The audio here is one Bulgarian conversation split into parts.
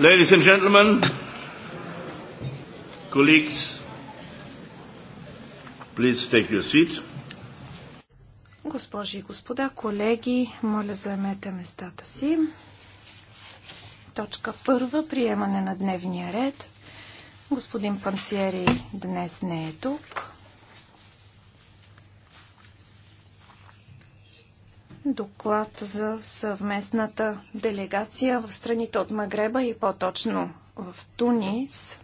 Ladies and gentlemen, colleagues, please take your seat. Госпожи и господа, колеги, моля заемете местата си. Точка първа, приемане на дневния ред. Господин Панциери днес не е тук. доклад за съвместната делегация в страните от Магреба и по-точно в Тунис.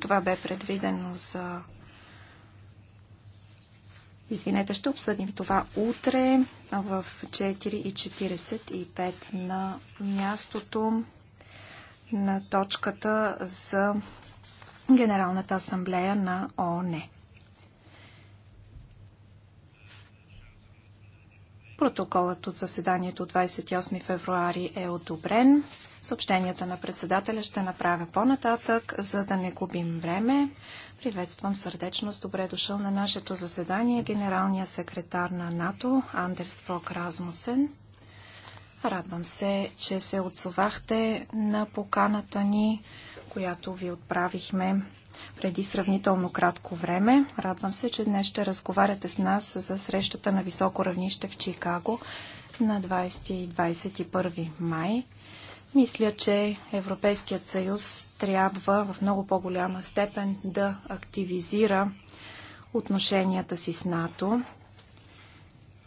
Това бе предвидено за. Извинете, ще обсъдим това утре в 4.45 на мястото на точката за Генералната асамблея на ОНЕ. Протоколът от заседанието 28 февруари е одобрен. Съобщенията на председателя ще направя по-нататък, за да не губим време. Приветствам сърдечно с добре дошъл на нашето заседание генералния секретар на НАТО Андерс Фрок Размусен. Радвам се, че се отзовахте на поканата ни, която ви отправихме преди сравнително кратко време. Радвам се, че днес ще разговаряте с нас за срещата на високо равнище в Чикаго на 20 и 21 май. Мисля, че Европейският съюз трябва в много по-голяма степен да активизира отношенията си с НАТО.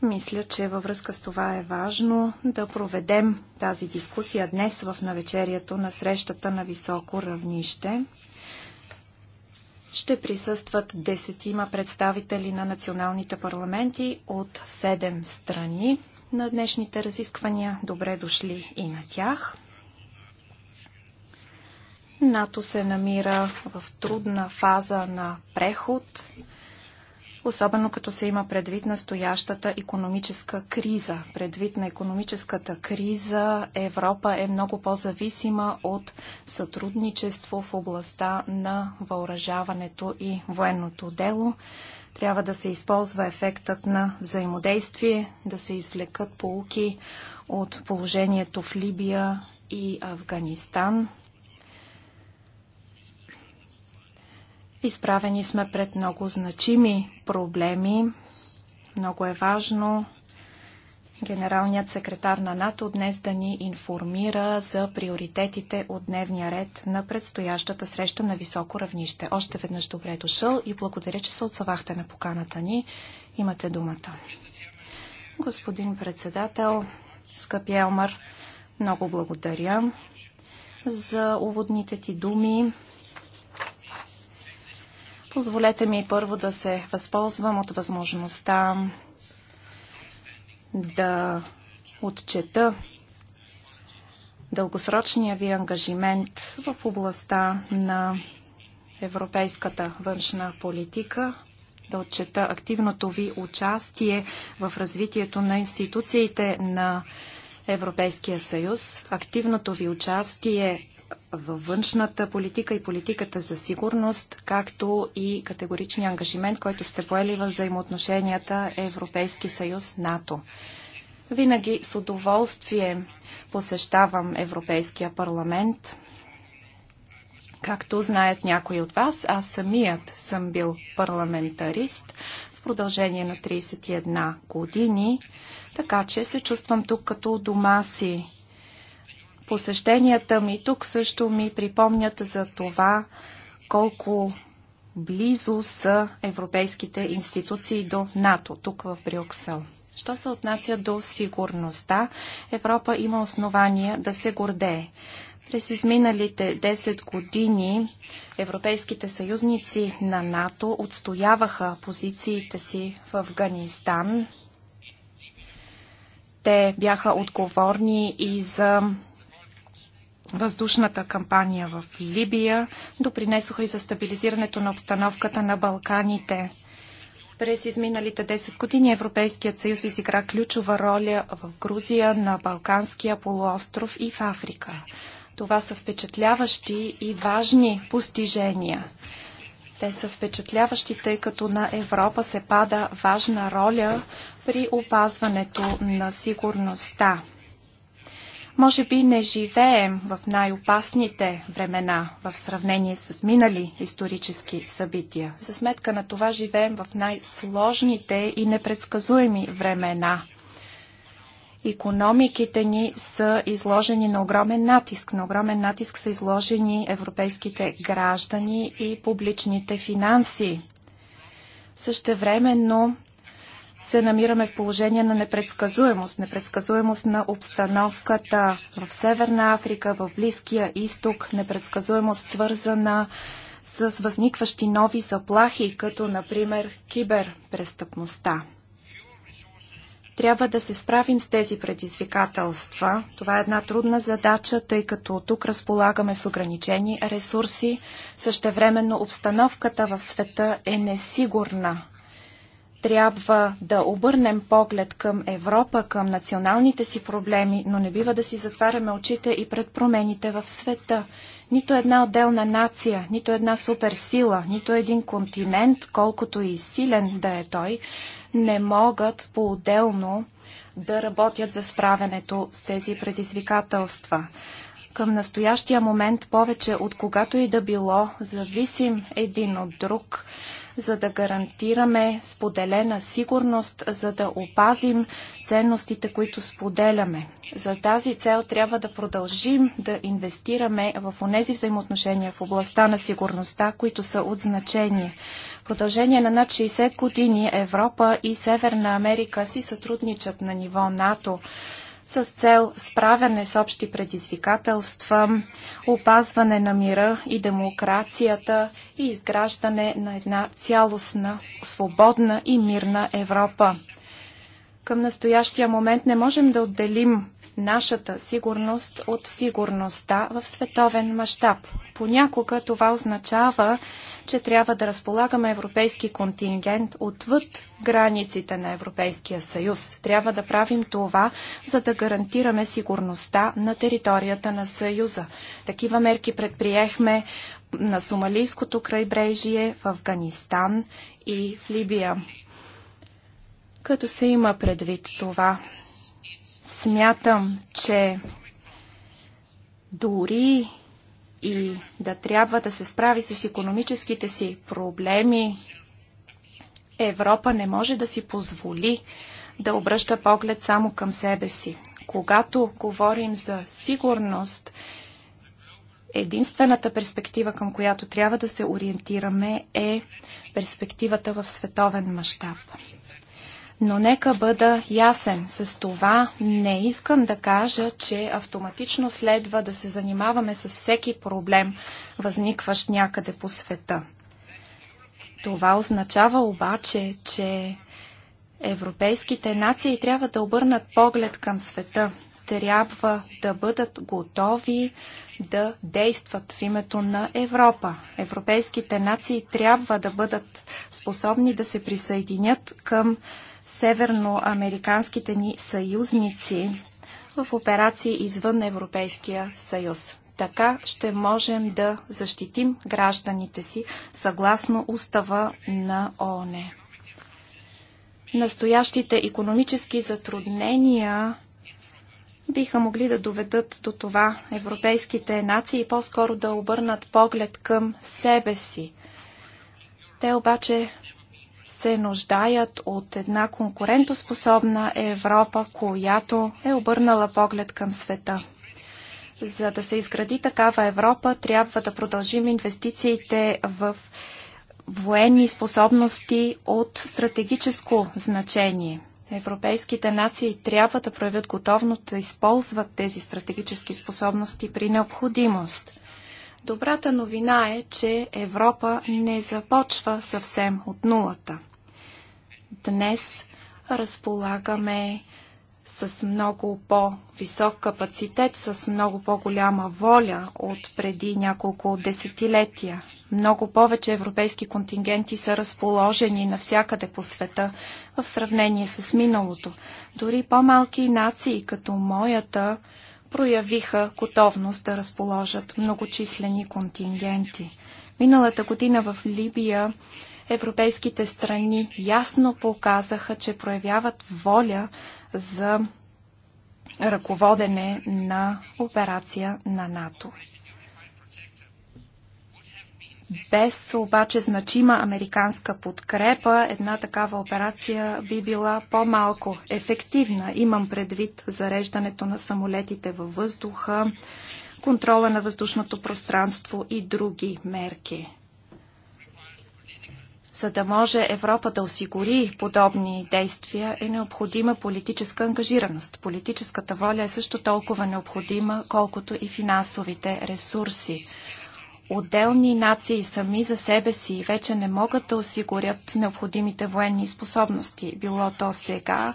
Мисля, че във връзка с това е важно да проведем тази дискусия днес в навечерието на срещата на високо равнище ще присъстват десетима представители на националните парламенти от седем страни на днешните разисквания. Добре дошли и на тях. НАТО се намира в трудна фаза на преход особено като се има предвид настоящата економическа криза. Предвид на економическата криза Европа е много по-зависима от сътрудничество в областта на въоръжаването и военното дело. Трябва да се използва ефектът на взаимодействие, да се извлекат полуки от положението в Либия и Афганистан. Изправени сме пред много значими проблеми. Много е важно генералният секретар на НАТО днес да ни информира за приоритетите от дневния ред на предстоящата среща на високо равнище. Още веднъж добре е дошъл и благодаря, че се отсъвахте на поканата ни. Имате думата. Господин председател, скъпи Елмар, много благодаря за уводните ти думи. Позволете ми първо да се възползвам от възможността да отчета дългосрочния ви ангажимент в областта на европейската външна политика, да отчета активното ви участие в развитието на институциите на Европейския съюз, активното ви участие във външната политика и политиката за сигурност, както и категоричния ангажимент, който сте поели във взаимоотношенията Европейски съюз-НАТО. Винаги с удоволствие посещавам Европейския парламент. Както знаят някои от вас, аз самият съм бил парламентарист в продължение на 31 години, така че се чувствам тук като дома си Посещенията ми тук също ми припомнят за това колко близо са европейските институции до НАТО, тук в Брюксел. Що се отнася до сигурността, Европа има основания да се гордее. През изминалите 10 години европейските съюзници на НАТО отстояваха позициите си в Афганистан. Те бяха отговорни и за въздушната кампания в Либия, допринесоха и за стабилизирането на обстановката на Балканите. През изминалите 10 години Европейският съюз изигра ключова роля в Грузия, на Балканския полуостров и в Африка. Това са впечатляващи и важни постижения. Те са впечатляващи, тъй като на Европа се пада важна роля при опазването на сигурността. Може би не живеем в най-опасните времена в сравнение с минали исторически събития. За сметка на това живеем в най-сложните и непредсказуеми времена. Економиките ни са изложени на огромен натиск. На огромен натиск са изложени европейските граждани и публичните финанси. Същевременно се намираме в положение на непредсказуемост, непредсказуемост на обстановката в Северна Африка, в Близкия изток, непредсказуемост свързана с възникващи нови заплахи, като например киберпрестъпността. Трябва да се справим с тези предизвикателства. Това е една трудна задача, тъй като тук разполагаме с ограничени ресурси. Същевременно обстановката в света е несигурна трябва да обърнем поглед към Европа, към националните си проблеми, но не бива да си затваряме очите и пред промените в света. Нито една отделна нация, нито една суперсила, нито един континент, колкото и силен да е той, не могат по-отделно да работят за справянето с тези предизвикателства. Към настоящия момент повече от когато и да било зависим един от друг – за да гарантираме споделена сигурност, за да опазим ценностите, които споделяме. За тази цел трябва да продължим да инвестираме в онези взаимоотношения в областта на сигурността, които са от значение. В продължение на над 60 години Европа и Северна Америка си сътрудничат на ниво НАТО с цел справяне с общи предизвикателства, опазване на мира и демокрацията и изграждане на една цялостна, свободна и мирна Европа. Към настоящия момент не можем да отделим нашата сигурност от сигурността в световен мащаб. Понякога това означава, че трябва да разполагаме европейски контингент отвъд границите на Европейския съюз. Трябва да правим това, за да гарантираме сигурността на територията на съюза. Такива мерки предприехме на Сомалийското крайбрежие, в Афганистан и в Либия. Като се има предвид това, Смятам, че дори и да трябва да се справи с економическите си проблеми, Европа не може да си позволи да обръща поглед само към себе си. Когато говорим за сигурност, единствената перспектива, към която трябва да се ориентираме е перспективата в световен мащаб. Но нека бъда ясен. С това не искам да кажа, че автоматично следва да се занимаваме с всеки проблем, възникващ някъде по света. Това означава обаче, че европейските нации трябва да обърнат поглед към света. Трябва да бъдат готови да действат в името на Европа. Европейските нации трябва да бъдат способни да се присъединят към северноамериканските ни съюзници в операции извън Европейския съюз. Така ще можем да защитим гражданите си съгласно устава на ООН. Настоящите економически затруднения биха могли да доведат до това европейските нации по-скоро да обърнат поглед към себе си. Те обаче се нуждаят от една конкурентоспособна Европа, която е обърнала поглед към света. За да се изгради такава Европа, трябва да продължим инвестициите в военни способности от стратегическо значение. Европейските нации трябва да проявят готовност да използват тези стратегически способности при необходимост. Добрата новина е, че Европа не започва съвсем от нулата. Днес разполагаме с много по-висок капацитет, с много по-голяма воля от преди няколко десетилетия. Много повече европейски контингенти са разположени навсякъде по света в сравнение с миналото. Дори по-малки нации, като моята, проявиха готовност да разположат многочислени контингенти. Миналата година в Либия европейските страни ясно показаха, че проявяват воля за ръководене на операция на НАТО. Без обаче значима американска подкрепа, една такава операция би била по-малко ефективна. Имам предвид зареждането на самолетите във въздуха, контрола на въздушното пространство и други мерки. За да може Европа да осигури подобни действия, е необходима политическа ангажираност. Политическата воля е също толкова необходима, колкото и финансовите ресурси отделни нации сами за себе си вече не могат да осигурят необходимите военни способности, било то сега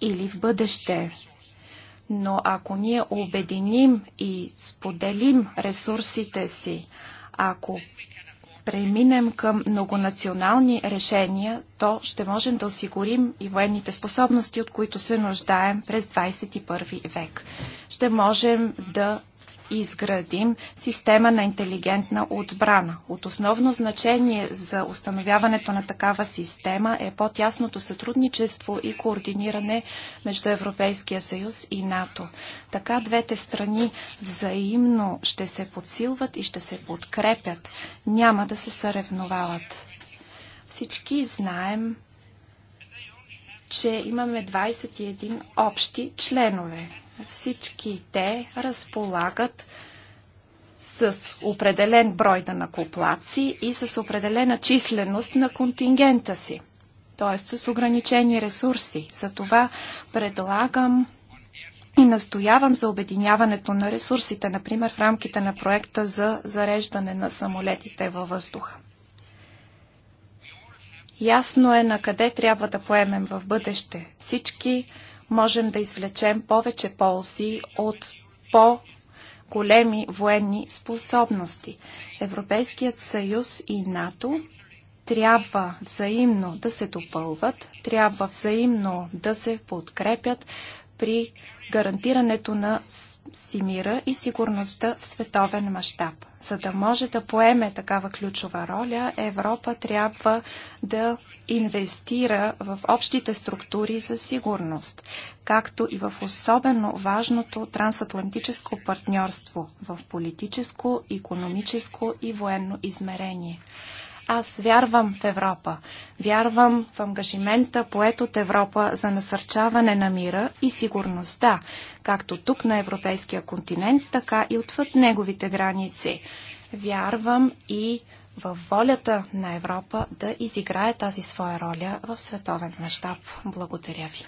или в бъдеще. Но ако ние обединим и споделим ресурсите си, ако преминем към многонационални решения, то ще можем да осигурим и военните способности, от които се нуждаем през 21 век. Ще можем да изградим система на интелигентна отбрана. От основно значение за установяването на такава система е по-тясното сътрудничество и координиране между Европейския съюз и НАТО. Така двете страни взаимно ще се подсилват и ще се подкрепят. Няма да се съревновават. Всички знаем, че имаме 21 общи членове всички те разполагат с определен брой на накоплаци и с определена численост на контингента си, т.е. с ограничени ресурси. Затова предлагам и настоявам за обединяването на ресурсите, например в рамките на проекта за зареждане на самолетите във въздуха. Ясно е на къде трябва да поемем в бъдеще. Всички можем да извлечем повече ползи от по- големи военни способности. Европейският съюз и НАТО трябва взаимно да се допълват, трябва взаимно да се подкрепят, при гарантирането на си мира и сигурността в световен мащаб. За да може да поеме такава ключова роля, Европа трябва да инвестира в общите структури за сигурност, както и в особено важното трансатлантическо партньорство в политическо, економическо и военно измерение. Аз вярвам в Европа. Вярвам в ангажимента, поет от Европа за насърчаване на мира и сигурността, както тук на европейския континент, така и отвъд неговите граници. Вярвам и в волята на Европа да изиграе тази своя роля в световен мащаб. Благодаря ви.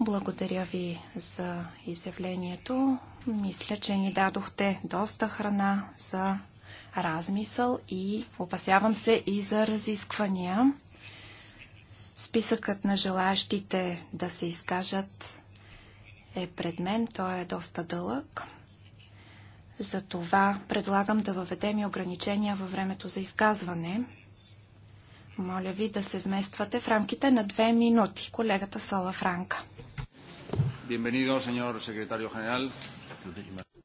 Благодаря ви за изявлението. Мисля, че ни дадохте доста храна за размисъл и опасявам се и за разисквания. Списъкът на желаящите да се изкажат е пред мен. Той е доста дълъг. Затова предлагам да въведем и ограничения във времето за изказване. Моля ви да се вмествате в рамките на две минути. Колегата Сала Франка. Bienvenido, señor secretario general.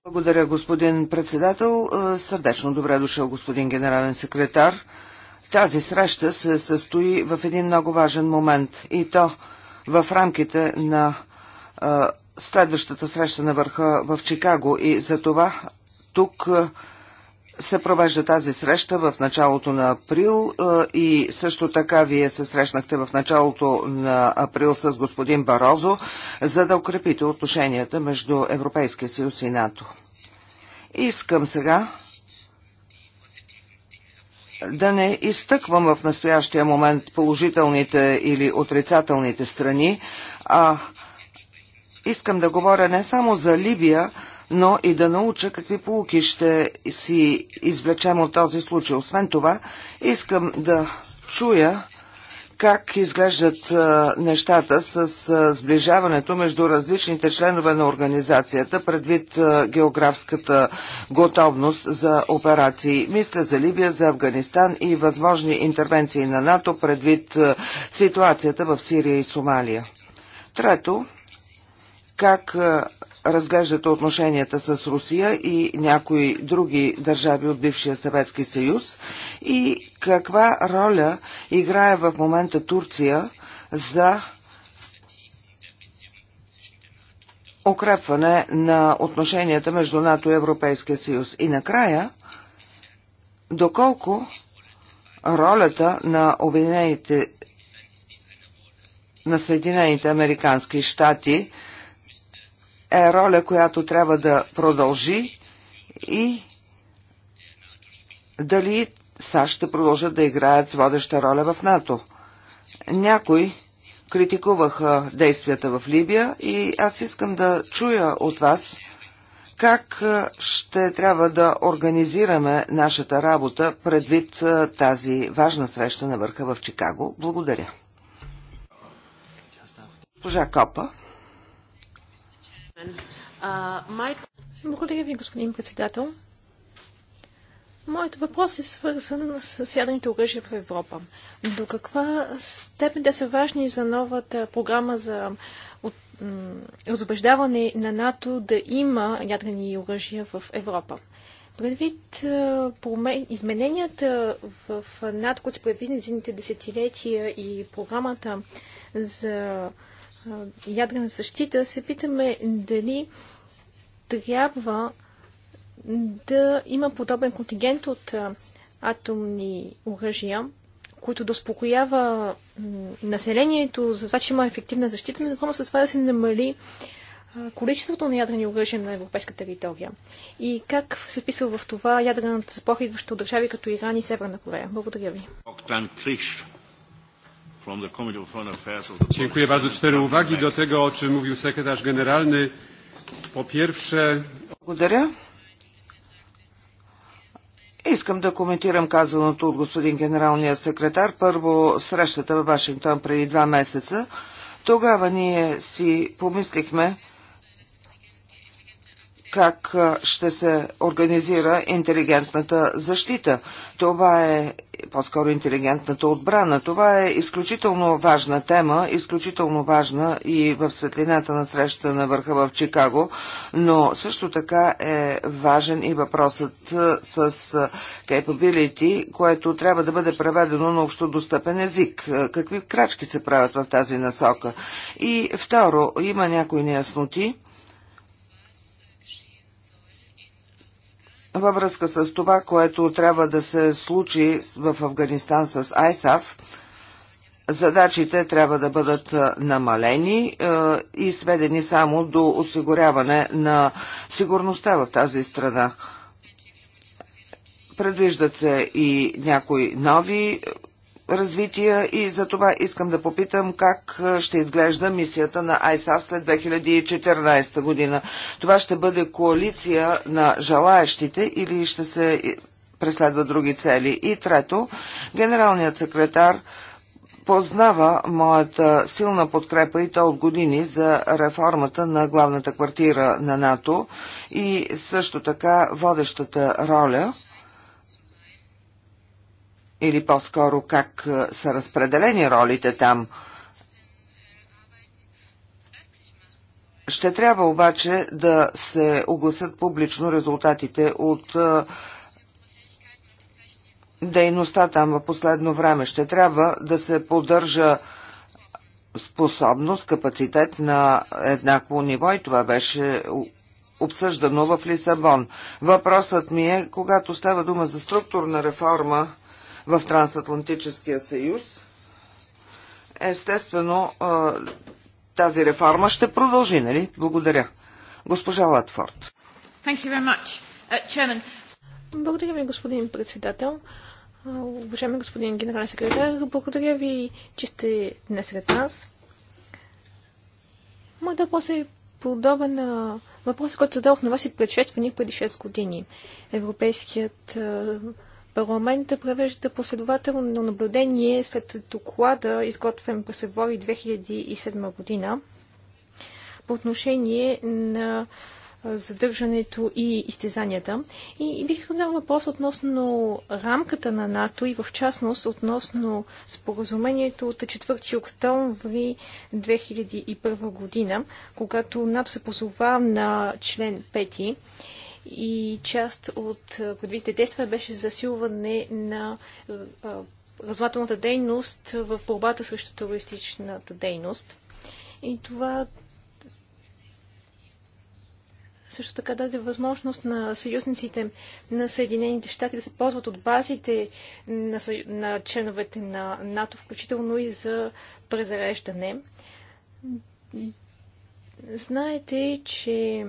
Благодаря, господин председател. Е, сърдечно добре дошъл, господин генерален секретар. Тази среща се състои в един много важен момент и то в рамките на е, следващата среща на върха в Чикаго и за това тук е, се провежда тази среща в началото на април и също така вие се срещнахте в началото на април с господин Барозо, за да укрепите отношенията между Европейския съюз и НАТО. Искам сега да не изтъквам в настоящия момент положителните или отрицателните страни, а искам да говоря не само за Либия, но и да науча какви полуки ще си извлечем от този случай. Освен това, искам да чуя как изглеждат нещата с сближаването между различните членове на организацията предвид географската готовност за операции. Мисля за Либия, за Афганистан и възможни интервенции на НАТО предвид ситуацията в Сирия и Сомалия. Трето, как разглеждате отношенията с Русия и някои други държави от бившия Съветски съюз и каква роля играе в момента Турция за укрепване на отношенията между НАТО и Европейския съюз. И накрая, доколко ролята на Обединените на Съединените Американски щати – е роля, която трябва да продължи и дали САЩ ще продължат да играят водеща роля в НАТО. Някои критикуваха действията в Либия и аз искам да чуя от вас как е, ще трябва да организираме нашата работа предвид е, тази важна среща на върха в Чикаго. Благодаря. Госпожа Копа. Благодаря ви, господин председател. Моят въпрос е свързан с ядрените оръжия в Европа. До каква степен те са важни за новата програма за разобеждаване на НАТО да има ядрени оръжия в Европа? Предвид е, измененията в НАТО, които са предвидени за десетилетия и програмата за ядрена защита, се питаме дали трябва да има подобен контингент от атомни оръжия, които да успокоява населението за това, че има ефективна защита, но едновременно след това да се намали количеството на ядрени оръжия на европейска територия. И как се вписва в това ядрената заплаха, идваща от държави като Иран и Северна Корея? Благодаря ви. Dziękuję bardzo. Cztery uwagi do tego, o czym mówił sekretarz generalny. Po pierwsze... Благодаря. Искам да коментирам казаното от господин генералния секретар. Първо, срещата във Вашингтон преди два месеца. Тогава ние си помислихме, как ще се организира интелигентната защита. Това е по-скоро интелигентната отбрана. Това е изключително важна тема, изключително важна и в светлината на срещата на върха в Чикаго, но също така е важен и въпросът с capability, което трябва да бъде преведено на общо достъпен език. Какви крачки се правят в тази насока? И второ, има някои неясноти, във връзка с това, което трябва да се случи в Афганистан с ISAF, задачите трябва да бъдат намалени и сведени само до осигуряване на сигурността в тази страна. Предвиждат се и някои нови развитие и за това искам да попитам как ще изглежда мисията на ISAF след 2014 година. Това ще бъде коалиция на желаящите или ще се преследва други цели. И трето, генералният секретар познава моята силна подкрепа и то от години за реформата на главната квартира на НАТО и също така водещата роля – или по-скоро как е, са разпределени ролите там. Ще трябва обаче да се огласят публично резултатите от е, дейността там в последно време. Ще трябва да се поддържа способност, капацитет на еднакво ниво и това беше обсъждано в Лисабон. Въпросът ми е, когато става дума за структурна реформа, в Трансатлантическия съюз. Естествено, тази реформа ще продължи, нали? Благодаря. Госпожа Латфорд. Uh, благодаря ви, господин председател. Уважаеми господин генерален секретар, благодаря ви, че сте днес сред нас. Моят въпрос е подобен на въпроса, който зададох на вас и предшественик преди 6 години. Европейският Парламентът превежда последователно наблюдение след доклада, изготвен през февруари 2007 година по отношение на задържането и изтезанията. И бих задал въпрос относно рамката на НАТО и в частност относно споразумението от 4 октомври 2001 година, когато НАТО се позова на член 5 и част от предвидите действа беше засилване на разузнавателната дейност в борбата срещу терористичната дейност. И това също така даде възможност на съюзниците на Съединените щати да се ползват от базите на, съ... на членовете на НАТО, включително и за презареждане. Знаете, че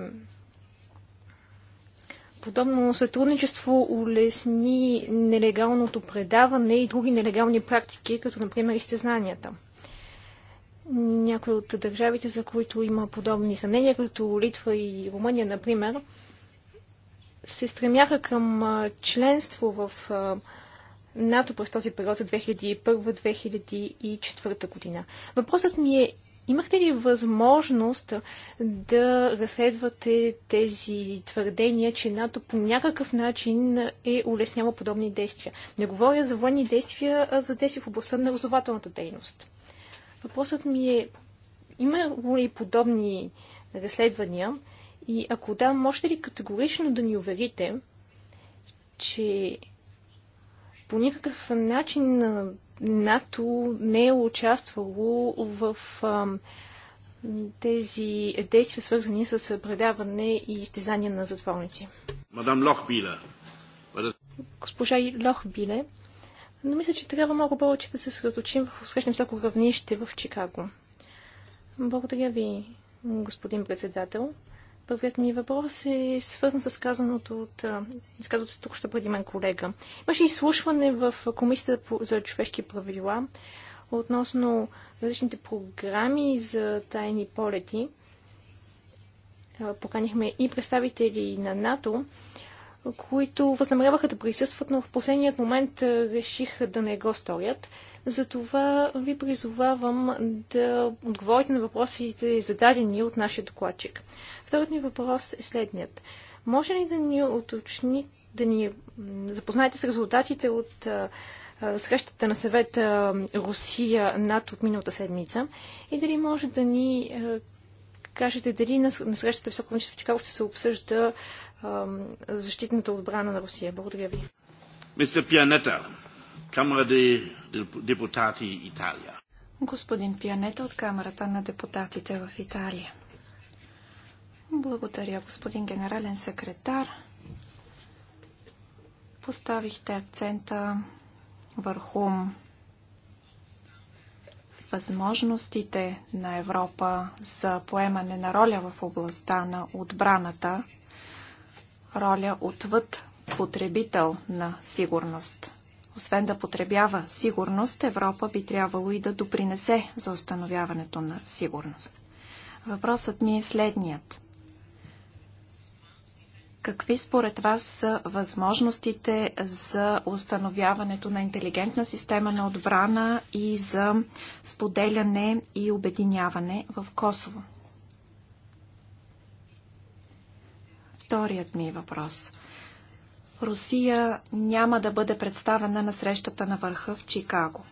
Подобно сътрудничество улесни нелегалното предаване и други нелегални практики, като например изтезнанията. Някои от държавите, за които има подобни съмнения, като Литва и Румъния, например, се стремяха към членство в НАТО през този период от 2001-2004 година. Въпросът ми е Имахте ли възможност да разследвате тези твърдения, че НАТО по някакъв начин е улеснява подобни действия? Не говоря за военни действия, а за действия в областта на разователната дейност. Въпросът ми е, има ли подобни разследвания и ако да, можете ли категорично да ни уверите, че по никакъв начин НАТО не е участвало в тези действия, свързани с предаване и изтезания на затворници. Мадам Лохбиле. Госпожа Лохбиле, но мисля, че трябва много повече да се съсредоточим в срещам всяко равнище в Чикаго. Благодаря ви, господин председател. Първият ми въпрос е свързан с казаното от изказалото се тук ще преди мен колега. Имаше изслушване в Комисията за човешки правила относно различните програми за тайни полети. Поканихме и представители на НАТО, които възнамеряваха да присъстват, но в последният момент решиха да не го сторят. Затова ви призовавам да отговорите на въпросите зададени от нашия докладчик. Вторият ми въпрос е следният. Може ли да ни уточни, да ни запознаете с резултатите от срещата на съвета русия над от миналата седмица и дали може да ни кажете дали на, срещата високо в Чикаго ще се обсъжда защитната отбрана на Русия. Благодаря ви. Мистер Пианета, Камера де депутати Италия. Господин Пианета от Камерата на депутатите в Италия. Благодаря, господин генерален секретар. Поставихте акцента върху възможностите на Европа за поемане на роля в областта на отбраната, роля отвъд потребител на сигурност. Освен да потребява сигурност, Европа би трябвало и да допринесе за установяването на сигурност. Въпросът ми е следният. Какви според вас са възможностите за установяването на интелигентна система на отбрана и за споделяне и обединяване в Косово? Вторият ми въпрос. Русия няма да бъде представена на срещата на върха в Чикаго.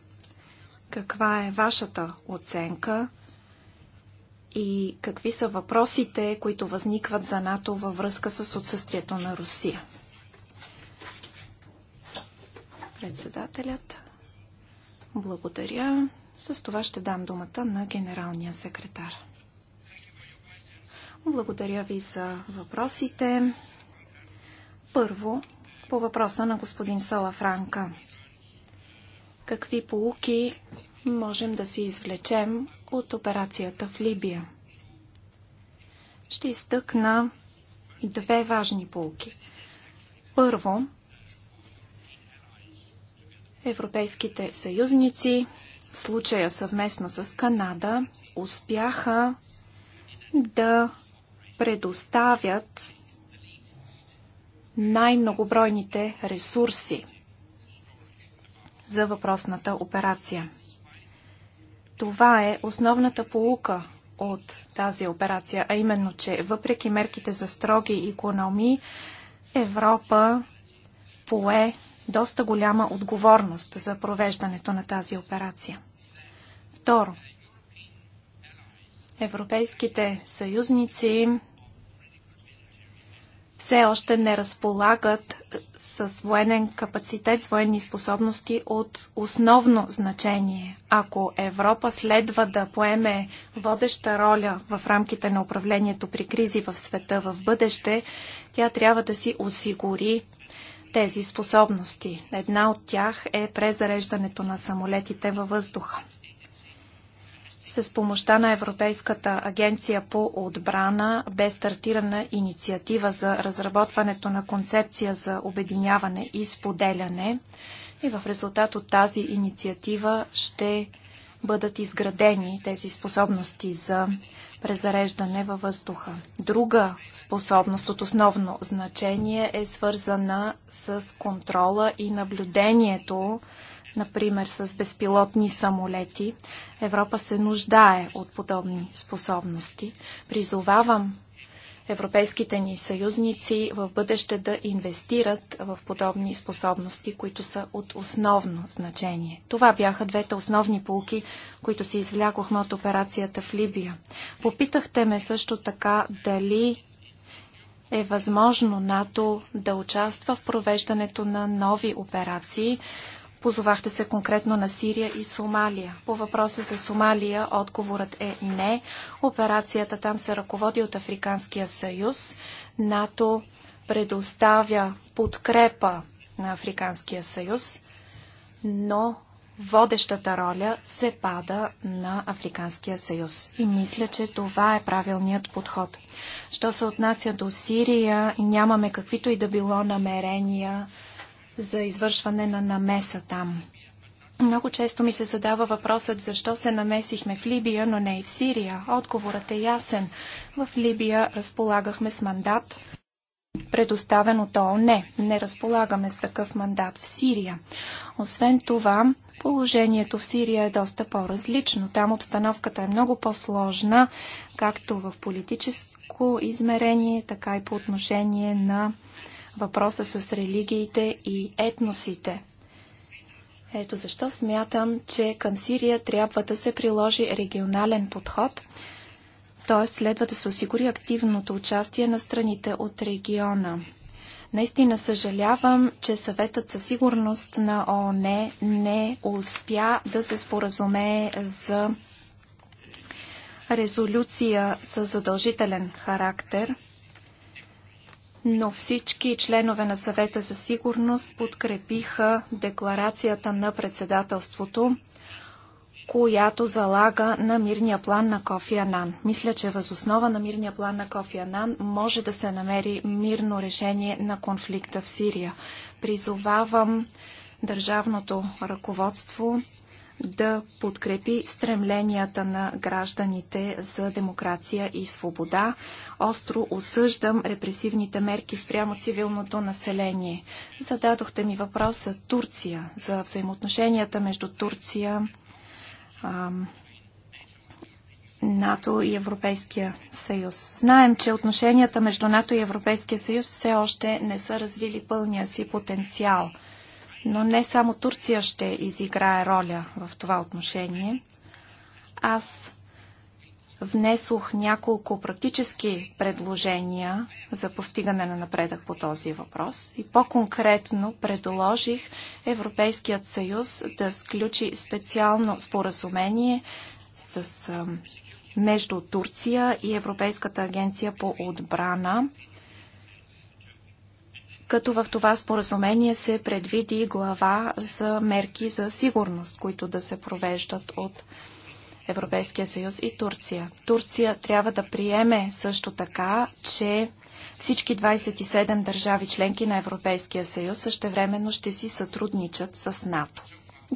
Каква е вашата оценка? и какви са въпросите, които възникват за НАТО във връзка с отсъствието на Русия? Председателят. Благодаря. С това ще дам думата на генералния секретар. Благодаря ви за въпросите. Първо, по въпроса на господин Салафранка. Какви полуки можем да си извлечем от операцията в Либия. Ще изтъкна две важни полки. Първо, европейските съюзници, в случая съвместно с Канада, успяха да предоставят най-многобройните ресурси за въпросната операция – това е основната полука от тази операция, а именно, че въпреки мерките за строги економии, Европа пое доста голяма отговорност за провеждането на тази операция. Второ, европейските съюзници все още не разполагат е, с военен капацитет, с военни способности от основно значение. Ако Европа следва да поеме водеща роля в рамките на управлението при кризи в света в бъдеще, тя трябва да си осигури тези способности. Една от тях е презареждането на самолетите във въздуха с помощта на Европейската агенция по отбрана бе стартирана инициатива за разработването на концепция за обединяване и споделяне. И в резултат от тази инициатива ще бъдат изградени тези способности за презареждане във въздуха. Друга способност от основно значение е свързана с контрола и наблюдението например с безпилотни самолети. Европа се нуждае от подобни способности. Призовавам европейските ни съюзници в бъдеще да инвестират в подобни способности, които са от основно значение. Това бяха двете основни полки, които си извлякохме от операцията в Либия. Попитахте ме също така дали е възможно НАТО да участва в провеждането на нови операции Позовахте се конкретно на Сирия и Сомалия. По въпроса за Сомалия отговорът е не. Операцията там се ръководи от Африканския съюз. НАТО предоставя подкрепа на Африканския съюз, но водещата роля се пада на Африканския съюз. И мисля, че това е правилният подход. Що се отнася до Сирия, нямаме каквито и да било намерения за извършване на намеса там. Много често ми се задава въпросът защо се намесихме в Либия, но не и в Сирия. Отговорът е ясен. В Либия разполагахме с мандат, предоставен от ООН. Не разполагаме с такъв мандат в Сирия. Освен това, положението в Сирия е доста по-различно. Там обстановката е много по-сложна, както в политическо измерение, така и по отношение на въпроса с религиите и етносите. Ето защо смятам, че към Сирия трябва да се приложи регионален подход, т.е. следва да се осигури активното участие на страните от региона. Наистина съжалявам, че съветът със сигурност на ООН не успя да се споразумее за резолюция с задължителен характер – но всички членове на съвета за сигурност подкрепиха декларацията на председателството, която залага на мирния план на Кофи Анан. Мисля, че възоснова на мирния план на Кофи Анан може да се намери мирно решение на конфликта в Сирия. Призовавам държавното ръководство да подкрепи стремленията на гражданите за демокрация и свобода. Остро осъждам репресивните мерки спрямо цивилното население. Зададохте ми въпроса Турция, за взаимоотношенията между Турция, ам, НАТО и Европейския съюз. Знаем, че отношенията между НАТО и Европейския съюз все още не са развили пълния си потенциал – но не само Турция ще изиграе роля в това отношение. Аз внесох няколко практически предложения за постигане на напредък по този въпрос и по-конкретно предложих Европейският съюз да сключи специално споразумение с, между Турция и Европейската агенция по отбрана като в това споразумение се предвиди глава за мерки за сигурност, които да се провеждат от Европейския съюз и Турция. Турция трябва да приеме също така, че всички 27 държави членки на Европейския съюз същевременно ще си сътрудничат с НАТО.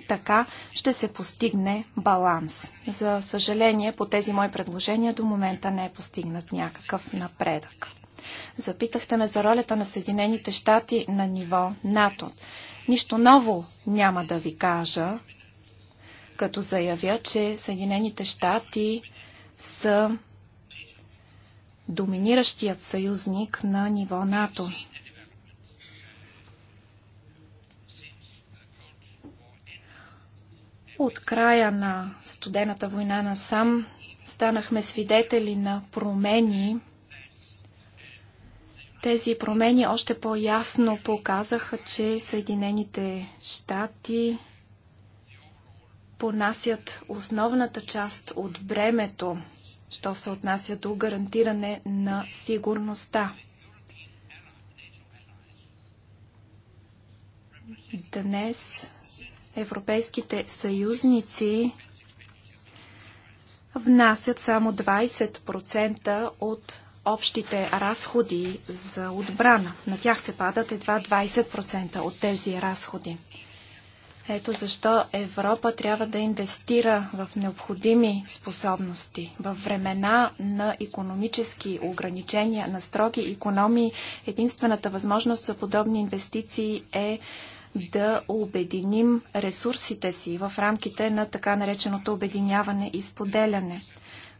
И така ще се постигне баланс. За съжаление, по тези мои предложения до момента не е постигнат някакъв напредък. Запитахте ме за ролята на Съединените щати на ниво НАТО. Нищо ново няма да ви кажа, като заявя, че Съединените щати са доминиращият съюзник на ниво НАТО. От края на студената война насам станахме свидетели на промени тези промени още по-ясно показаха, че Съединените щати понасят основната част от бремето, що се отнася до гарантиране на сигурността. Днес европейските съюзници внасят само 20% от общите разходи за отбрана. На тях се падат едва 20% от тези разходи. Ето защо Европа трябва да инвестира в необходими способности. В времена на економически ограничения, на строги економии, единствената възможност за подобни инвестиции е да обединим ресурсите си в рамките на така нареченото обединяване и споделяне.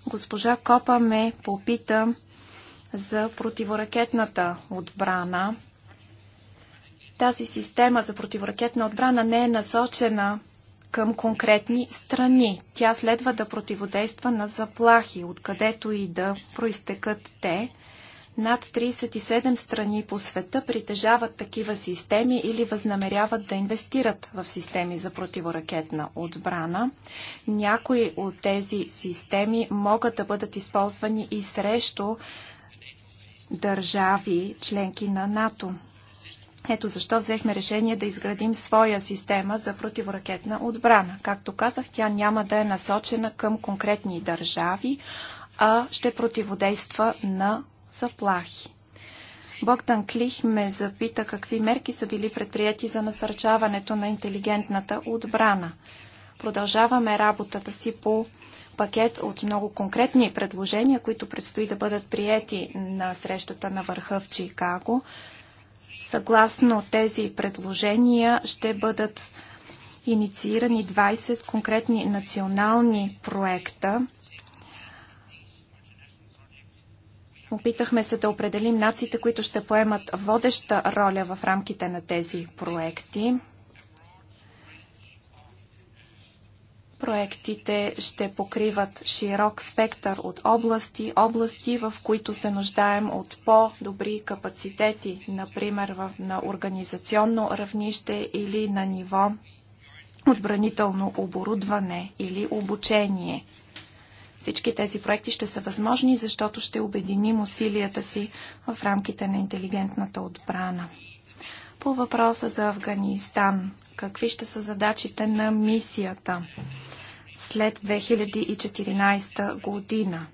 Госпожа Копа ме попита за противоракетната отбрана. Тази система за противоракетна отбрана не е насочена към конкретни страни. Тя следва да противодейства на заплахи, откъдето и да проистекат те. Над 37 страни по света притежават такива системи или възнамеряват да инвестират в системи за противоракетна отбрана. Някои от тези системи могат да бъдат използвани и срещу държави, членки на НАТО. Ето защо взехме решение да изградим своя система за противоракетна отбрана. Както казах, тя няма да е насочена към конкретни държави, а ще противодейства на заплахи. Богдан Клих ме запита какви мерки са били предприяти за насърчаването на интелигентната отбрана. Продължаваме работата си по пакет от много конкретни предложения, които предстои да бъдат приети на срещата на върха в Чикаго. Съгласно тези предложения ще бъдат инициирани 20 конкретни национални проекта. Опитахме се да определим нациите, които ще поемат водеща роля в рамките на тези проекти. Проектите ще покриват широк спектър от области, области, в които се нуждаем от по-добри капацитети, например на организационно равнище или на ниво отбранително оборудване или обучение. Всички тези проекти ще са възможни, защото ще обединим усилията си в рамките на интелигентната отбрана. По въпроса за Афганистан. Какви ще са задачите на мисията след 2014 година?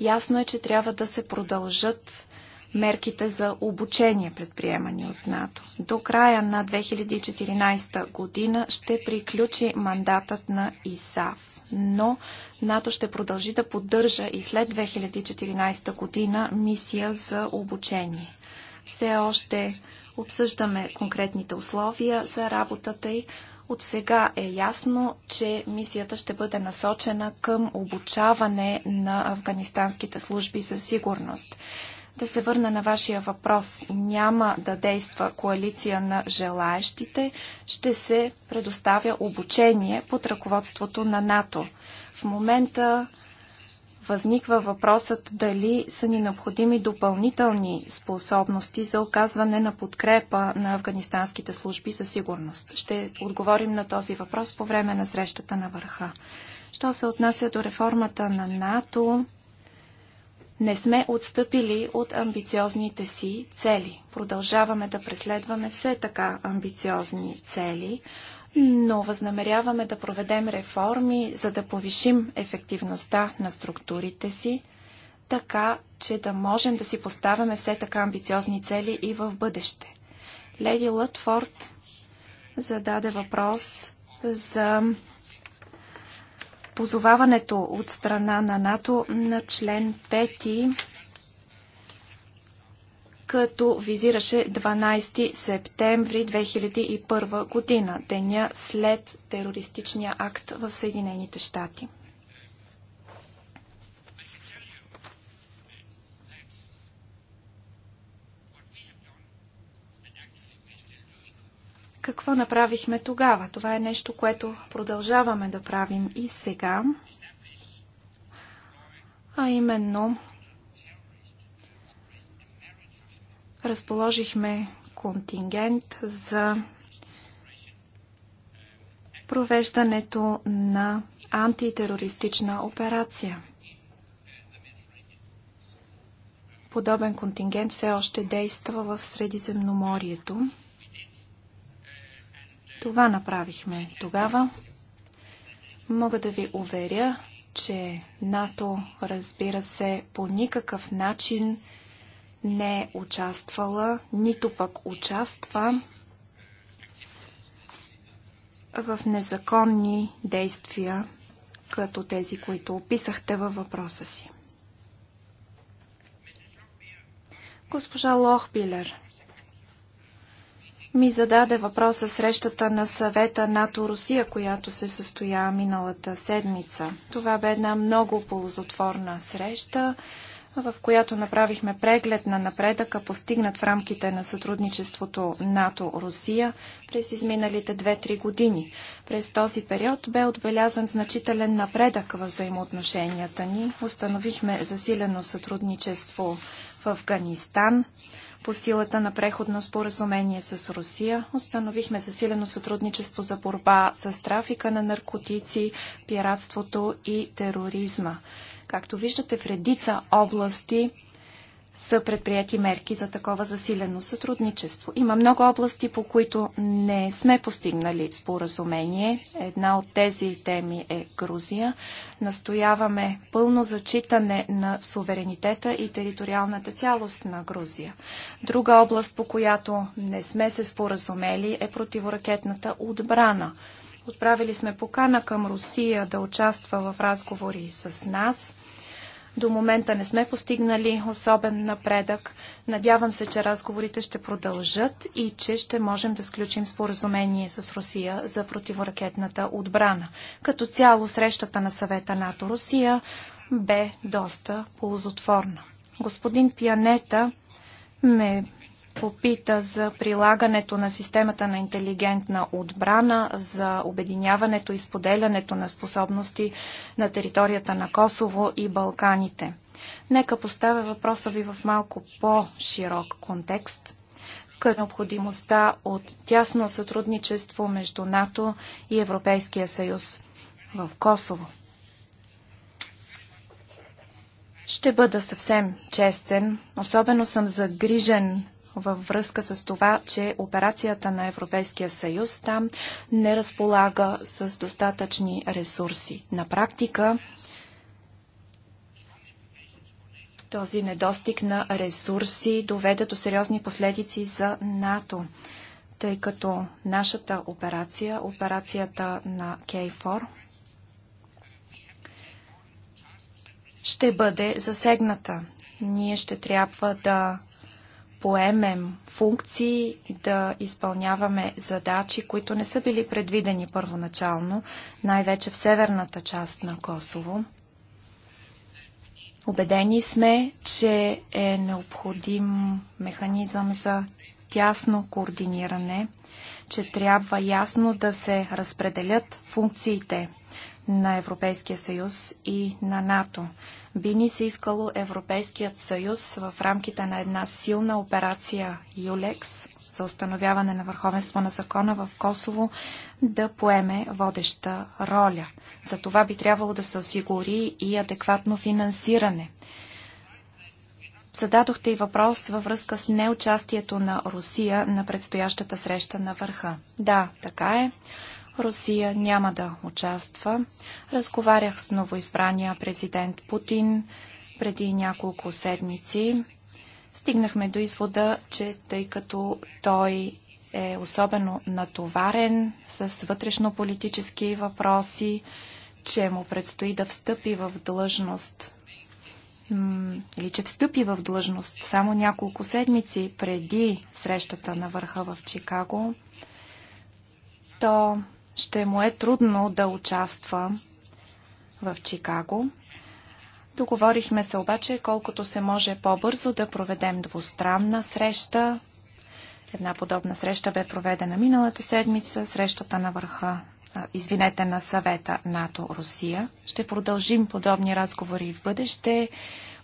Ясно е, че трябва да се продължат мерките за обучение, предприемани от НАТО. До края на 2014 година ще приключи мандатът на ИСАФ. Но НАТО ще продължи да поддържа и след 2014 година мисия за обучение. Все още Обсъждаме конкретните условия за работата й. От сега е ясно, че мисията ще бъде насочена към обучаване на афганистанските служби за сигурност. Да се върна на вашия въпрос. Няма да действа коалиция на желаещите. Ще се предоставя обучение под ръководството на НАТО. В момента възниква въпросът дали са ни необходими допълнителни способности за оказване на подкрепа на афганистанските служби за сигурност. Ще отговорим на този въпрос по време на срещата на върха. Що се отнася до реформата на НАТО, не сме отстъпили от амбициозните си цели. Продължаваме да преследваме все така амбициозни цели но възнамеряваме да проведем реформи, за да повишим ефективността на структурите си, така че да можем да си поставяме все така амбициозни цели и в бъдеще. Леди Лътфорд зададе въпрос за позоваването от страна на НАТО на член като визираше 12 септември 2001 година, деня след терористичния акт в Съединените щати. Какво направихме тогава? Това е нещо, което продължаваме да правим и сега, а именно разположихме контингент за провеждането на антитерористична операция. Подобен контингент все още действа в Средиземноморието. Това направихме тогава. Мога да ви уверя, че НАТО, разбира се, по никакъв начин не е участвала, нито пък участва в незаконни действия, като тези, които описахте във въпроса си. Госпожа Лохбилер ми зададе въпроса срещата на съвета НАТО-Русия, която се състоя миналата седмица. Това бе една много ползотворна среща в която направихме преглед на напредъка, постигнат в рамките на сътрудничеството НАТО-Русия през изминалите 2-3 години. През този период бе отбелязан значителен напредък в взаимоотношенията ни. Установихме засилено сътрудничество в Афганистан, по силата на преходно споразумение с Русия установихме засилено сътрудничество за борба с трафика на наркотици, пиратството и тероризма. Както виждате, в редица области са предприяти мерки за такова засилено сътрудничество. Има много области, по които не сме постигнали споразумение. Една от тези теми е Грузия. Настояваме пълно зачитане на суверенитета и териториалната цялост на Грузия. Друга област, по която не сме се споразумели, е противоракетната отбрана. Отправили сме покана към Русия да участва в разговори с нас до момента не сме постигнали особен напредък. Надявам се, че разговорите ще продължат и че ще можем да сключим споразумение с Русия за противоракетната отбрана. Като цяло срещата на съвета НАТО-Русия бе доста ползотворна. Господин Пианета ме попита за прилагането на системата на интелигентна отбрана, за обединяването и споделянето на способности на територията на Косово и Балканите. Нека поставя въпроса ви в малко по-широк контекст, към е необходимостта от тясно сътрудничество между НАТО и Европейския съюз в Косово. Ще бъда съвсем честен. Особено съм загрижен във връзка с това, че операцията на Европейския съюз там не разполага с достатъчни ресурси. На практика този недостиг на ресурси доведе до сериозни последици за НАТО, тъй като нашата операция, операцията на K4, ще бъде засегната. Ние ще трябва да поемем функции, да изпълняваме задачи, които не са били предвидени първоначално, най-вече в северната част на Косово. Обедени сме, че е необходим механизъм за тясно координиране, че трябва ясно да се разпределят функциите на Европейския съюз и на НАТО. Би ни се искало Европейският съюз в рамките на една силна операция ЮЛЕКС за установяване на върховенство на закона в Косово да поеме водеща роля. За това би трябвало да се осигури и адекватно финансиране. Зададохте и въпрос във връзка с неучастието на Русия на предстоящата среща на върха. Да, така е. Русия няма да участва. Разговарях с новоизбрания президент Путин преди няколко седмици. Стигнахме до извода, че тъй като той е особено натоварен с вътрешно-политически въпроси, че му предстои да встъпи в длъжност или че встъпи в длъжност само няколко седмици преди срещата на върха в Чикаго, то ще му е трудно да участва в Чикаго. Договорихме се обаче колкото се може по-бързо да проведем двустранна среща. Една подобна среща бе проведена миналата седмица, срещата на върха, извинете, на съвета НАТО-Русия. Ще продължим подобни разговори в бъдеще.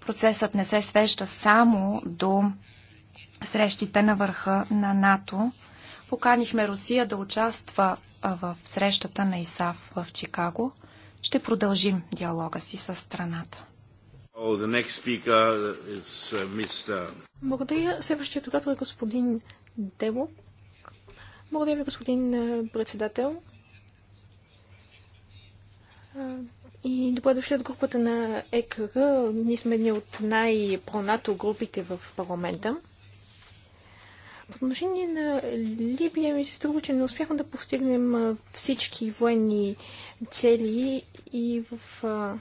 Процесът не се свежда само до срещите на върха на НАТО. Поканихме Русия да участва в срещата на ИСАФ в Чикаго ще продължим диалога си с страната. Oh, is, uh, Благодаря. следващия оратор е господин Демо. Благодаря ви, господин председател. И добре дошли от групата на ЕКР. Ние сме едни от най-пронато групите в парламента. В отношение на Либия ми се струва, че не успяхме да постигнем всички военни цели и в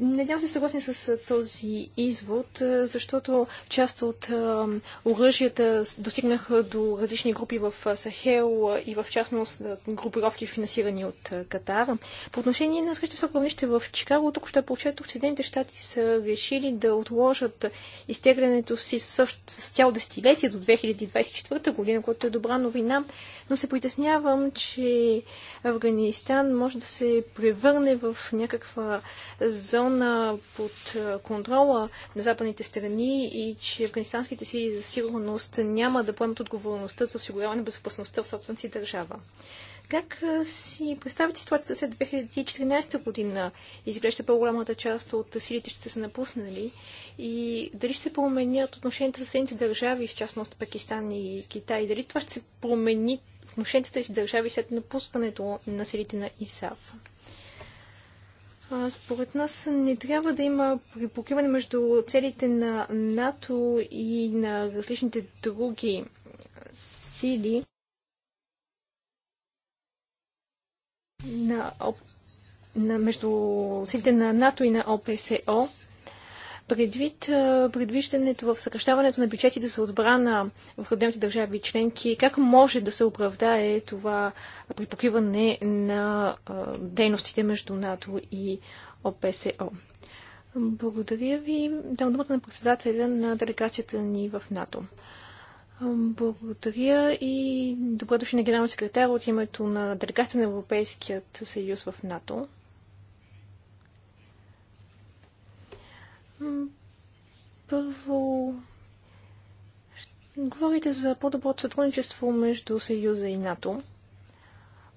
Надявам се съгласни с този извод, защото част от оръжията достигнаха до различни групи в Сахел и в частност групировки финансирани от Катар. По отношение на срещата високо равнище в Чикаго, тук ще прочетох, Съединените щати са решили да отложат изтеглянето си с, с цяло десетилетие до 2024 година, което е добра новина, но се притеснявам, че Афганистан може да се превърне в някаква зона зона под контрола на западните страни и че афганистанските сили за сигурност няма да поемат отговорността за осигуряване на безопасността в собствената си държава. Как си представите ситуацията след 2014 година? Изглежда по-голямата част от силите ще са напуснали и дали ще се променят отношенията с съседните държави, в частност Пакистан и Китай? Дали това ще се промени отношенията с държави след напускането на силите на ИСАФ? Според нас не трябва да има припокриване между целите на НАТО и на различните други сили на, на, между силите на НАТО и на ОПСО предвид предвиждането в съкръщаването на бюджетите за отбрана в отделните държави и членки, как може да се оправдае това припокриване на дейностите между НАТО и ОПСО? Благодаря ви. Дам думата на председателя на делегацията ни в НАТО. Благодаря и добре дошли на генерал секретар от името на делегацията на Европейският съюз в НАТО. Първо, говорите за по-доброто сътрудничество между Съюза и НАТО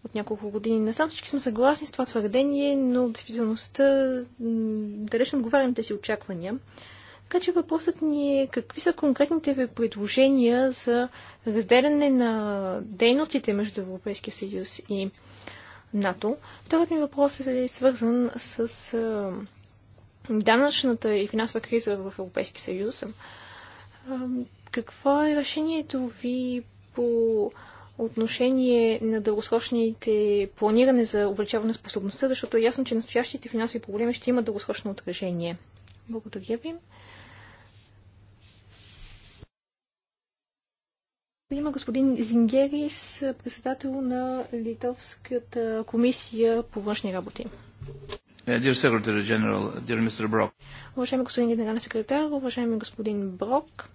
от няколко години. Не знам всички сме съгласни с това твърдение, но действителността далеч не отговаря на тези очаквания. Така че въпросът ни е какви са конкретните ви предложения за разделяне на дейностите между Европейския съюз и НАТО. Вторият ми въпрос е свързан с данъчната и финансова криза в Европейски съюз. Какво е решението ви по отношение на дългосрочните планиране за увеличаване на способността, защото е ясно, че настоящите финансови проблеми ще имат дългосрочно отражение. Благодаря ви. Има господин Зингерис, председател на Литовската комисия по външни работи. Е, General, уважаеми господин генерален секретар, уважаеми господин Брок,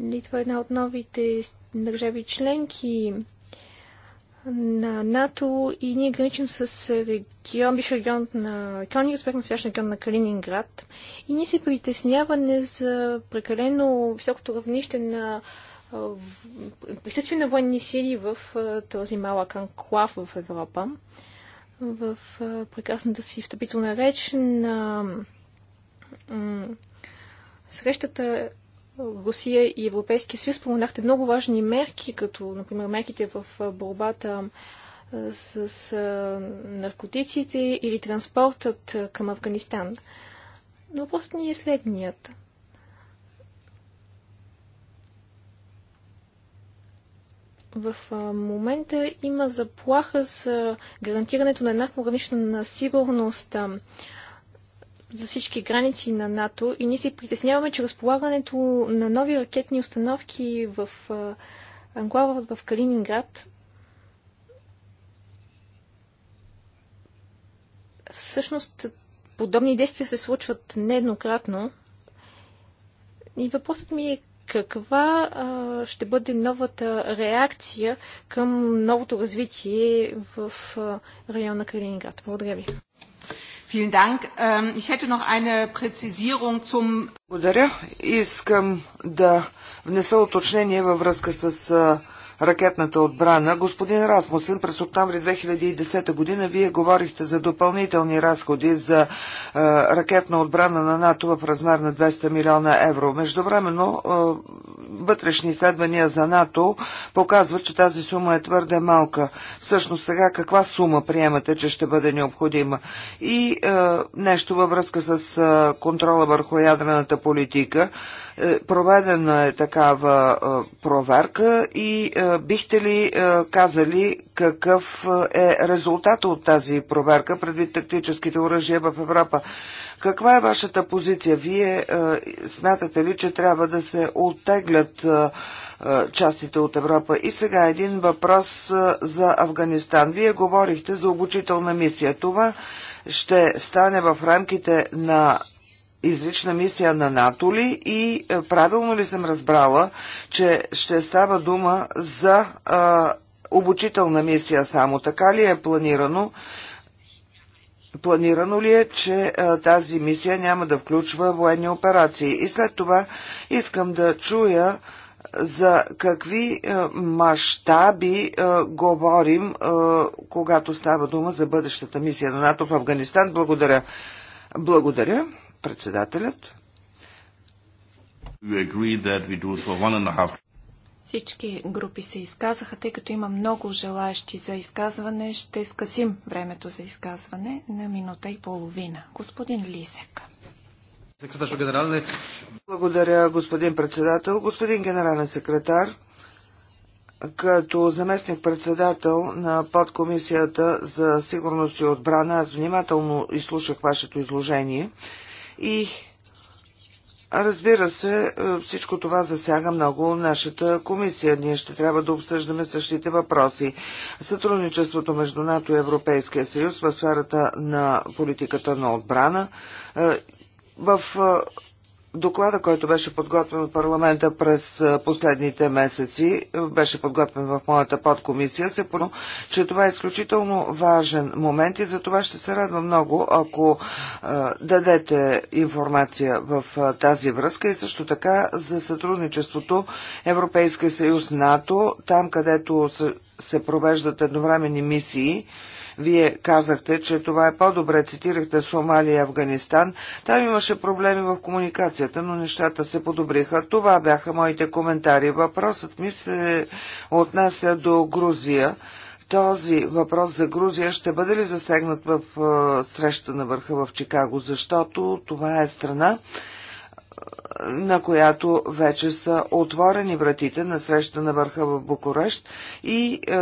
Литва е една от новите държави членки на НАТО и ние граничим с регион, бивш регион на Кёнигсберг, настоящ регион на Калининград. И ние се притесняваме за прекалено високото равнище на присъствие на военни сили в този малък анклав в Европа. В прекрасната си встъпителна реч на срещата Русия и Европейския съюз споменахте много важни мерки, като например мерките в борбата с, с наркотиците или транспортът към Афганистан. Но въпросът ни е следният – В момента има заплаха за гарантирането на една хронична на сигурност за всички граници на НАТО и ние се притесняваме, че разполагането на нови ракетни установки в Англава в Калининград всъщност подобни действия се случват нееднократно. И въпросът ми е каква а, ще бъде новата реакция към новото развитие в а, района Калининград. Благодаря ви. Ähm, Благодаря. Искам да внеса уточнение във връзка с ракетната отбрана. Господин Расмусен, през октомври 2010 година вие говорихте за допълнителни разходи за е, ракетна отбрана на НАТО в размер на 200 милиона евро. Междувременно е, вътрешни изследвания за НАТО показват, че тази сума е твърде малка. Всъщност сега каква сума приемате, че ще бъде необходима? И е, нещо във връзка с е, контрола върху ядрената политика. Е, проведена е такава е, проверка и е, бихте ли е, казали какъв е резултат от тази проверка предвид тактическите оръжия в Европа? Каква е вашата позиция? Вие е, смятате ли, че трябва да се оттеглят е, е, частите от Европа? И сега един въпрос за Афганистан. Вие говорихте за обучителна мисия. Това ще стане в рамките на излична мисия на НАТО ли и правилно ли съм разбрала, че ще става дума за а, обучителна мисия само? Така ли е планирано? Планирано ли е, че а, тази мисия няма да включва военни операции? И след това искам да чуя за какви мащаби говорим, а, когато става дума за бъдещата мисия на НАТО в Афганистан. Благодаря. Благодаря, председателят. Всички групи се изказаха, тъй като има много желаящи за изказване. Ще скъсим времето за изказване на минута и половина. Господин Лисек. Благодаря, господин председател. Господин генерален секретар, като заместник-председател на подкомисията за сигурност и отбрана, аз внимателно изслушах вашето изложение и Разбира се, е, всичко това засяга много нашата комисия. Ние ще трябва да обсъждаме същите въпроси. Сътрудничеството между НАТО и Европейския съюз в сферата на политиката на отбрана е, в е, доклада, който беше подготвен от парламента през последните месеци, беше подготвен в моята подкомисия, се поно, че това е изключително важен момент и за това ще се радва много, ако а, дадете информация в а, тази връзка и също така за сътрудничеството Европейския съюз НАТО, там където се, се провеждат едновременни мисии, вие казахте, че това е по-добре. Цитирахте Сомалия и Афганистан. Там имаше проблеми в комуникацията, но нещата се подобриха. Това бяха моите коментари. Въпросът ми се отнася до Грузия. Този въпрос за Грузия ще бъде ли засегнат в среща на върха в Чикаго, защото това е страна, на която вече са отворени вратите на среща на върха в Букурещ и е,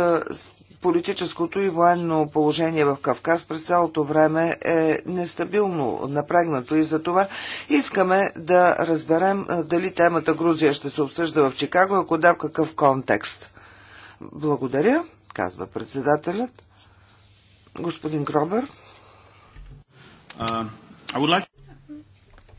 политическото и военно положение в Кавказ през цялото време е нестабилно напрегнато и за това искаме да разберем дали темата Грузия ще се обсъжда в Чикаго, ако да в какъв контекст. Благодаря, казва председателят. Господин Гробер. Uh, like...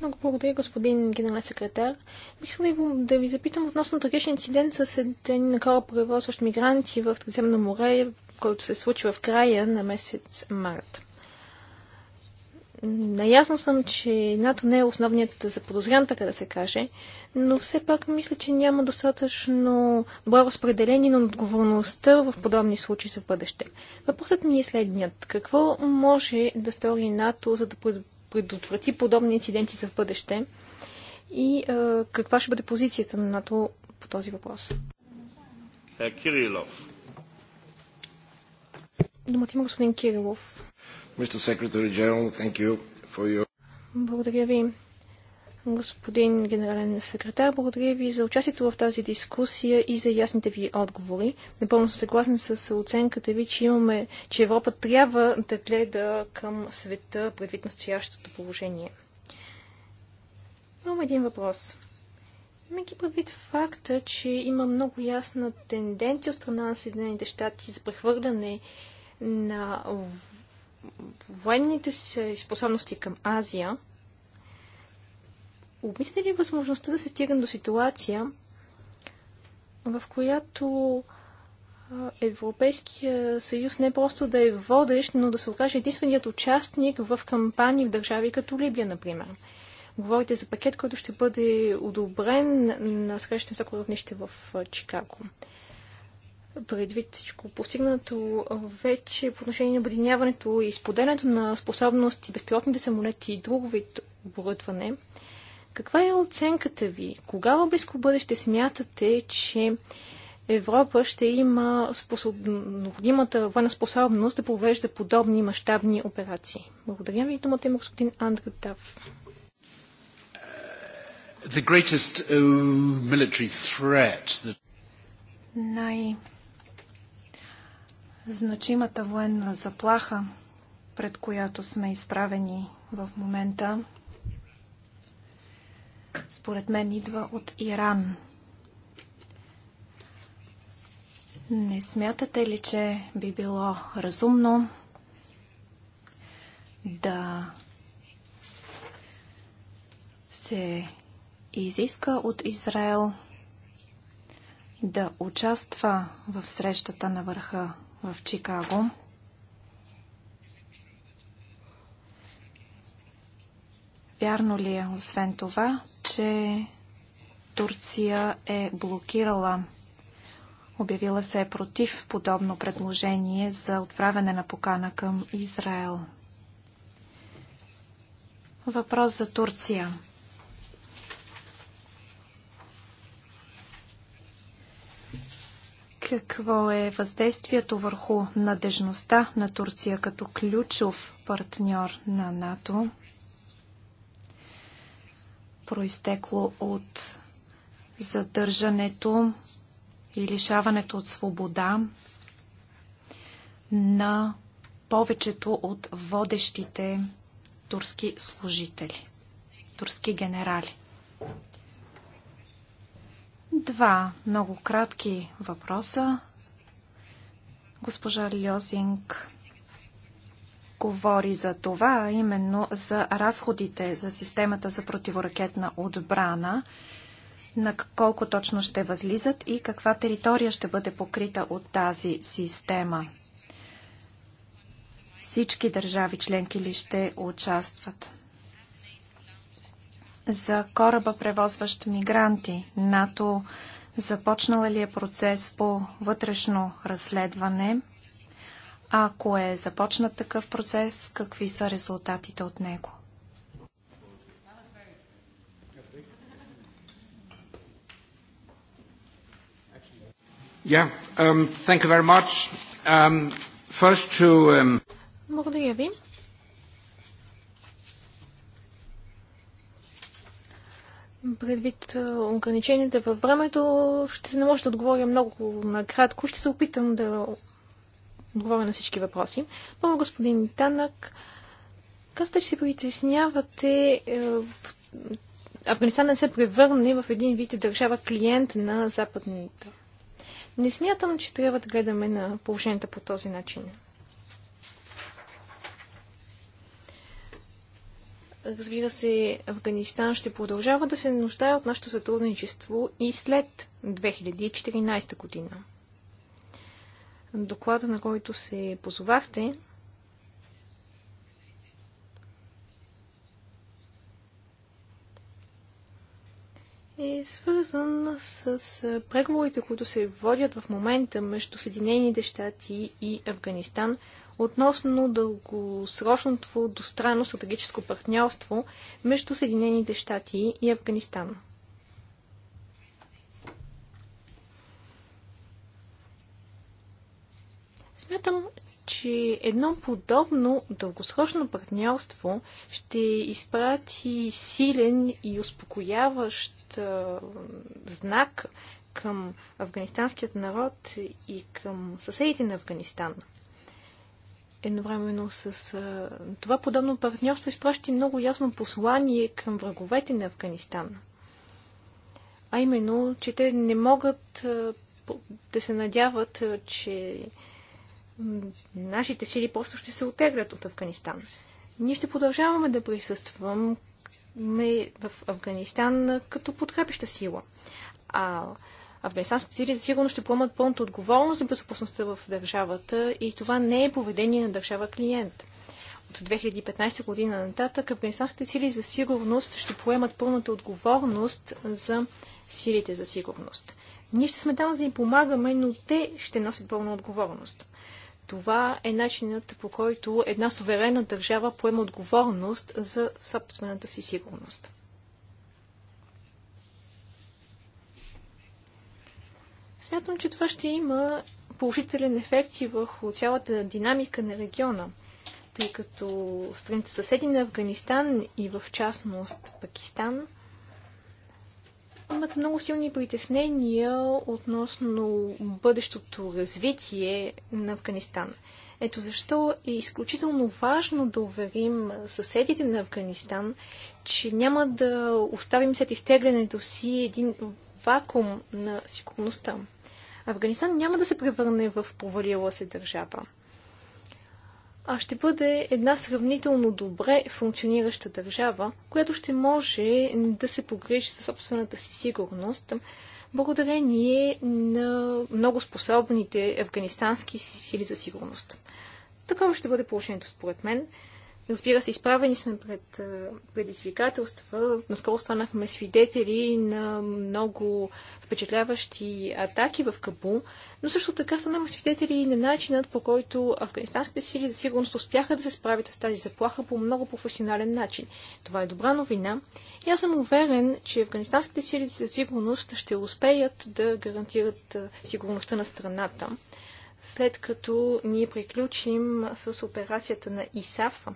Много благодаря, господин генерал секретар. Бих искала да ви запитам относно трагичен инцидент с един кораб, превозващ мигранти в Средиземно море, който се случи в края на месец март. Наясно съм, че НАТО не е основният заподозрян, така да се каже, но все пак мисля, че няма достатъчно добро разпределение на отговорността в подобни случаи за бъдеще. Въпросът ми е следният. Какво може да стори НАТО, за да предотврати подобни инциденти за в бъдеще и а, каква ще бъде позицията на НАТО по този въпрос? Е, Кирилов. Думата има господин Кирилов. Your... Благодаря ви, господин генерален секретар. Благодаря ви за участието в тази дискусия и за ясните ви отговори. Напълно съм съгласен с оценката ви, че имаме, че Европа трябва да гледа към света предвид настоящото положение. Имам един въпрос. Имайки предвид факта, че има много ясна тенденция от страна на Съединените щати за прехвърляне на военните си способности към Азия, Обмисля ли възможността да се стигне до ситуация, в която Европейския съюз не просто да е водещ, но да се окаже единственият участник в кампании в държави като Либия, например. Говорите за пакет, който ще бъде одобрен на срещане всяко равнище в Чикаго. Предвид всичко постигнато вече по отношение на обединяването и споделянето на способности, безпилотните самолети и друг вид оборудване – каква е оценката ви? Кога в близко бъдеще смятате, че Европа ще има способ... необходимата военна способност да провежда подобни мащабни операции? Благодаря ви. Думата има господин Андрю Тав. Uh, the greatest uh, military threat that... Най- значимата военна заплаха, пред която сме изправени в момента, според мен идва от Иран. Не смятате ли, че би било разумно да се изиска от Израел да участва в срещата на върха в Чикаго? Вярно ли е, освен това, че Турция е блокирала, обявила се е против подобно предложение за отправяне на покана към Израел? Въпрос за Турция. Какво е въздействието върху надежността на Турция като ключов партньор на НАТО? произтекло от задържането и лишаването от свобода на повечето от водещите турски служители, турски генерали. Два много кратки въпроса. Госпожа Льозинг говори за това, а именно за разходите за системата за противоракетна отбрана, на колко точно ще възлизат и каква територия ще бъде покрита от тази система. Всички държави членки ли ще участват? За кораба, превозващ мигранти, НАТО започнала ли е процес по вътрешно разследване – ако е започнат такъв процес, какви са резултатите от него? Um, um, um, Благодаря ви. Предвид ограниченията във времето, ще се не може да отговоря много накратко. Ще се опитам да отговоря на всички въпроси. Но господин Танък, казвате, че се притеснявате е, Афганистан не се превърне в един вид държава клиент на западните. Не смятам, че трябва да гледаме на положението по този начин. Разбира се, Афганистан ще продължава да се нуждае от нашето сътрудничество и след 2014 година доклада, на който се позовахте, е свързан с преговорите, които се водят в момента между Съединените щати и Афганистан относно дългосрочното двустранно стратегическо партньорство между Съединените щати и Афганистан. Смятам, че едно подобно дългосрочно партньорство ще изпрати силен и успокояващ а, знак към афганистанският народ и към съседите на Афганистан. Едновременно с а, това подобно партньорство изпраща много ясно послание към враговете на Афганистан. А именно, че те не могат а, да се надяват, че нашите сили просто ще се отеглят от Афганистан. Ние ще продължаваме да присъстваме в Афганистан като подкрепища сила. А афганистанските сили за сигурност ще поемат пълната отговорност за безопасността в държавата и това не е поведение на държава клиент. От 2015 година нататък афганистанските сили за сигурност ще поемат пълната отговорност за силите за сигурност. Ние ще сме там, за да им помагаме, но те ще носят пълна отговорност. Това е начинът по който една суверена държава поема отговорност за собствената си сигурност. Смятам, че това ще има положителен ефект и върху цялата динамика на региона, тъй като страните съседи на Афганистан и в частност Пакистан имат много силни притеснения относно бъдещото развитие на Афганистан. Ето защо е изключително важно да уверим съседите на Афганистан, че няма да оставим след изтеглянето си един вакуум на сигурността. Афганистан няма да се превърне в провалила се държава а ще бъде една сравнително добре функционираща държава, която ще може да се погрижи за собствената си сигурност, благодарение на много способните афганистански сили за сигурност. Такова ще бъде положението според мен. Разбира се, изправени сме пред предизвикателства. Наскоро станахме свидетели на много впечатляващи атаки в Кабул, но също така станахме свидетели на начинът, по който афганистанските сили за сигурност успяха да се справят с тази заплаха по много професионален начин. Това е добра новина и аз съм уверен, че афганистанските сили за сигурност ще успеят да гарантират сигурността на страната след като ние приключим с операцията на ИСАФ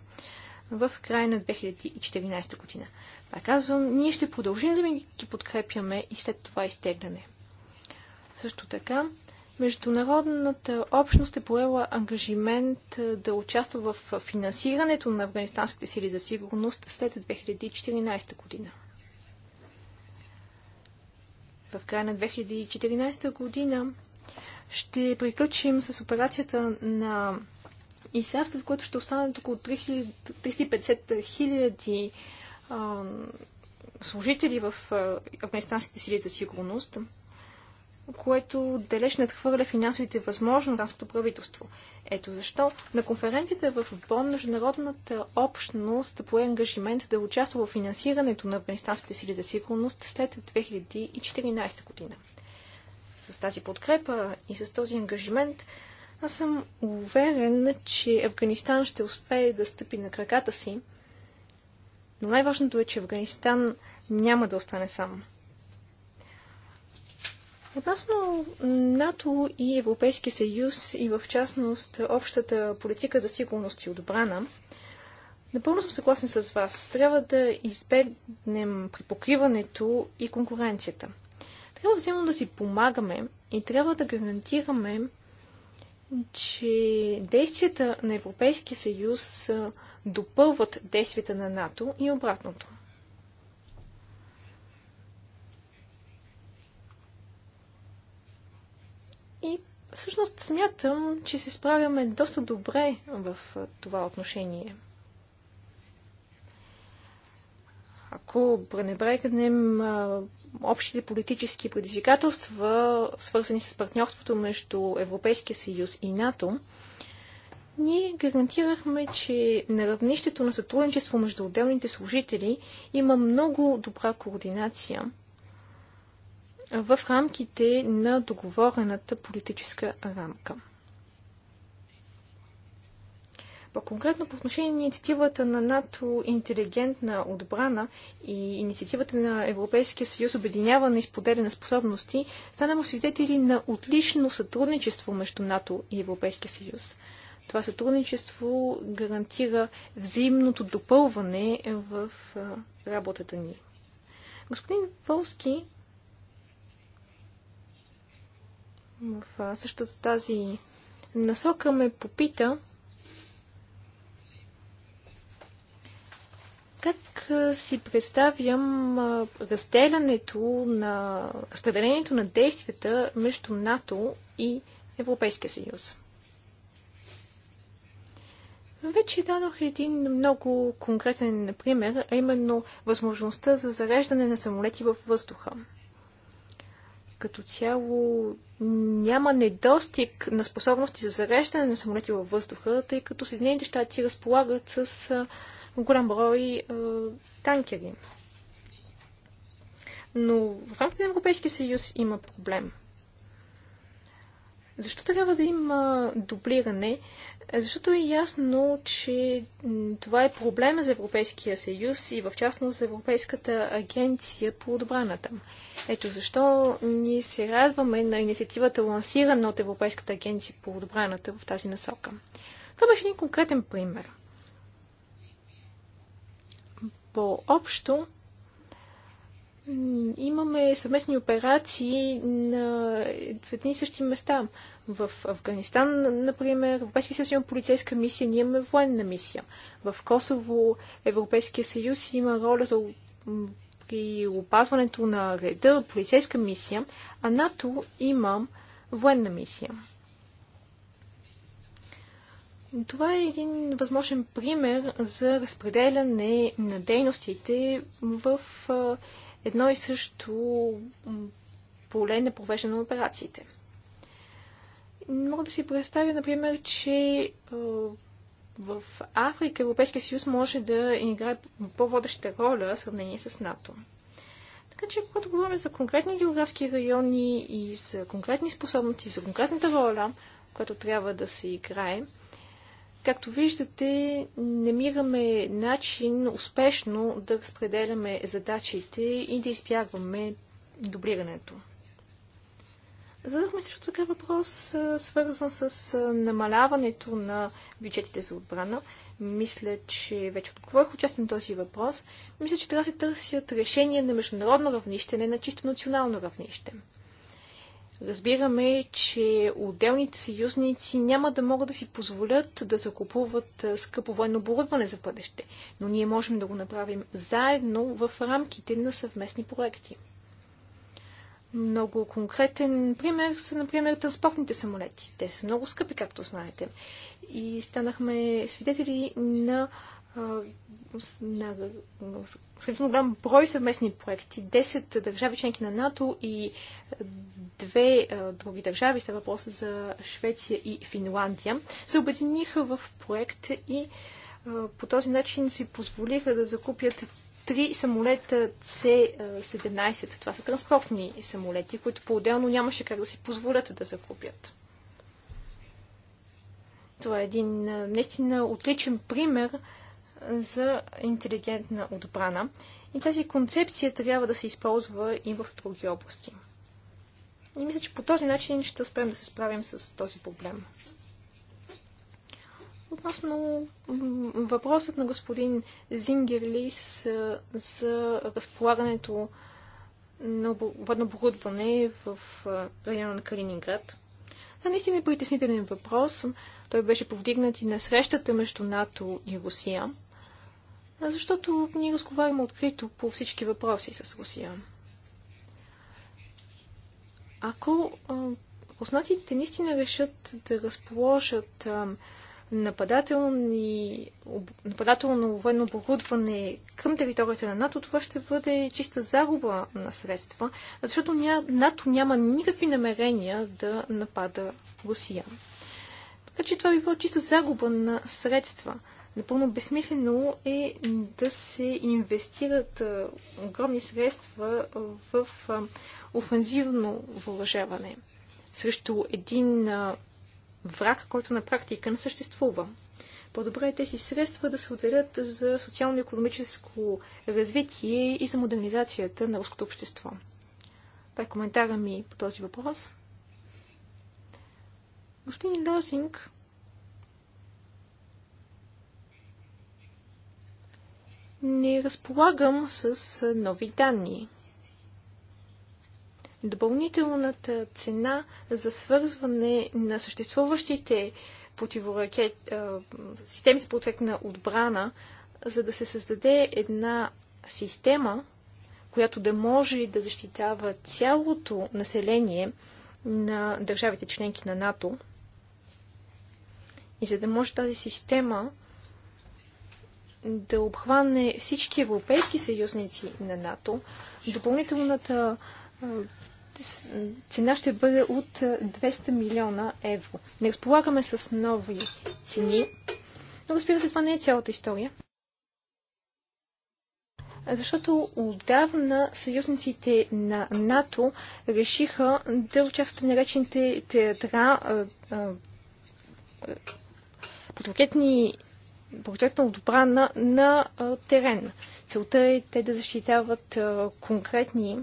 в края на 2014 година. Пак казвам, ние ще продължим да ги подкрепяме и след това изтегляне. Също така, Международната общност е поела ангажимент да участва в финансирането на афганистанските сили за сигурност след 2014 година. В края на 2014 година ще приключим с операцията на ИСА, след което ще останат около 350 хиляди служители в афганистанските сили за сигурност, което далеч надхвърля финансовите възможности на нашето правителство. Ето защо на конференцията в Бон международната общност пое ангажимент да участва в финансирането на афганистанските сили за сигурност след 2014 година с тази подкрепа и с този ангажимент, аз съм уверен, че Афганистан ще успее да стъпи на краката си, но най-важното е, че Афганистан няма да остане сам. Относно НАТО и Европейския съюз и в частност общата политика за сигурност и отбрана, напълно съм съгласен с вас. Трябва да избегнем припокриването и конкуренцията – трябва взаимно да си помагаме и трябва да гарантираме, че действията на Европейския съюз допълват действията на НАТО и обратното. И всъщност смятам, че се справяме доста добре в това отношение. Ако пренебрегнем общите политически предизвикателства, свързани с партньорството между Европейския съюз и НАТО, ние гарантирахме, че на равнището на сътрудничество между отделните служители има много добра координация в рамките на договорената политическа рамка. По-конкретно по отношение на инициативата на НАТО интелигентна отбрана и инициативата на Европейския съюз обединяване и споделяне на способности, станаме свидетели на отлично сътрудничество между НАТО и Европейския съюз. Това сътрудничество гарантира взаимното допълване в работата ни. Господин Волски в същата тази насока ме попита Как си представям разделянето на разпределението на действията между НАТО и Европейския съюз? Вече дадох един много конкретен пример, а именно възможността за зареждане на самолети във въздуха. Като цяло няма недостиг на способности за зареждане на самолети във въздуха, тъй като Съединените щати разполагат с голям брой а, е, танкери. Но в рамките на Европейския съюз има проблем. Защо трябва да има е, дублиране? Защото е ясно, че това е проблем за Европейския съюз и в частност за Европейската агенция по отбраната. Ето защо ние се радваме на инициативата лансирана от Европейската агенция по отбраната в тази насока. Това беше един конкретен пример – по-общо имаме съвместни операции на едни и същи места. В Афганистан, например, Европейския съюз има полицейска мисия, ние имаме военна мисия. В Косово Европейския съюз има роля за при опазването на реда, полицейска мисия, а НАТО има военна мисия. Това е един възможен пример за разпределяне на дейностите в едно и също поле на провеждане на операциите. Мога да си представя, например, че в Африка Европейския съюз може да играе по-водеща роля в сравнение с НАТО. Така че, когато говорим за конкретни географски райони и за конкретни способности, за конкретната роля, която трябва да се играе, Както виждате, намираме начин успешно да разпределяме задачите и да избягваме дублирането. Задахме също така въпрос, свързан с намаляването на бюджетите за отбрана. Мисля, че вече отговорих участен този въпрос. Мисля, че трябва да се търсят решения на международно равнище, не на чисто национално равнище разбираме, че отделните съюзници няма да могат да си позволят да закупуват скъпо военно оборудване за бъдеще, но ние можем да го направим заедно в рамките на съвместни проекти. Много конкретен пример са, например, транспортните самолети. Те са много скъпи, както знаете. И станахме свидетели на на голям брой съвместни проекти. 10 държави членки на НАТО и две други държави, става въпрос за Швеция и Финландия, се обединиха в проект и по този начин си позволиха да закупят три самолета C-17. Това са транспортни самолети, които по-отделно нямаше как да си позволят да закупят. Това е един наистина отличен пример за интелигентна отбрана. И тази концепция трябва да се използва и в други области. И мисля, че по този начин ще успеем да се справим с този проблем. Относно въпросът на господин Зингерлис за разполагането на водно оборудване в района на Калининград. Това наистина е притеснителен въпрос. Той беше повдигнат и на срещата между НАТО и Русия, защото ние разговаряме открито по всички въпроси с Русия. Ако руснаците наистина решат да разположат нападателни, нападателно военно оборудване към територията на НАТО, това ще бъде чиста загуба на средства, защото ня, НАТО няма никакви намерения да напада Русия. Така че това би било чиста загуба на средства напълно безсмислено е да се инвестират огромни средства в офензивно въоръжаване срещу един враг, който на практика не съществува. По-добре е тези средства да се отделят за социално-економическо развитие и за модернизацията на руското общество. Това е коментара ми по този въпрос. Господин Лозинг не разполагам с нови данни. Допълнителната цена за свързване на съществуващите противоракет, системи за протектна отбрана, за да се създаде една система, която да може да защитава цялото население на държавите членки на НАТО. И за да може тази система да обхване всички европейски съюзници на НАТО, допълнителната цена ще бъде от 200 милиона евро. Не разполагаме с нови цени, но разбира се, това не е цялата история. Защото отдавна съюзниците на НАТО решиха да участват в наречените театра, противокетни благодетелна отбрана на терен. Целта е те да защитават конкретни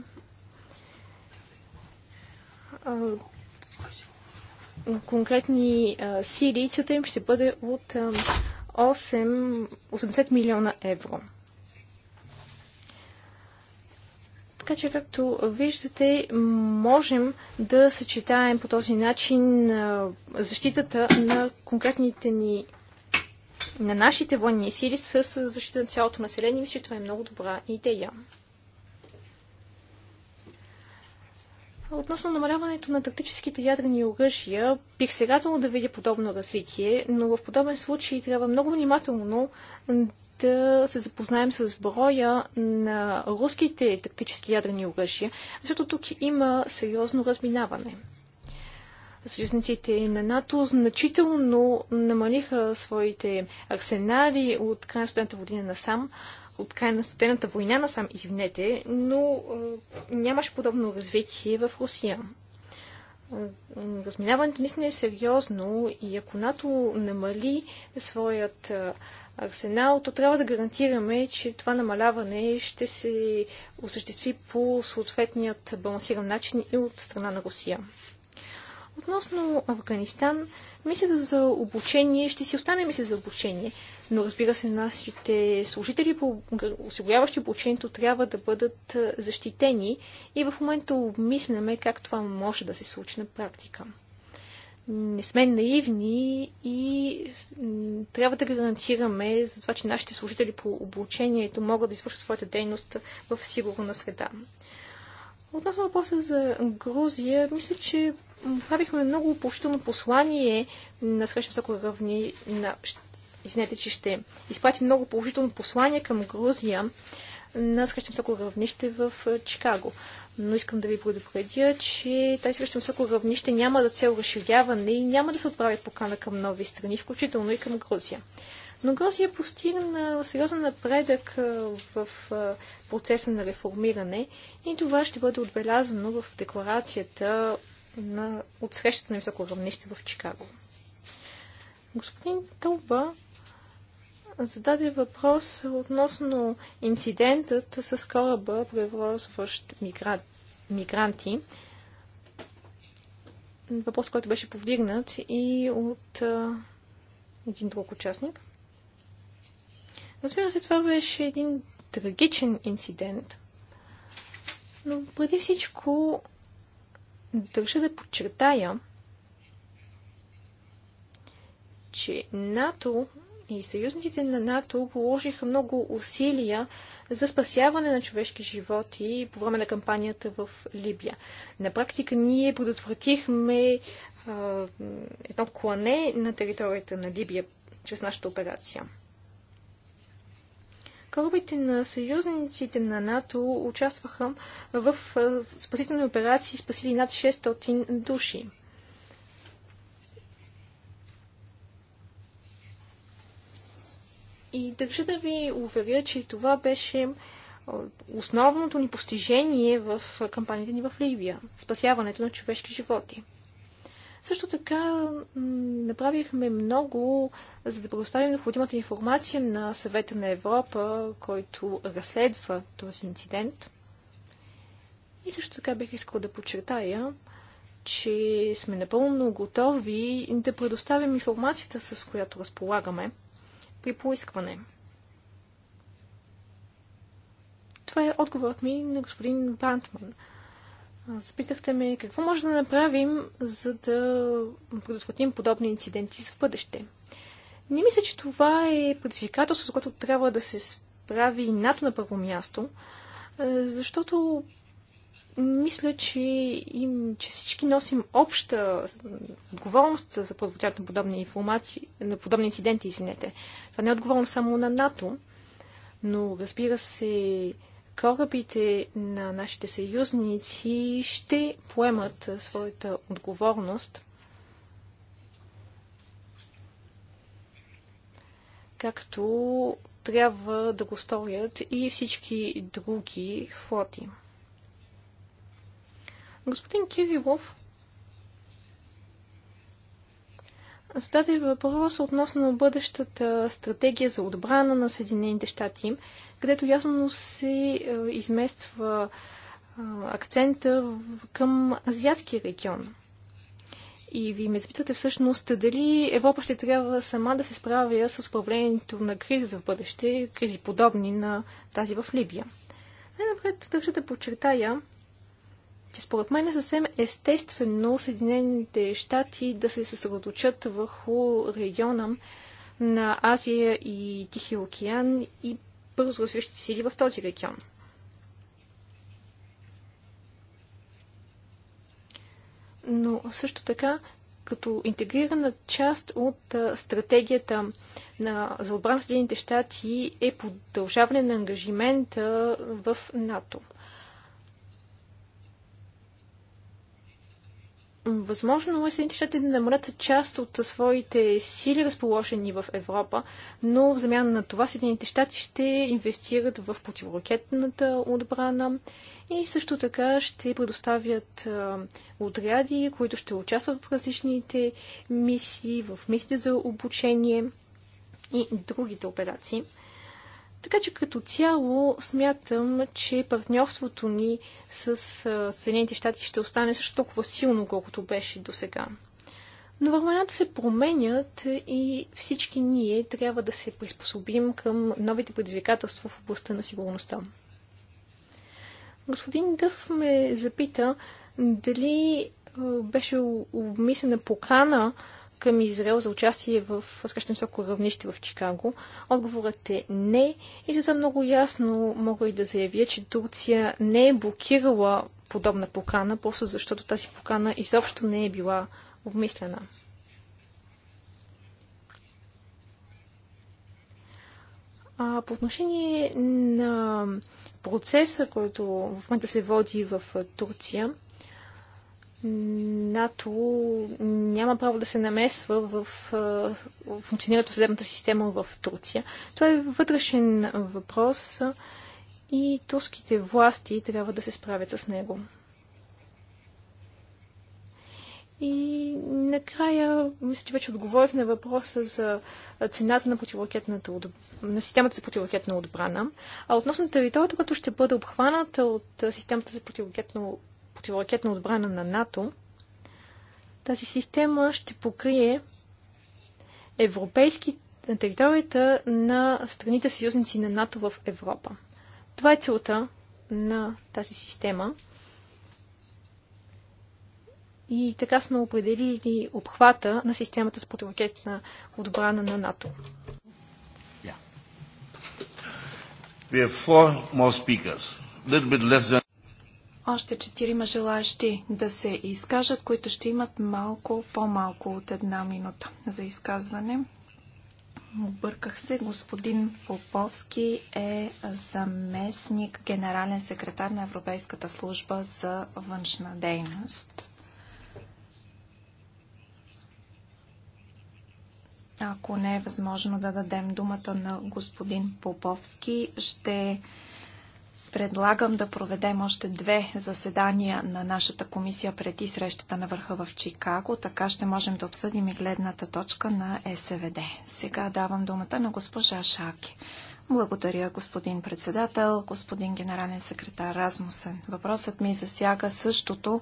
конкретни сили. Целта им ще бъде от 8, 80 милиона евро. Така че, както виждате, можем да съчетаем по този начин защитата на конкретните ни на нашите военни сили с защита на цялото население. Мисля, това е много добра идея. Относно намаляването на тактическите ядрени оръжия, бих се радвала да видя подобно развитие, но в подобен случай трябва много внимателно да се запознаем с броя на руските тактически ядрени оръжия, защото тук има сериозно разминаване съюзниците на НАТО значително намалиха своите арсенали от края на студената година насам, от края на студената война насам, извинете, но е, нямаше подобно развитие в Русия. Разминаването наистина е сериозно и ако НАТО намали своят арсенал, то трябва да гарантираме, че това намаляване ще се осъществи по съответният балансиран начин и от страна на Русия. Относно Афганистан, мисията за обучение ще си остане мисия за обучение, но разбира се, нашите служители, осигуряващи обучението, трябва да бъдат защитени и в момента обмисляме как това може да се случи на практика. Не сме наивни и трябва да гарантираме за това, че нашите служители по обучението могат да извършат своята дейност в сигурна среда. Относно въпроса за Грузия, мисля, че Направихме много поощително послание на среща високо равни на Извинете, че ще изпрати много положително послание към Грузия на среща високо равнище в е, Чикаго. Но искам да ви предупредя, че тази срещам всяко равнище няма за да цел разширяване и няма да се отправи покана към нови страни, включително и към Грузия. Но Грузия постигна сериозен напредък е, в е, процеса на реформиране и това ще бъде отбелязано в декларацията на, от срещата на високо равнище в Чикаго. Господин Тълба зададе въпрос относно инцидентът с кораба, превозващ мигра... мигранти. Въпрос, който беше повдигнат и от а, един друг участник. Разбира се, това беше един трагичен инцидент. Но преди всичко Държа да подчертая, че НАТО и съюзниците на НАТО положиха много усилия за спасяване на човешки животи по време на кампанията в Либия. На практика ние предотвратихме а, едно клане на територията на Либия чрез нашата операция корабите на съюзниците на НАТО участваха в спасителни операции, спасили над 600 души. И държа да ви уверя, че това беше основното ни постижение в кампанията ни в Ливия спасяването на човешки животи. Също така направихме много, за да предоставим необходимата информация на съвета на Европа, който разследва този инцидент. И също така бих искала да подчертая, че сме напълно готови да предоставим информацията, с която разполагаме при поискване. Това е отговорът ми на господин Брантман. Запитахте ме какво може да направим, за да предотвратим подобни инциденти в бъдеще. Не мисля, че това е предизвикателство, с което трябва да се справи НАТО на първо място, е, защото мисля, че, им, че всички носим обща отговорност за предотвратяването на подобни информации, на подобни инциденти, извинете. Това не е отговорност само на НАТО, но разбира се, корабите на нашите съюзници ще поемат своята отговорност. Както трябва да го сторят и всички други флоти. Господин Кирилов зададе въпрос относно бъдещата стратегия за отбрана на Съединените щати където ясно се е, измества е, акцента към азиатския регион. И ви ме запитате всъщност дали Европа ще трябва сама да се справя с управлението на кризи за бъдеще, кризи подобни на тази в Либия. Най-напред държа да подчертая, че според мен е съвсем естествено Съединените щати да се съсредоточат върху региона на Азия и Тихия океан и бързо развиващите сили в този регион. Но също така, като интегрирана част от стратегията на, за отбрана в Съединените щати е продължаване на ангажимента в НАТО. Възможно е Съединените щати да намалят част от своите сили, разположени в Европа, но в замяна на това Съединените щати ще инвестират в противоракетната отбрана и също така ще предоставят отряди, които ще участват в различните мисии, в мисиите за обучение и другите операции. Така че като цяло смятам, че партньорството ни с Съединените щати ще остане също толкова силно, колкото беше до сега. Но времената се променят и всички ние трябва да се приспособим към новите предизвикателства в областта на сигурността. Господин Дъв ме запита дали беше обмислена покана към Израел за участие в срещу високо равнище в Чикаго? Отговорът е не и затова много ясно мога и да заявя, че Турция не е блокирала подобна покана, просто защото тази покана изобщо не е била обмислена. А по отношение на процеса, който в момента се води в Турция, НАТО няма право да се намесва в функционирането съдебната система в Турция. Това е вътрешен въпрос и турските власти трябва да се справят с него. И накрая, мисля, че вече отговорих на въпроса за цената на, противоракетната, на системата за противоракетна отбрана. А относно територията, която ще бъде обхваната от системата за противоракетна противоракетна отбрана на НАТО, тази система ще покрие европейски, на територията на страните съюзници на НАТО в Европа. Това е целта на тази система. И така сме определили обхвата на системата с противоракетна отбрана на НАТО. Yeah. We have four more speakers. A little bit less than още четирима желаящи да се изкажат, които ще имат малко по-малко от една минута за изказване. Обърках се. Господин Поповски е заместник генерален секретар на Европейската служба за външна дейност. Ако не е възможно да дадем думата на господин Поповски, ще предлагам да проведем още две заседания на нашата комисия преди срещата на върха в Чикаго. Така ще можем да обсъдим и гледната точка на СВД. Сега давам думата на госпожа Шаки. Благодаря, господин председател, господин генерален секретар Размусен. Въпросът ми засяга същото,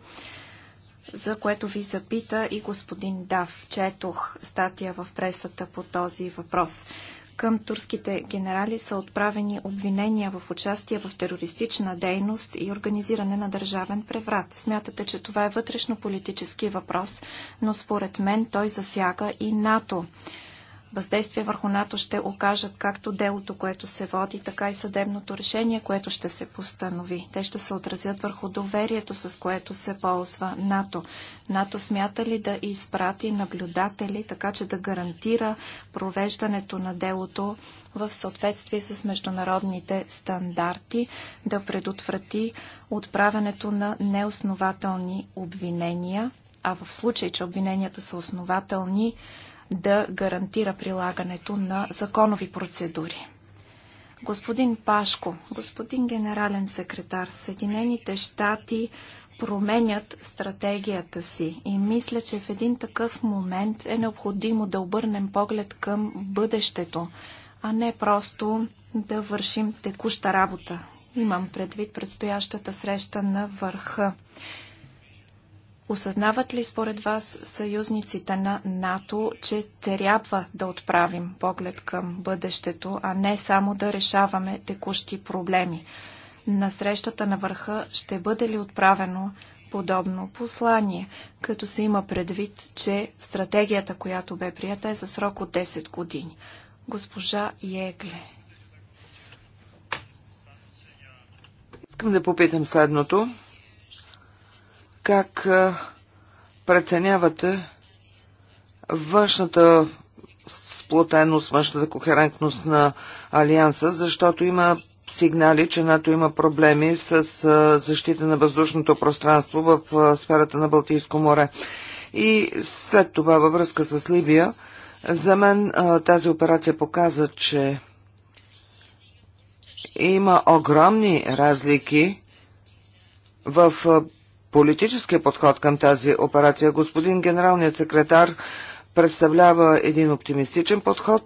за което ви запита и господин Дав. Четох статия в пресата по този въпрос. Към турските генерали са отправени обвинения в участие в терористична дейност и организиране на държавен преврат. Смятате, че това е вътрешно политически въпрос, но според мен той засяга и НАТО въздействие върху НАТО ще окажат както делото, което се води, така и съдебното решение, което ще се постанови. Те ще се отразят върху доверието, с което се ползва НАТО. НАТО смята ли да изпрати наблюдатели, така че да гарантира провеждането на делото в съответствие с международните стандарти, да предотврати отправянето на неоснователни обвинения, а в случай, че обвиненията са основателни, да гарантира прилагането на законови процедури. Господин Пашко, господин генерален секретар, Съединените щати променят стратегията си и мисля, че в един такъв момент е необходимо да обърнем поглед към бъдещето, а не просто да вършим текуща работа. Имам предвид предстоящата среща на върха. Осъзнават ли според вас съюзниците на НАТО, че трябва да отправим поглед към бъдещето, а не само да решаваме текущи проблеми? На срещата на върха ще бъде ли отправено подобно послание, като се има предвид, че стратегията, която бе прията, е за срок от 10 години? Госпожа Егле. Искам да попитам следното. Как преценявате външната сплотеност, външната кохерентност на Алианса, защото има сигнали, че НАТО има проблеми с защита на въздушното пространство в сферата на Балтийско море. И след това във връзка с Либия, за мен тази операция показа, че има огромни разлики в политическия подход към тази операция. Господин генералният секретар представлява един оптимистичен подход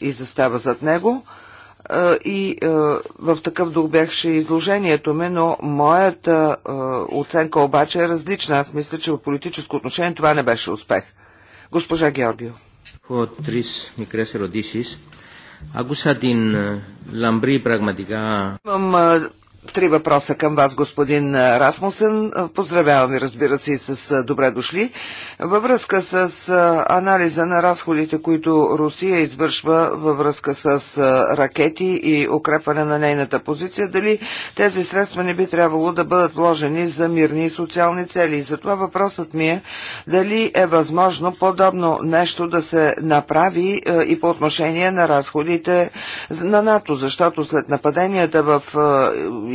и застава зад него. И в такъв дух беше изложението ми, но моята оценка обаче е различна. Аз мисля, че в политическо отношение това не беше успех. Госпожа Георгио. Имам три въпроса към вас, господин Расмусен. Поздравявам ви, разбира се, и с добре дошли. Във връзка с анализа на разходите, които Русия извършва във връзка с ракети и укрепване на нейната позиция, дали тези средства не би трябвало да бъдат вложени за мирни и социални цели. И затова въпросът ми е дали е възможно подобно нещо да се направи и по отношение на разходите на НАТО, защото след нападенията в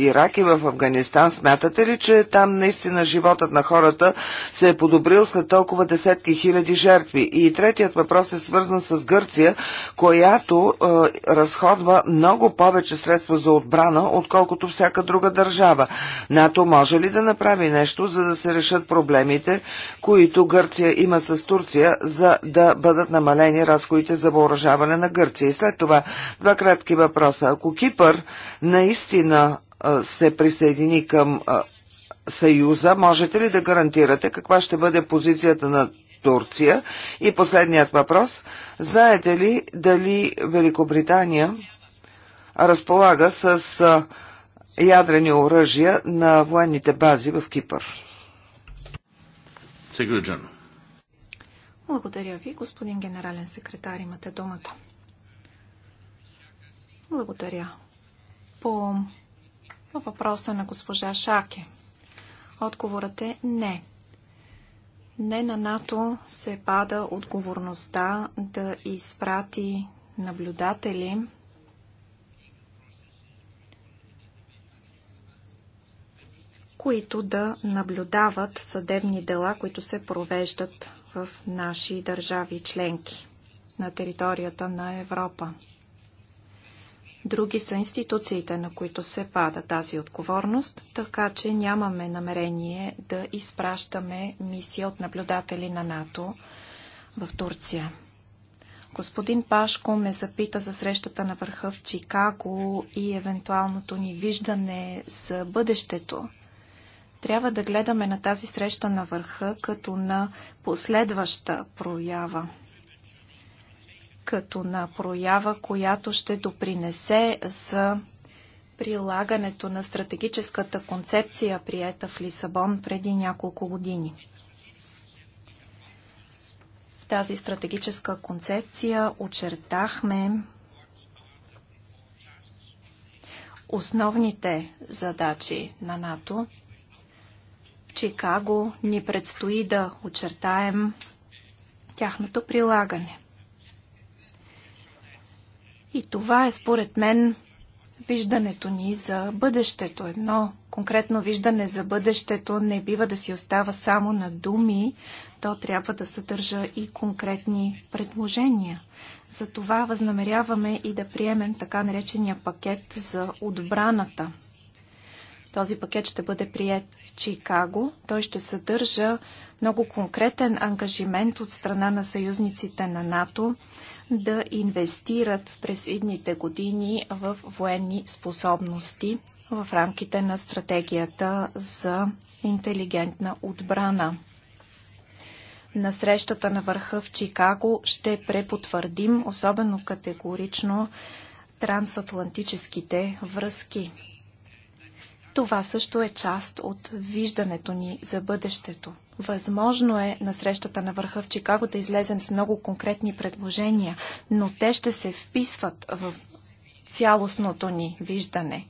Ирак и в Афганистан. Смятате ли, че там наистина животът на хората се е подобрил след толкова десетки хиляди жертви? И третият въпрос е свързан с Гърция, която е, разходва много повече средства за отбрана, отколкото всяка друга държава. НАТО може ли да направи нещо, за да се решат проблемите, които Гърция има с Турция, за да бъдат намалени разходите за въоръжаване на Гърция? И след това два кратки въпроса. Ако Кипър наистина се присъедини към Съюза, можете ли да гарантирате каква ще бъде позицията на Турция? И последният въпрос. Знаете ли дали Великобритания разполага с ядрени оръжия на военните бази в Кипър? Благодаря ви, господин генерален секретар. Имате думата. Благодаря. По по въпроса на госпожа Шаке. Отговорът е не. Не на НАТО се пада отговорността да изпрати наблюдатели които да наблюдават съдебни дела, които се провеждат в наши държави членки на територията на Европа други са институциите, на които се пада тази отговорност, така че нямаме намерение да изпращаме мисия от наблюдатели на НАТО в Турция. Господин Пашко ме запита за срещата на върха в Чикаго и евентуалното ни виждане за бъдещето. Трябва да гледаме на тази среща на върха като на последваща проява – като на проява, която ще допринесе за прилагането на стратегическата концепция, приета в Лисабон преди няколко години. В тази стратегическа концепция очертахме основните задачи на НАТО. В Чикаго ни предстои да очертаем тяхното прилагане. И това е според мен виждането ни за бъдещето. Едно конкретно виждане за бъдещето не бива да си остава само на думи, то трябва да съдържа и конкретни предложения. Затова възнамеряваме и да приемем така наречения пакет за отбраната. Този пакет ще бъде прият в Чикаго. Той ще съдържа много конкретен ангажимент от страна на съюзниците на НАТО – да инвестират през едните години в военни способности в рамките на стратегията за интелигентна отбрана. На срещата на върха в Чикаго ще препотвърдим особено категорично трансатлантическите връзки. Това също е част от виждането ни за бъдещето. Възможно е на срещата на върха в Чикаго да излезем с много конкретни предложения, но те ще се вписват в цялостното ни виждане.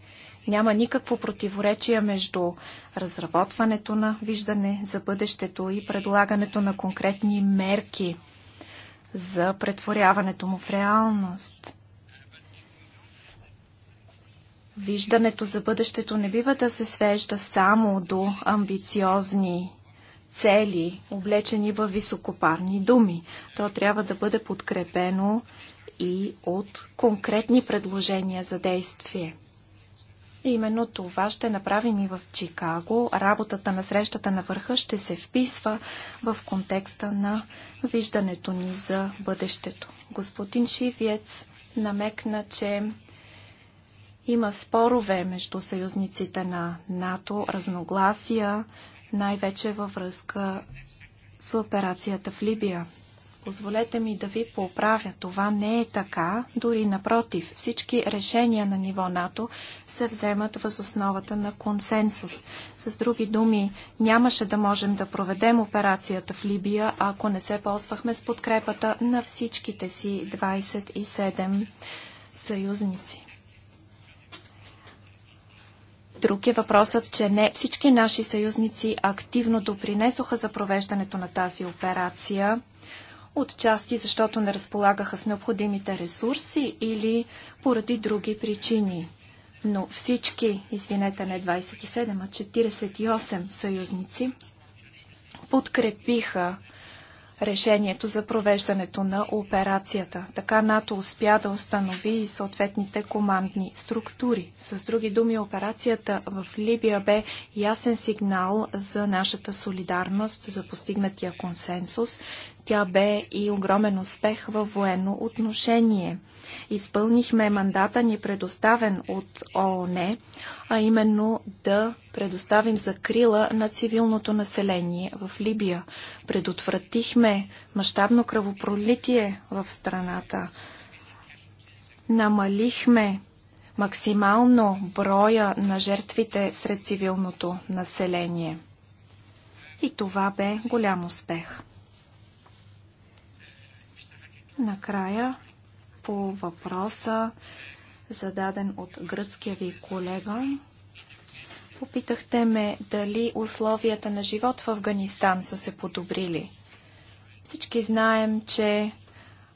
Няма никакво противоречие между разработването на виждане за бъдещето и предлагането на конкретни мерки за претворяването му в реалност. Виждането за бъдещето не бива да се свежда само до амбициозни цели, облечени във високопарни думи. То трябва да бъде подкрепено и от конкретни предложения за действие. И именно това ще направим и в Чикаго. Работата на срещата на върха ще се вписва в контекста на виждането ни за бъдещето. Господин Шивиец намекна, че има спорове между съюзниците на НАТО, разногласия, най-вече във връзка с операцията в Либия. Позволете ми да ви поправя. Това не е така. Дори напротив, всички решения на ниво НАТО се вземат въз основата на консенсус. С други думи, нямаше да можем да проведем операцията в Либия, ако не се ползвахме с подкрепата на всичките си 27 съюзници. Друг е въпросът, че не всички наши съюзници активно допринесоха за провеждането на тази операция, отчасти защото не разполагаха с необходимите ресурси или поради други причини. Но всички, извинете, не 27, а 48 съюзници подкрепиха решението за провеждането на операцията. Така НАТО успя да установи и съответните командни структури. С други думи, операцията в Либия бе ясен сигнал за нашата солидарност, за постигнатия консенсус. Тя бе и огромен успех във военно отношение – изпълнихме мандата ни предоставен от ООН, а именно да предоставим закрила на цивилното население в Либия. Предотвратихме мащабно кръвопролитие в страната. Намалихме максимално броя на жертвите сред цивилното население. И това бе голям успех. Накрая по въпроса, зададен от гръцкия ви колега. Попитахте ме дали условията на живот в Афганистан са се подобрили. Всички знаем, че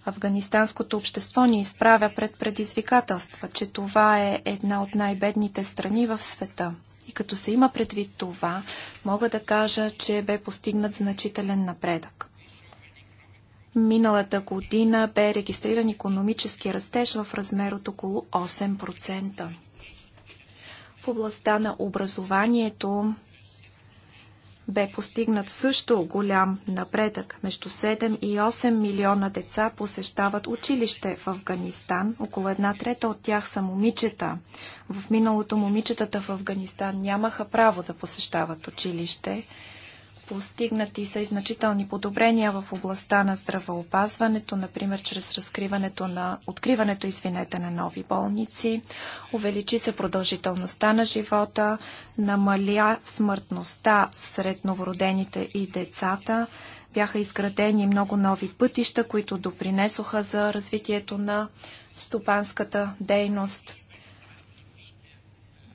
афганистанското общество ни изправя пред предизвикателства, че това е една от най-бедните страни в света. И като се има предвид това, мога да кажа, че бе постигнат значителен напредък. Миналата година бе регистриран економически растеж в размер от около 8%. В областта на образованието бе постигнат също голям напредък. Между 7 и 8 милиона деца посещават училище в Афганистан. Около една трета от тях са момичета. В миналото момичетата в Афганистан нямаха право да посещават училище. Постигнати са и значителни подобрения в областта на здравеопазването, например чрез разкриването на откриването, извинете, на нови болници. Увеличи се продължителността на живота, намаля смъртността сред новородените и децата. Бяха изградени много нови пътища, които допринесоха за развитието на стопанската дейност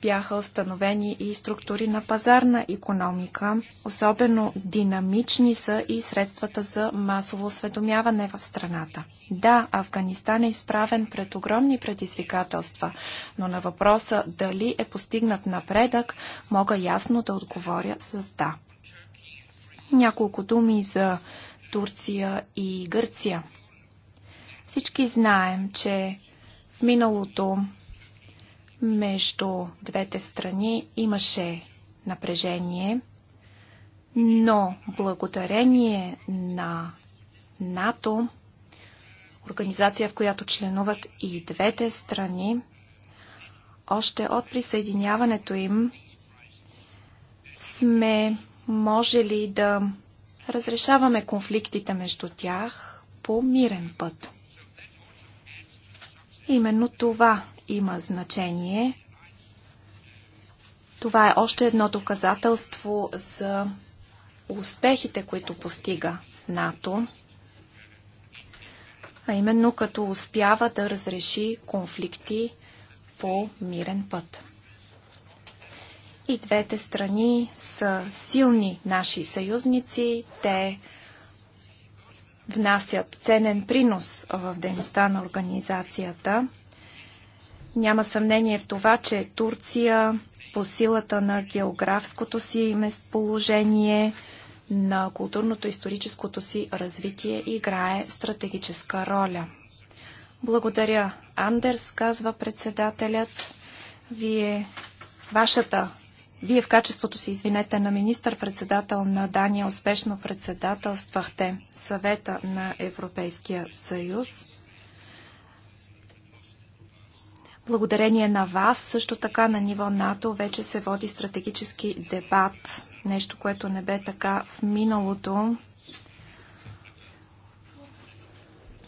бяха установени и структури на пазарна економика. Особено динамични са и средствата за масово осведомяване в страната. Да, Афганистан е изправен пред огромни предизвикателства, но на въпроса дали е постигнат напредък, мога ясно да отговоря с да. Няколко думи за Турция и Гърция. Всички знаем, че в миналото между двете страни имаше напрежение, но благодарение на НАТО, организация, в която членуват и двете страни, още от присъединяването им сме можели да разрешаваме конфликтите между тях по мирен път. Именно това има значение. Това е още едно доказателство за успехите, които постига НАТО, а именно като успява да разреши конфликти по мирен път. И двете страни са силни наши съюзници. Те внасят ценен принос в дейността на организацията. Няма съмнение в това, че Турция по силата на географското си местоположение, на културното и историческото си развитие играе стратегическа роля. Благодаря, Андерс, казва председателят. Вие, вашата, вие в качеството си, извинете, на министър-председател на Дания успешно председателствахте съвета на Европейския съюз. Благодарение на вас, също така на ниво НАТО вече се води стратегически дебат, нещо, което не бе така в миналото.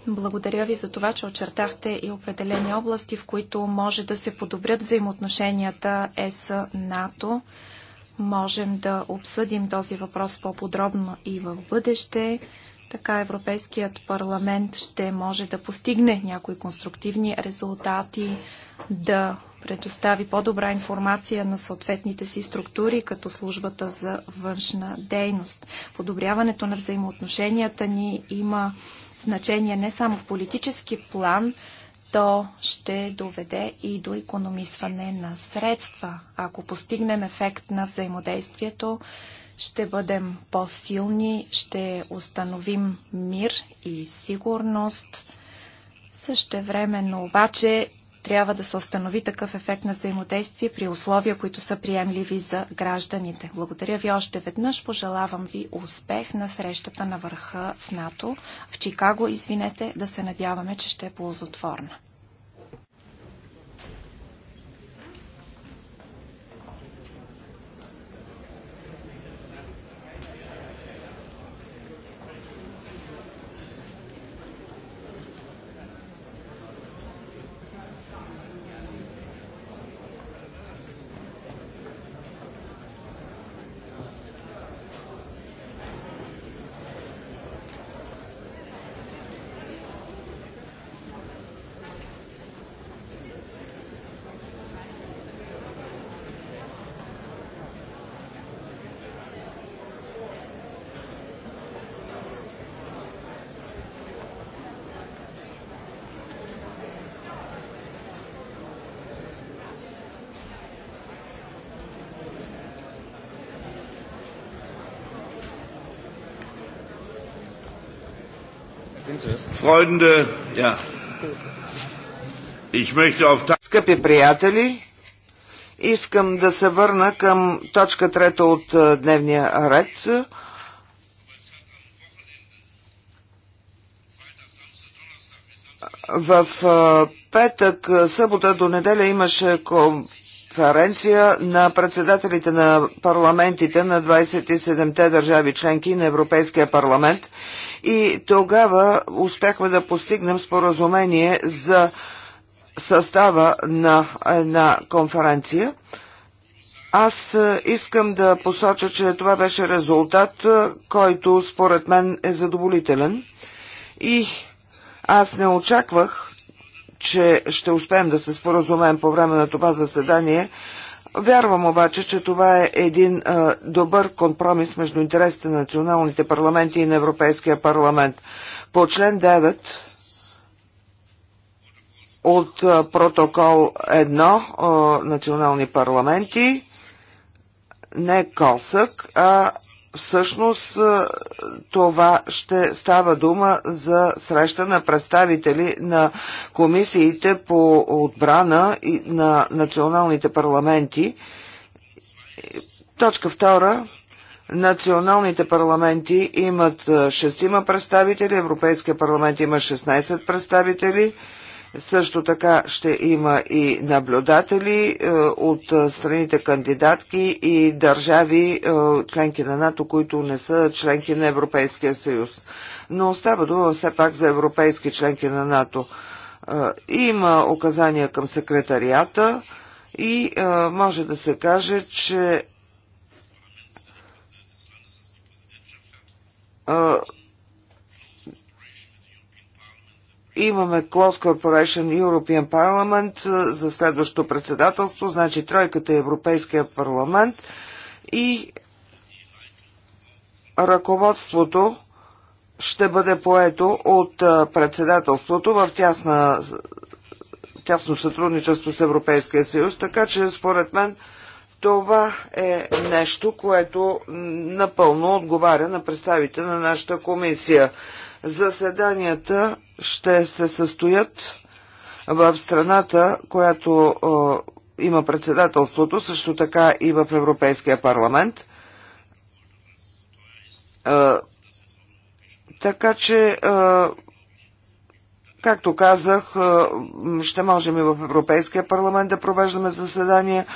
Благодаря ви за това, че очертахте и определени области, в които може да се подобрят взаимоотношенията ЕС-НАТО. Можем да обсъдим този въпрос по-подробно и в бъдеще. Така Европейският парламент ще може да постигне някои конструктивни резултати, да предостави по-добра информация на съответните си структури, като службата за външна дейност. Подобряването на взаимоотношенията ни има значение не само в политически план, то ще доведе и до економисване на средства. Ако постигнем ефект на взаимодействието, ще бъдем по-силни, ще установим мир и сигурност. но обаче трябва да се установи такъв ефект на взаимодействие при условия, които са приемливи за гражданите. Благодаря ви още веднъж. Пожелавам ви успех на срещата на върха в НАТО в Чикаго. Извинете, да се надяваме, че ще е ползотворна. Freunde, ja. Ich möchte auf Скъпи приятели, искам да се върна към точка трета от е, дневния ред. В е, петък, събота до неделя имаше конференция на председателите на парламентите на 27-те държави членки на Европейския парламент и тогава успяхме да постигнем споразумение за състава на една конференция. Аз е, искам да посоча, че това беше резултат, е, който според мен е задоволителен. И аз не очаквах, че ще успеем да се споразумеем по време на това заседание. Вярвам обаче, че това е един а, добър компромис между интересите на националните парламенти и на Европейския парламент. По член 9 от а, протокол 1 а, национални парламенти, не косък, а всъщност това ще става дума за среща на представители на комисиите по отбрана и на националните парламенти. Точка втора. Националните парламенти имат 6 представители, Европейския парламент има 16 представители. Също така ще има и наблюдатели е, от е, страните кандидатки и държави е, членки на НАТО, които не са членки на Европейския съюз. Но остава дума все пак за европейски членки на НАТО. Има указания към секретарията и може да се каже, че Имаме Close Corporation European Parliament за следващото председателство, значи тройката е Европейския парламент и ръководството ще бъде поето от председателството в тясна, тясно сътрудничество с Европейския съюз, така че според мен това е нещо, което напълно отговаря на представите на нашата комисия. Заседанията ще се състоят в страната, която има председателството, също така и в Европейския парламент. така че, както казах, ще можем и в Европейския парламент да провеждаме заседания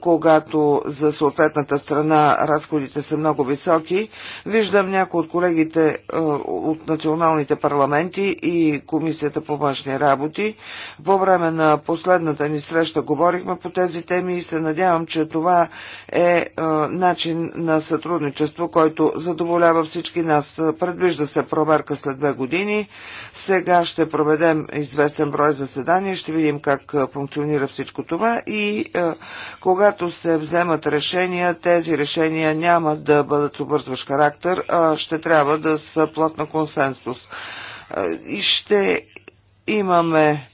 когато за съответната страна разходите са много високи. Виждам някои от колегите от националните парламенти и Комисията по външни работи. По време на последната ни среща говорихме по тези теми и се надявам, че това е начин на сътрудничество, който задоволява всички нас. Предвижда се проверка след две години. Сега ще проведем известен брой заседания, ще видим как функционира всичко това и когато се вземат решения, тези решения няма да бъдат с обързващ характер, а ще трябва да са плод на консенсус. Е, и ще имаме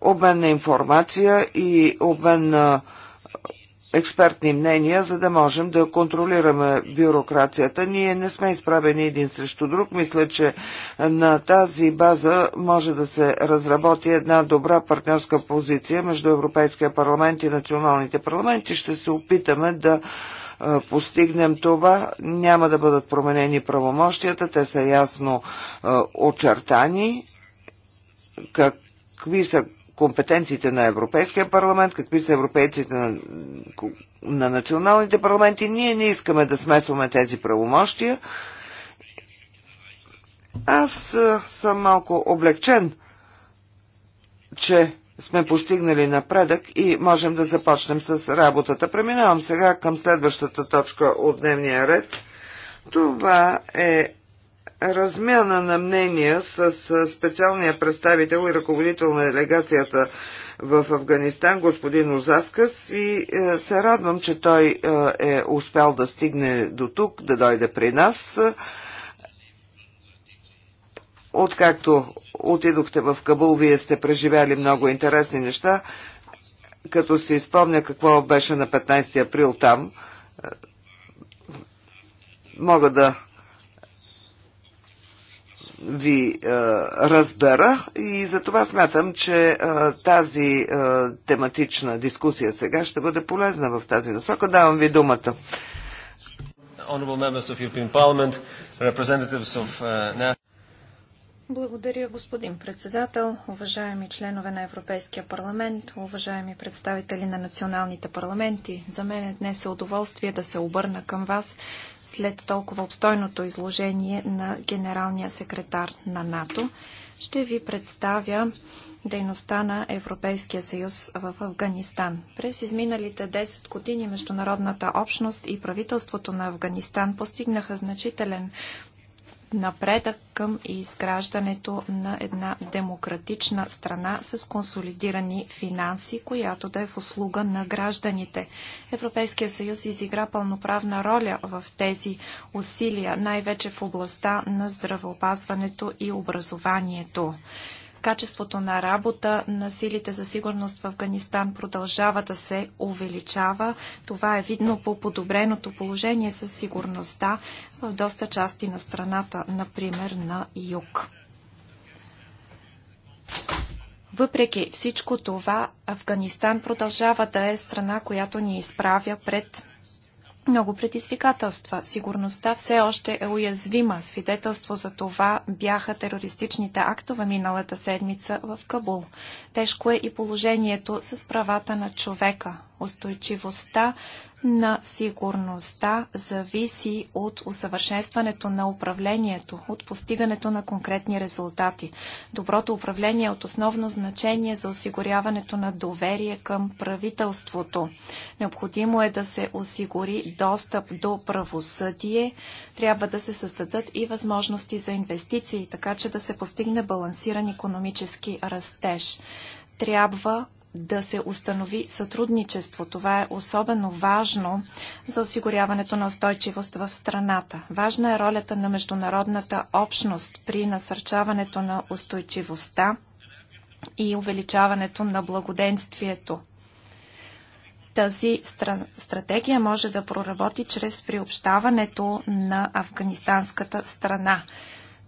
обмен на информация и обмен на експертни мнения, за да можем да контролираме бюрокрацията. Ние не сме изправени един срещу друг. Мисля, че на тази база може да се разработи една добра партньорска позиция между Европейския парламент и националните парламенти. Ще се опитаме да постигнем това, няма да бъдат променени правомощията, те са ясно очертани, какви са компетенциите на Европейския парламент, какви са европейците на, на националните парламенти. Ние не искаме да смесваме тези правомощия. Аз съм малко облегчен, че сме постигнали напредък и можем да започнем с работата. Преминавам сега към следващата точка от дневния ред. Това е размяна на мнения с специалния представител и ръководител на делегацията в Афганистан, господин Озаскас, и е, се радвам, че той е, е успял да стигне до тук, да дойде при нас. Откакто отидохте в Кабул, вие сте преживяли много интересни неща, като си спомня какво беше на 15 април там. Е, мога да ви е, разбера и това смятам, че е, тази е, тематична дискусия сега ще бъде полезна в тази насока. Давам ви думата. Honorable members of European Parliament, representatives of uh, благодаря, господин председател, уважаеми членове на Европейския парламент, уважаеми представители на националните парламенти. За мен е днес е удоволствие да се обърна към вас след толкова обстойното изложение на генералния секретар на НАТО. Ще ви представя дейността на Европейския съюз в Афганистан. През изминалите 10 години международната общност и правителството на Афганистан постигнаха значителен напредък към изграждането на една демократична страна с консолидирани финанси, която да е в услуга на гражданите. Европейския съюз изигра пълноправна роля в тези усилия, най-вече в областта на здравеопазването и образованието. Качеството на работа на силите за сигурност в Афганистан продължава да се увеличава. Това е видно по подобреното положение със сигурността в доста части на страната, например на юг. Въпреки всичко това, Афганистан продължава да е страна, която ни изправя пред много предизвикателства. Сигурността все още е уязвима. Свидетелство за това бяха терористичните актове миналата седмица в Кабул. Тежко е и положението с правата на човека. Устойчивостта на сигурността зависи от усъвършенстването на управлението, от постигането на конкретни резултати. Доброто управление е от основно значение за осигуряването на доверие към правителството. Необходимо е да се осигури достъп до правосъдие, трябва да се създадат и възможности за инвестиции, така че да се постигне балансиран економически растеж. Трябва да се установи сътрудничество. Това е особено важно за осигуряването на устойчивост в страната. Важна е ролята на международната общност при насърчаването на устойчивостта и увеличаването на благоденствието. Тази стратегия може да проработи чрез приобщаването на афганистанската страна.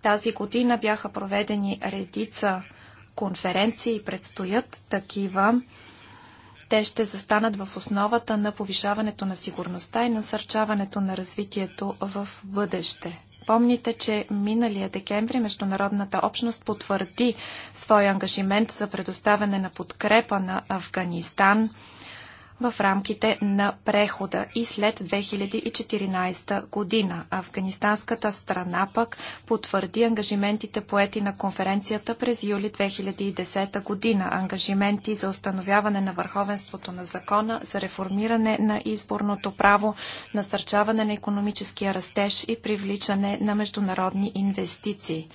Тази година бяха проведени редица конференции, предстоят такива. Те ще застанат в основата на повишаването на сигурността и насърчаването на развитието в бъдеще. Помните, че миналия декември международната общност потвърди своя ангажимент за предоставяне на подкрепа на Афганистан – в рамките на прехода и след 2014 година. Афганистанската страна пък потвърди ангажиментите поети на конференцията през юли 2010 година. Ангажименти за установяване на върховенството на закона, за реформиране на изборното право, насърчаване на економическия растеж и привличане на международни инвестиции.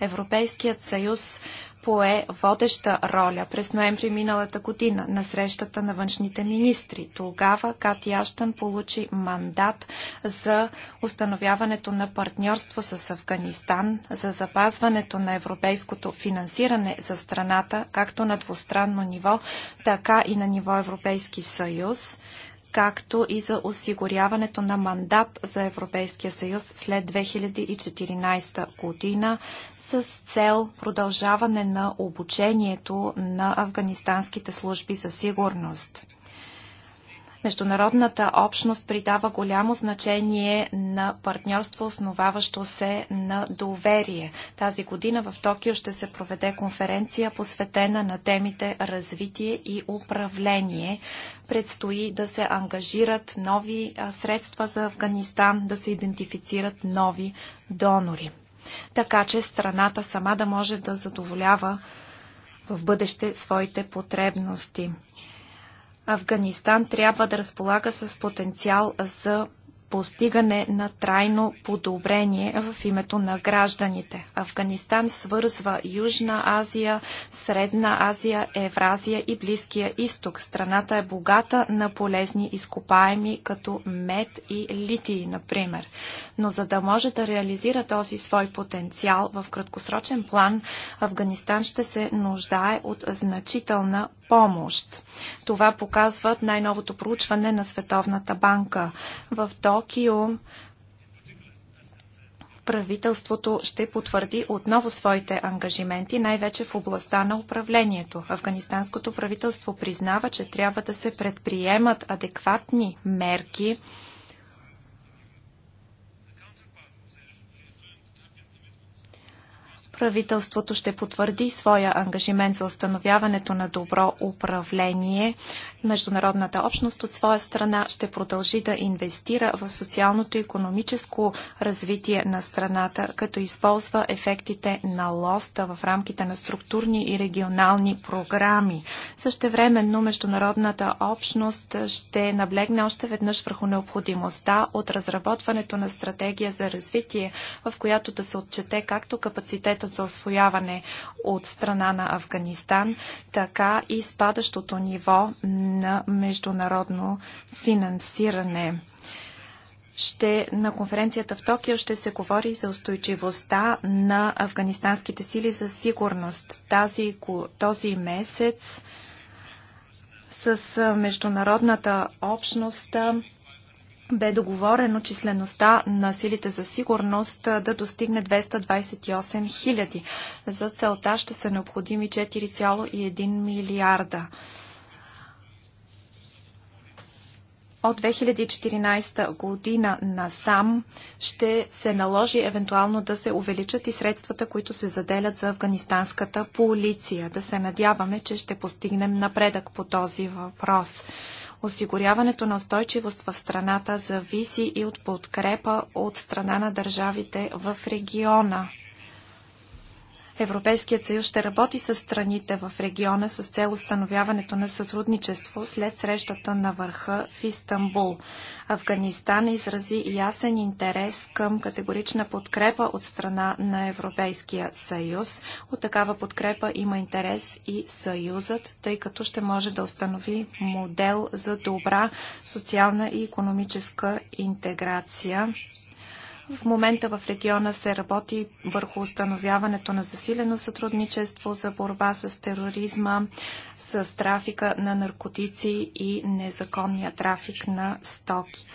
Европейският съюз пое водеща роля през ноември миналата година на срещата на външните министри. Тогава Кати Аштън получи мандат за установяването на партньорство с Афганистан, за запазването на европейското финансиране за страната, както на двустранно ниво, така и на ниво Европейски съюз, както и за осигуряването на мандат за Европейския съюз след 2014 година с цел продължаване на обучението на афганистанските служби за сигурност. Международната общност придава голямо значение на партньорство, основаващо се на доверие. Тази година в Токио ще се проведе конференция, посветена на темите развитие и управление, Предстои да се ангажират нови средства за Афганистан, да се идентифицират нови донори. Така че страната сама да може да задоволява в бъдеще своите потребности. Афганистан трябва да разполага с потенциал за постигане на трайно подобрение в името на гражданите. Афганистан свързва Южна Азия, Средна Азия, Евразия и Близкия изток. Страната е богата на полезни изкопаеми, като мед и литии, например. Но за да може да реализира този свой потенциал в краткосрочен план, Афганистан ще се нуждае от значителна помощ. Това показват най-новото проучване на Световната банка. В то Токио правителството ще потвърди отново своите ангажименти, най-вече в областта на управлението. Афганистанското правителство признава, че трябва да се предприемат адекватни мерки Правителството ще потвърди своя ангажимент за установяването на добро управление. Международната общност от своя страна ще продължи да инвестира в социалното и економическо развитие на страната, като използва ефектите на лоста в рамките на структурни и регионални програми. Същевременно международната общност ще наблегне още веднъж върху необходимостта от разработването на стратегия за развитие, в която да се отчете както капацитета за освояване от страна на Афганистан, така и спадащото ниво на международно финансиране ще, на конференцията в Токио ще се говори за устойчивостта на афганистанските сили за сигурност. Тази, този месец с международната общност бе договорено числеността на силите за сигурност да достигне 228 000. За целта ще са необходими 4,1 милиарда. От 2014 година насам ще се наложи евентуално да се увеличат и средствата, които се заделят за афганистанската полиция. Да се надяваме, че ще постигнем напредък по този въпрос. Осигуряването на устойчивост в страната зависи и от подкрепа от страна на държавите в региона. Европейският съюз ще работи с страните в региона с цел установяването на сътрудничество след срещата на върха в Истанбул. Афганистан изрази ясен интерес към категорична подкрепа от страна на Европейския съюз. От такава подкрепа има интерес и съюзът, тъй като ще може да установи модел за добра социална и економическа интеграция в момента в региона се работи върху установяването на засилено сътрудничество за борба с тероризма, с трафика на наркотици и незаконния трафик на стоки.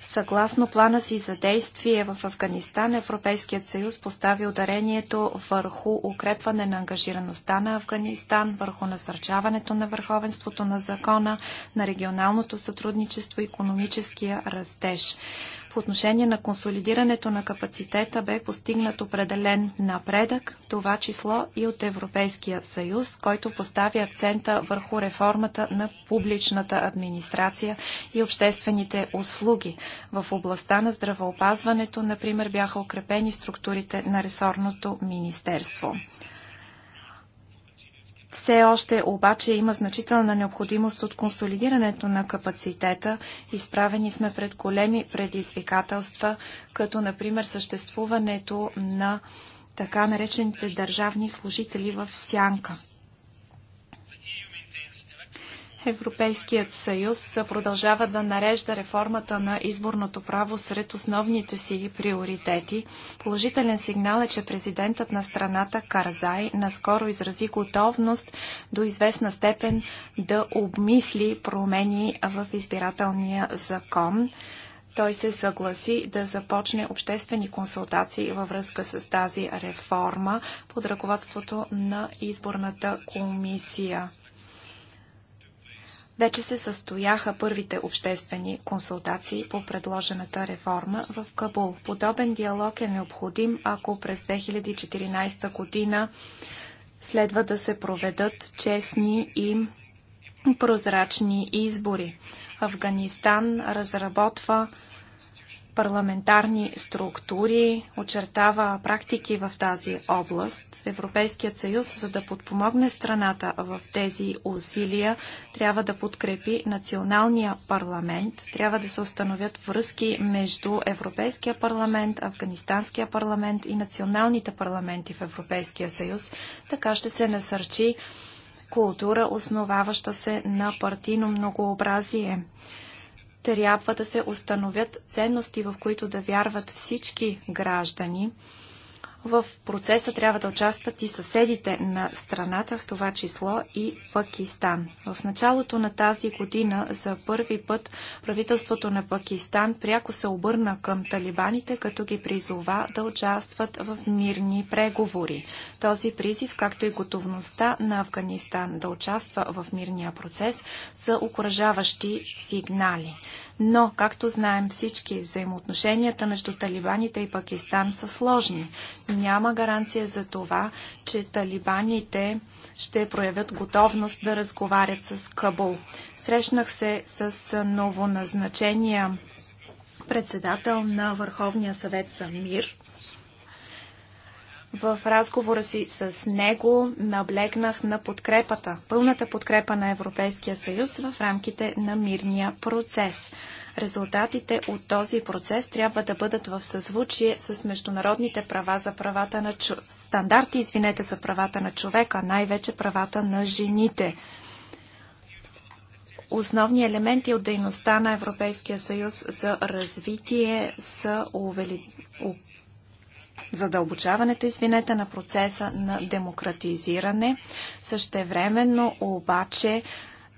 Съгласно плана си за действие в Афганистан, Европейският съюз постави ударението върху укрепване на ангажираността на Афганистан, върху насърчаването на върховенството на закона, на регионалното сътрудничество и економическия растеж. По отношение на консолидирането на капацитета бе постигнат определен напредък, това число и от Европейския съюз, който постави акцента върху реформата на публичната администрация и обществените услуги. В областта на здравеопазването, например, бяха укрепени структурите на ресорното министерство. Все още обаче има значителна необходимост от консолидирането на капацитета. Изправени сме пред големи предизвикателства, като например съществуването на така наречените държавни служители в сянка. Европейският съюз продължава да нарежда реформата на изборното право сред основните си приоритети. Положителен сигнал е, че президентът на страната Карзай наскоро изрази готовност до известна степен да обмисли промени в избирателния закон. Той се съгласи да започне обществени консултации във връзка с тази реформа под ръководството на изборната комисия. Вече се състояха първите обществени консултации по предложената реформа в Кабул. Подобен диалог е необходим, ако през 2014 година следва да се проведат честни и прозрачни избори. Афганистан разработва парламентарни структури, очертава практики в тази област. Европейският съюз, за да подпомогне страната в тези усилия, трябва да подкрепи националния парламент, трябва да се установят връзки между Европейския парламент, Афганистанския парламент и националните парламенти в Европейския съюз. Така ще се насърчи култура, основаваща се на партийно многообразие. Трябва да се установят ценности, в които да вярват всички граждани, в процеса трябва да участват и съседите на страната, в това число и Пакистан. В началото на тази година за първи път правителството на Пакистан пряко се обърна към талибаните, като ги призова да участват в мирни преговори. Този призив, както и готовността на Афганистан да участва в мирния процес, са окоръжаващи сигнали. Но, както знаем всички, взаимоотношенията между талибаните и Пакистан са сложни. Няма гаранция за това, че талибаните ще проявят готовност да разговарят с Кабул. Срещнах се с новоназначения председател на Върховния съвет за мир в разговора си с него наблегнах на подкрепата, пълната подкрепа на Европейския съюз в рамките на мирния процес. Резултатите от този процес трябва да бъдат в съзвучие с международните права за правата на чу... стандарти, извинете, за правата на човека, най-вече правата на жените основни елементи от дейността на Европейския съюз за развитие са увели задълбочаването, извинете, на процеса на демократизиране. Същевременно обаче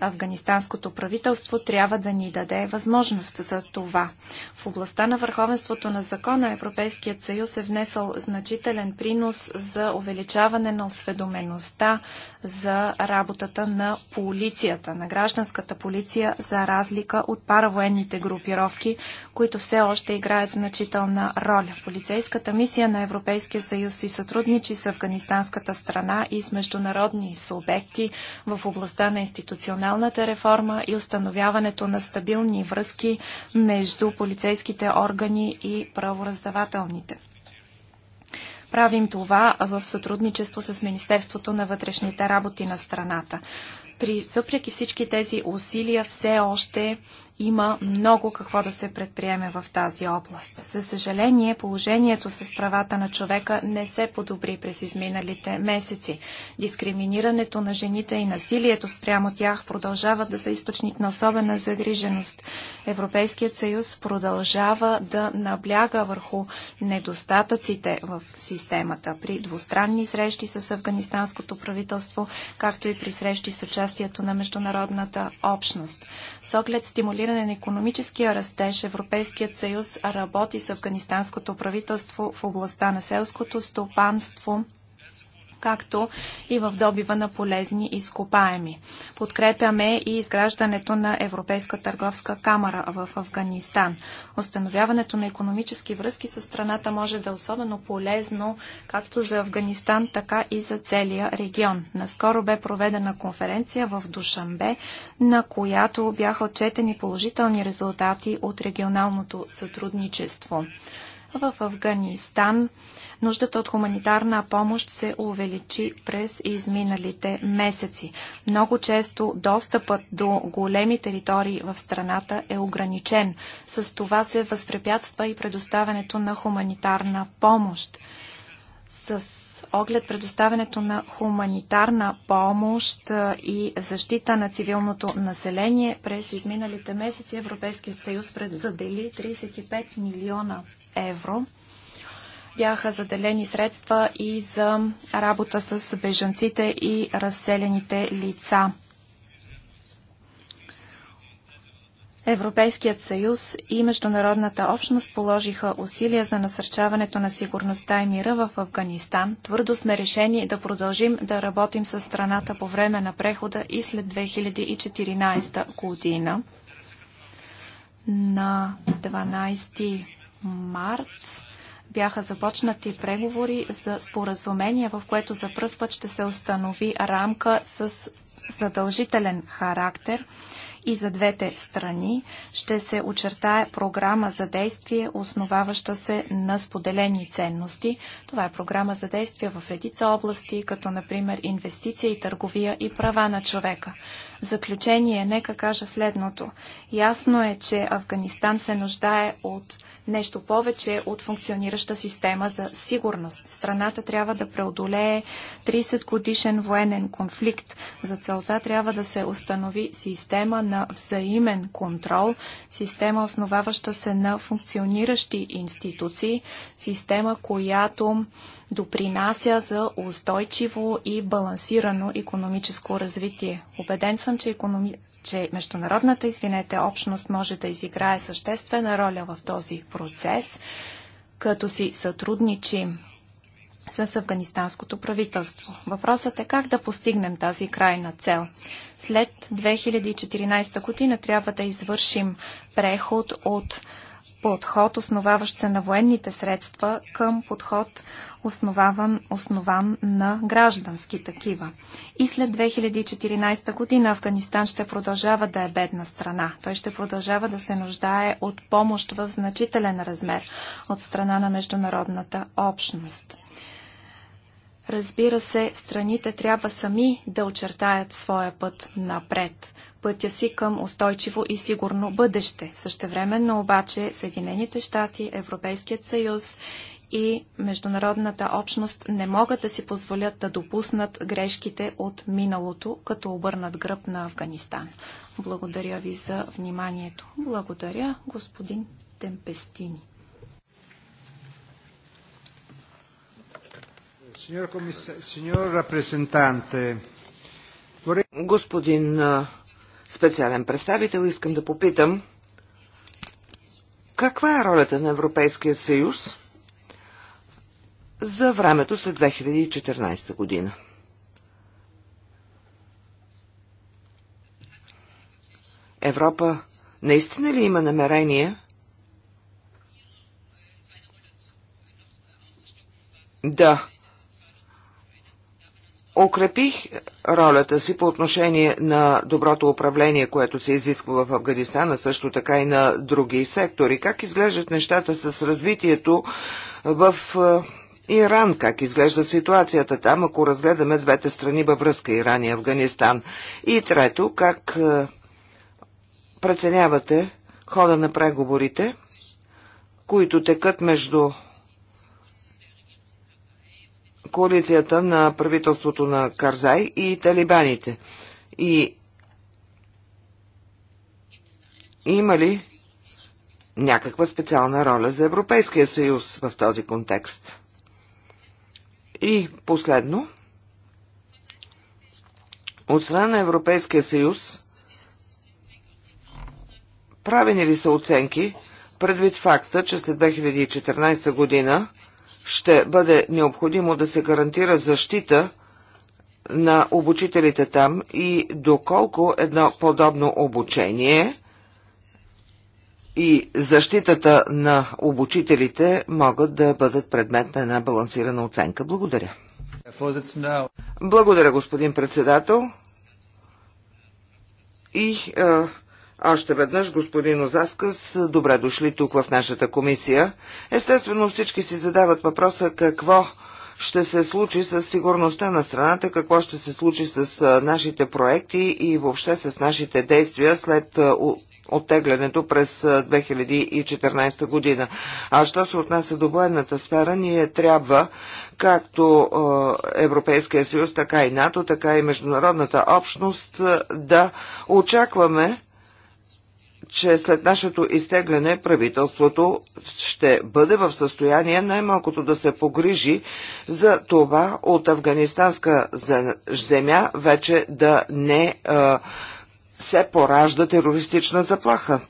афганистанското правителство трябва да ни даде възможност за това. В областта на върховенството на закона Европейският съюз е внесъл значителен принос за увеличаване на осведомеността за работата на полицията, на гражданската полиция, за разлика от паравоенните групировки, които все още играят значителна роля. Полицейската мисия на Европейския съюз си сътрудничи с афганистанската страна и с международни субекти в областта на институционалната реформа и установяването на стабилни връзки между полицейските органи и правораздавателните. Правим това в сътрудничество с Министерството на вътрешните работи на страната. При, въпреки всички тези усилия, все още има много какво да се предприеме в тази област. За съжаление, положението с правата на човека не се подобри през изминалите месеци. Дискриминирането на жените и насилието спрямо тях продължават да са източник на особена загриженост. Европейският съюз продължава да набляга върху недостатъците в системата при двустранни срещи с афганистанското правителство, както и при срещи с участието на международната общност. С оглед стимулирането стимулиране на економическия растеж Европейският съюз работи с афганистанското правителство в областта на селското стопанство, както и в добива на полезни изкопаеми. Подкрепяме и изграждането на Европейска търговска камера в Афганистан. Остановяването на економически връзки с страната може да е особено полезно както за Афганистан, така и за целия регион. Наскоро бе проведена конференция в Душанбе, на която бяха отчетени положителни резултати от регионалното сътрудничество. В Афганистан нуждата от хуманитарна помощ се увеличи през изминалите месеци. Много често достъпът до големи територии в страната е ограничен. С това се възпрепятства и предоставянето на хуманитарна помощ. С оглед предоставянето на хуманитарна помощ и защита на цивилното население през изминалите месеци Европейския съюз предзадели 35 милиона евро. Бяха заделени средства и за работа с бежанците и разселените лица. Европейският съюз и международната общност положиха усилия за насърчаването на сигурността и мира в Афганистан. Твърдо сме решени да продължим да работим с страната по време на прехода и след 2014 година. На 12 март бяха започнати преговори за споразумение, в което за първ път ще се установи рамка с задължителен характер и за двете страни ще се очертае програма за действие, основаваща се на споделени ценности. Това е програма за действие в редица области, като например инвестиция и търговия и права на човека заключение нека кажа следното. Ясно е, че Афганистан се нуждае от нещо повече от функционираща система за сигурност. Страната трябва да преодолее 30 годишен военен конфликт. За целта трябва да се установи система на взаимен контрол, система основаваща се на функциониращи институции, система, която допринася за устойчиво и балансирано економическо развитие. Обеден съм, че, економи... че международната извинете общност може да изиграе съществена роля в този процес, като си сътрудничим с афганистанското правителство. Въпросът е как да постигнем тази крайна цел. След 2014 година трябва да извършим преход от подход, основаващ се на военните средства, към подход, основаван, основан на граждански такива. И след 2014 година Афганистан ще продължава да е бедна страна. Той ще продължава да се нуждае от помощ в значителен размер от страна на международната общност. Разбира се, страните трябва сами да очертаят своя път напред пътя си към устойчиво и сигурно бъдеще. Същевременно обаче Съединените щати, Европейският съюз и международната общност не могат да си позволят да допуснат грешките от миналото, като обърнат гръб на Афганистан. Благодаря ви за вниманието. Благодаря, господин Темпестини. Господин специален представител, искам да попитам каква е ролята на Европейския съюз за времето след 2014 година. Европа наистина ли има намерение да Укрепих ролята си по отношение на доброто управление, което се изисква в Афганистан, а също така и на други сектори. Как изглеждат нещата с развитието в Иран, как изглежда ситуацията там, ако разгледаме двете страни във връзка Иран и Афганистан. И трето, как преценявате хода на преговорите, които текат между коалицията на правителството на Карзай и талибаните. И има ли някаква специална роля за Европейския съюз в този контекст? И последно, от страна на Европейския съюз правени ли са оценки предвид факта, че след 2014 година ще бъде необходимо да се гарантира защита на обучителите там и доколко едно подобно обучение и защитата на обучителите могат да бъдат предмет на една балансирана оценка. Благодаря. Благодаря, господин председател. И още веднъж, господин Озаскас, добре дошли тук в нашата комисия. Естествено всички си задават въпроса какво ще се случи с сигурността на страната, какво ще се случи с нашите проекти и въобще с нашите действия след оттеглянето през 2014 година. А що се отнася до военната сфера, ние трябва както Европейския съюз, така и НАТО, така и международната общност да очакваме че след нашето изтегляне правителството ще бъде в състояние най-малкото да се погрижи за това от афганистанска земя вече да не се поражда терористична заплаха.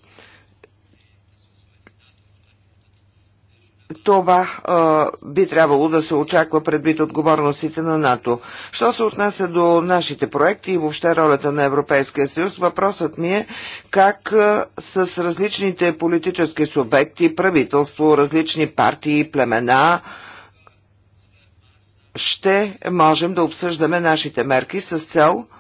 това а, би трябвало да се очаква предвид отговорностите на НАТО. Що се отнася до нашите проекти и въобще ролята на Европейския съюз, въпросът ми е как а, с различните политически субекти, правителство, различни партии, племена, ще можем да обсъждаме нашите мерки с цел –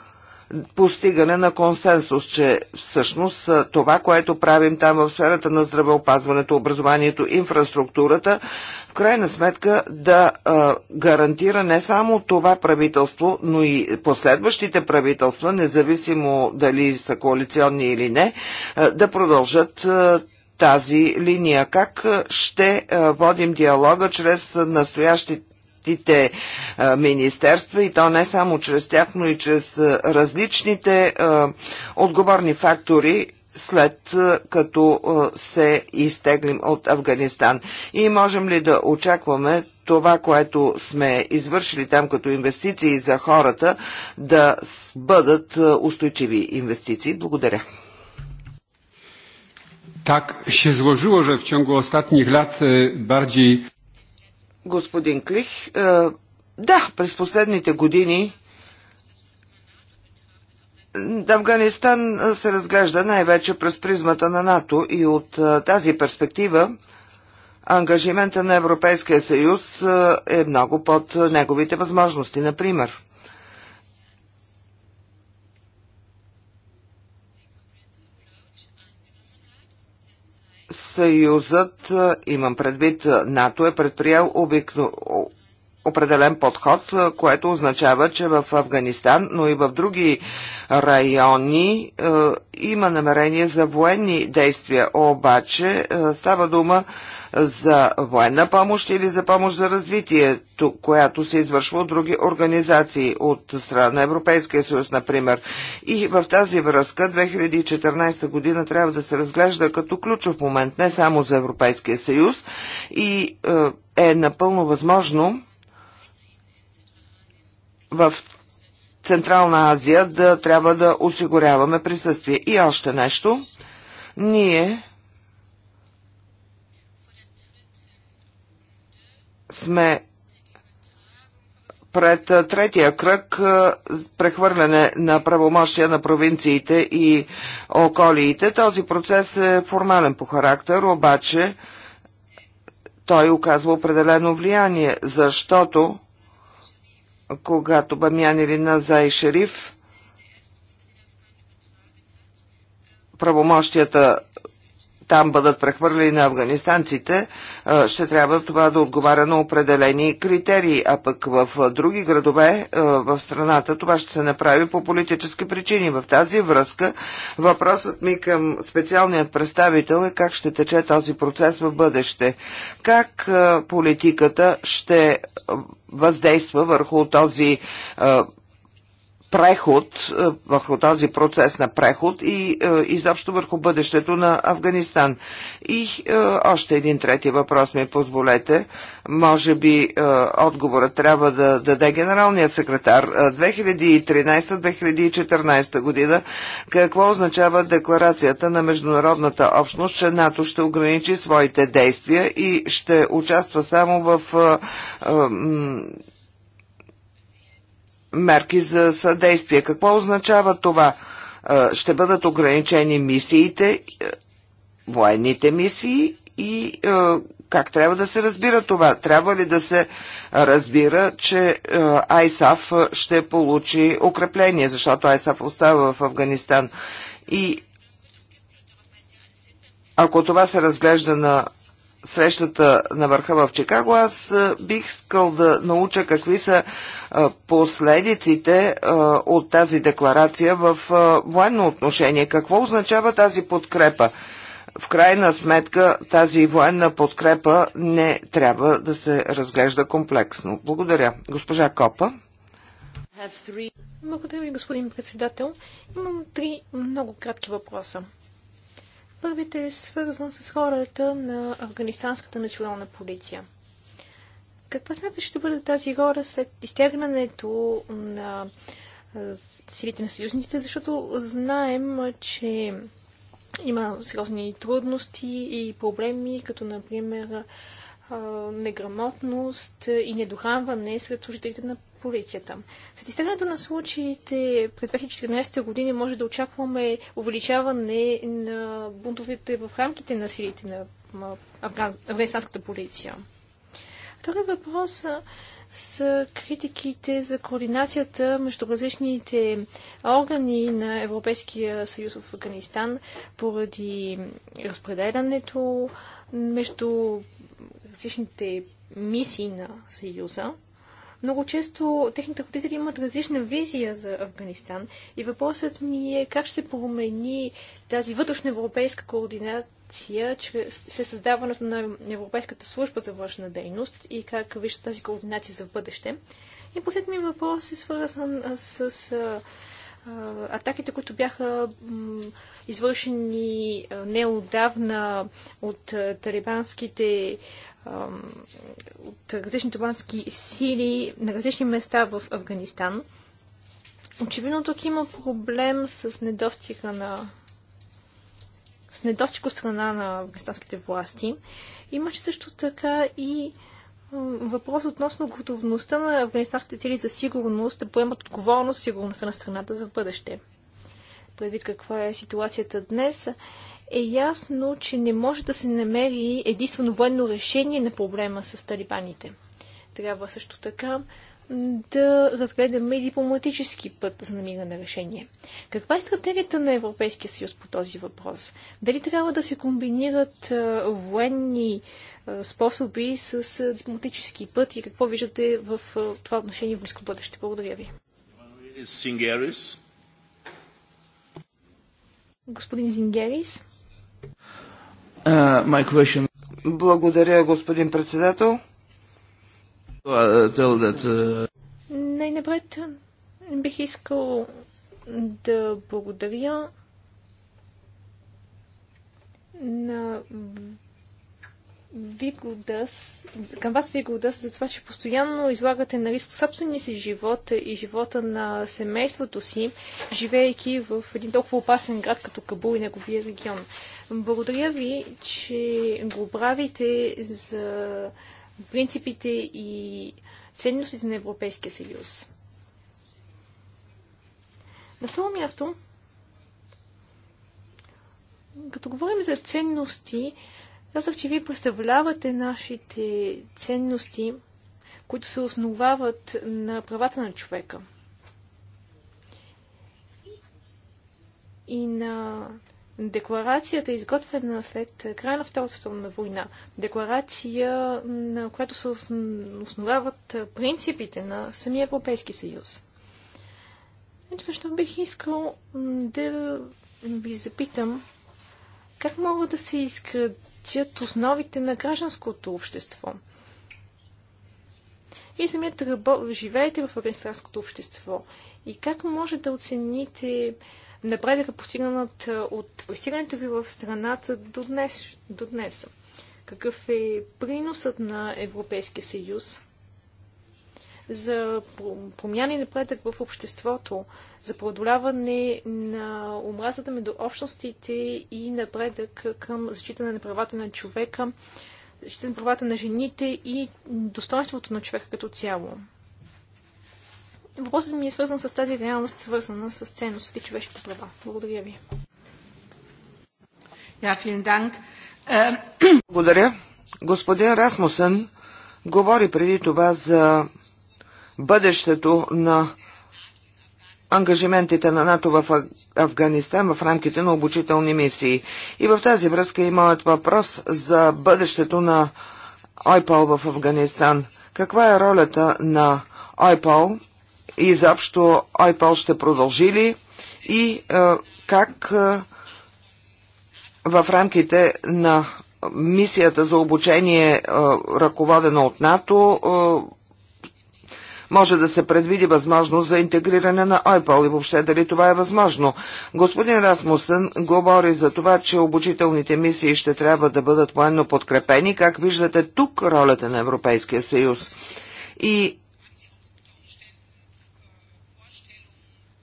постигане на консенсус, че всъщност това, което правим там в сферата на здравеопазването, образованието, инфраструктурата, в крайна сметка да а, гарантира не само това правителство, но и последващите правителства, независимо дали са коалиционни или не, а, да продължат а, тази линия? Как ще водим диалога чрез настоящите? съответните министерства и то не само чрез тях, но и чрез различните отговорни фактори след като се изтеглим от Афганистан. И можем ли да очакваме това, което сме извършили там като инвестиции за хората, да бъдат устойчиви инвестиции? Благодаря. Так się złożyło, że w ciągu ostatnich lat e, bardziej господин Клих. Е, да, през последните години Афганистан се разглежда най-вече през призмата на НАТО и от е, тази перспектива ангажимента на Европейския съюз е, е много под неговите възможности, например. Съюзът, е, имам предвид е, НАТО, е предприял обикно, определен подход, е, което означава, че в Афганистан, но и в други райони има намерение за военни действия. Обаче става дума за военна помощ или за помощ за развитието, която се извършва от други организации от страна на Европейския съюз, например. И в тази връзка 2014 година трябва да се разглежда като ключов момент не само за Европейския съюз и е, е напълно възможно в Централна Азия да трябва да осигуряваме присъствие. И още нещо. Ние сме пред третия кръг прехвърляне на правомощия на провинциите и околиите. Този процес е формален по характер, обаче той оказва определено влияние, защото когато Бамян или Назай Шериф правомощията там бъдат прехвърлени на афганистанците, ще трябва това да отговаря на определени критерии, а пък в други градове в страната това ще се направи по политически причини. В тази връзка въпросът ми към специалният представител е как ще тече този процес в бъдеще. Как политиката ще въздейства върху този преход, е, върху този процес на преход и е, изобщо върху бъдещето на Афганистан. И е, още един трети въпрос ми позволете. Може би отговорът трябва да даде генералният секретар. 2013-2014 година какво означава декларацията на международната общност, че НАТО ще ограничи своите действия и ще участва само в мерки за съдействие. Какво означава това? Ще бъдат ограничени мисиите, е, военните мисии и е, как трябва да се разбира това? Трябва ли да се разбира, че е, Айсаф ще получи укрепление, защото Айсаф остава в Афганистан? И ако това се разглежда на срещата на върха в Чикаго, аз бих искал да науча какви са последиците от тази декларация в военно отношение. Какво означава тази подкрепа? В крайна сметка тази военна подкрепа не трябва да се разглежда комплексно. Благодаря. Госпожа Копа. Благодаря ви, господин председател. Имам три много кратки въпроса. Първите е свързан с хората на Афганистанската национална полиция. Каква смяташ ще бъде тази роля след изтягането на силите на съюзниците, защото знаем, че има сериозни трудности и проблеми, като например неграмотност и недохранване сред служителите на полицията. След изтеглянето на случаите през 2014 година може да очакваме увеличаване на бунтовете в рамките на силите на афганистанската полиция. Втори въпрос с критиките за координацията между различните органи на Европейския съюз в Афганистан поради разпределянето между различните мисии на Съюза. Много често техните родители имат различна визия за Афганистан и въпросът ми е как ще се промени тази вътрешна европейска координация чрез се създаването на Европейската служба за външна дейност и как вижда тази координация за бъдеще. И последният ми въпрос е свързан с, с атаките, които бяха извършени неодавна от талибанските от различни талански сили на различни места в Афганистан. Очевидно тук има проблем с недостига на с недостиг от страна на афганистанските власти. Имаше също така и въпрос относно готовността на афганистанските цели за сигурност да поемат отговорност сигурността на страната за бъдеще. Предвид каква е ситуацията днес, е ясно, че не може да се намери единствено военно решение на проблема с талибаните. Трябва също така да разгледаме и дипломатически път за намиране на решение. Каква е стратегията на Европейския съюз по този въпрос? Дали трябва да се комбинират военни способи с дипломатически път и какво виждате в това отношение в близко бъдеще? Благодаря ви. Господин Зингерис. Uh, Благодаря, господин председател. Uh, uh, Най-напред бих искал да благодаря на ви дъс, към вас ви дъс, за това, че постоянно излагате на риск собствения си живот и живота на семейството си, живеейки в един толкова опасен град като Кабул и неговия регион. Благодаря ви, че го правите за принципите и ценностите на Европейския съюз. На второ място, като говорим за ценности, Казах, че вие представлявате нашите ценности, които се основават на правата на човека и на декларацията, изготвена след края на Втората световна война. Декларация, на която се основават принципите на самия Европейски съюз. Ето защо бих искал да ви запитам как могат да се изградят легчат основите на гражданското общество. Вие самият работ... живеете в гражданското общество. И как може да оцените напредъка постигнат от пристигането ви в страната до днес? До днес? Какъв е приносът на Европейския съюз за промяна и напредък в обществото, за преодоляване на омразата между общностите и напредък към защитане на правата на човека, защита на правата на жените и достоинството на човека като цяло. Въпросът ми е свързан с тази реалност, свързана с ценностите и човешките права. Благодаря ви. Благодаря. Господин Расмусен говори преди това за бъдещето на ангажиментите на НАТО в Афганистан в рамките на обучителни мисии. И в тази връзка и моят въпрос за бъдещето на ОЙПОЛ в Афганистан. Каква е ролята на ОЙПОЛ и изобщо ОЙПОЛ ще продължи ли и е, как е, в рамките на мисията за обучение, е, ръководена от НАТО, е, може да се предвиди възможност за интегриране на Ойпол, и въобще дали това е възможно. Господин Расмусън говори за това, че обучителните мисии ще трябва да бъдат военно подкрепени. Как виждате тук ролята на Европейския съюз? И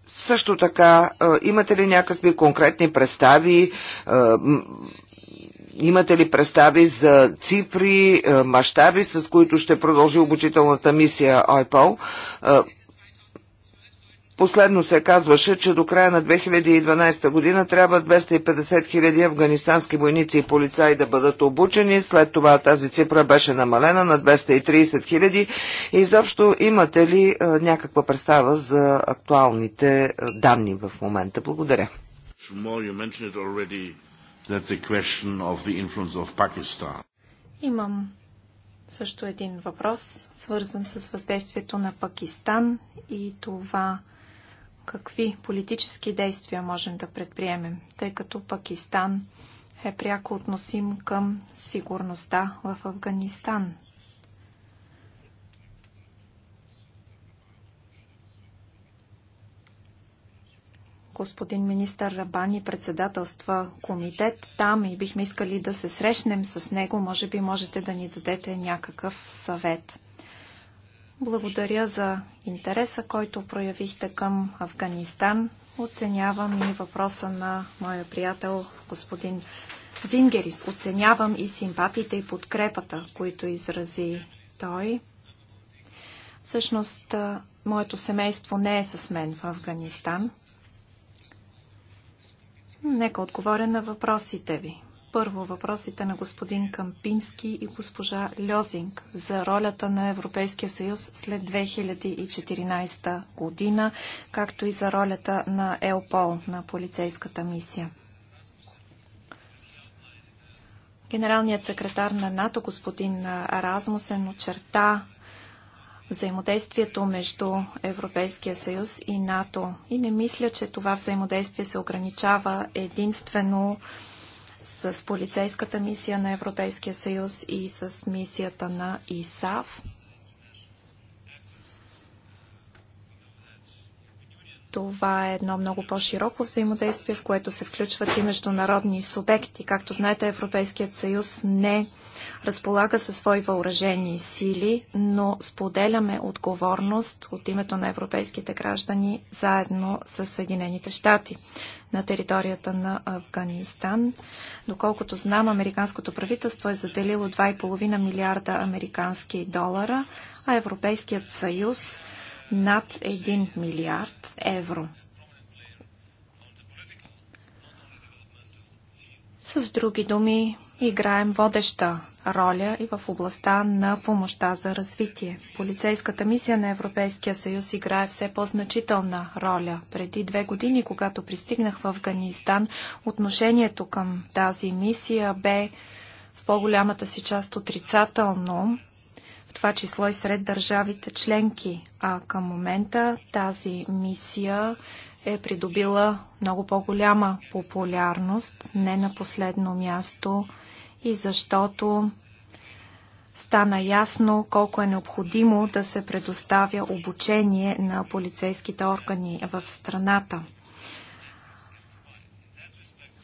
също така, е, имате ли някакви конкретни представи, е, имате ли представи за цифри, е, мащаби, с които ще продължи обучителната мисия ОЙПОЛ? Е, последно се казваше, че до края на 2012 година трябва 250 хиляди афганистански войници и полицаи да бъдат обучени. След това тази цифра беше намалена на 230 хиляди. Изобщо имате ли а, е, някаква представа за актуалните данни в момента? Благодаря. That's a question of the influence of Pakistan. Имам също един въпрос, свързан с въздействието на Пакистан и това какви политически действия можем да предприемем, тъй като Пакистан е пряко относим към сигурността в Афганистан. господин министър Рабани председателства комитет там и бихме искали да се срещнем с него. Може би можете да ни дадете някакъв съвет. Благодаря за интереса, който проявихте към Афганистан. Оценявам и въпроса на моя приятел господин Зингерис. Оценявам и симпатиите и подкрепата, които изрази той. Всъщност, моето семейство не е с мен в Афганистан. Нека отговоря на въпросите ви. Първо въпросите на господин Кампински и госпожа Льозинг за ролята на Европейския съюз след 2014 година, както и за ролята на ЕОПОЛ, на полицейската мисия. Генералният секретар на НАТО, господин Размусен, очерта взаимодействието между Европейския съюз и НАТО. И не мисля, че това взаимодействие се ограничава единствено с полицейската мисия на Европейския съюз и с мисията на ИСАВ. Това е едно много по-широко взаимодействие, в което се включват и международни субекти. Както знаете, Европейският съюз не разполага със свои въоръжени сили, но споделяме отговорност от името на европейските граждани заедно с Съединените щати на територията на Афганистан. Доколкото знам, американското правителство е заделило 2,5 милиарда американски долара, а Европейският съюз – над 1 милиард евро. С други думи, играем водеща роля и в областта на помощта за развитие. Полицейската мисия на Европейския съюз играе все по-значителна роля. Преди две години, когато пристигнах в Афганистан, отношението към тази мисия бе в по-голямата си част отрицателно в това число и сред държавите членки. А към момента тази мисия е придобила много по-голяма популярност, не на последно място и защото стана ясно колко е необходимо да се предоставя обучение на полицейските органи в страната.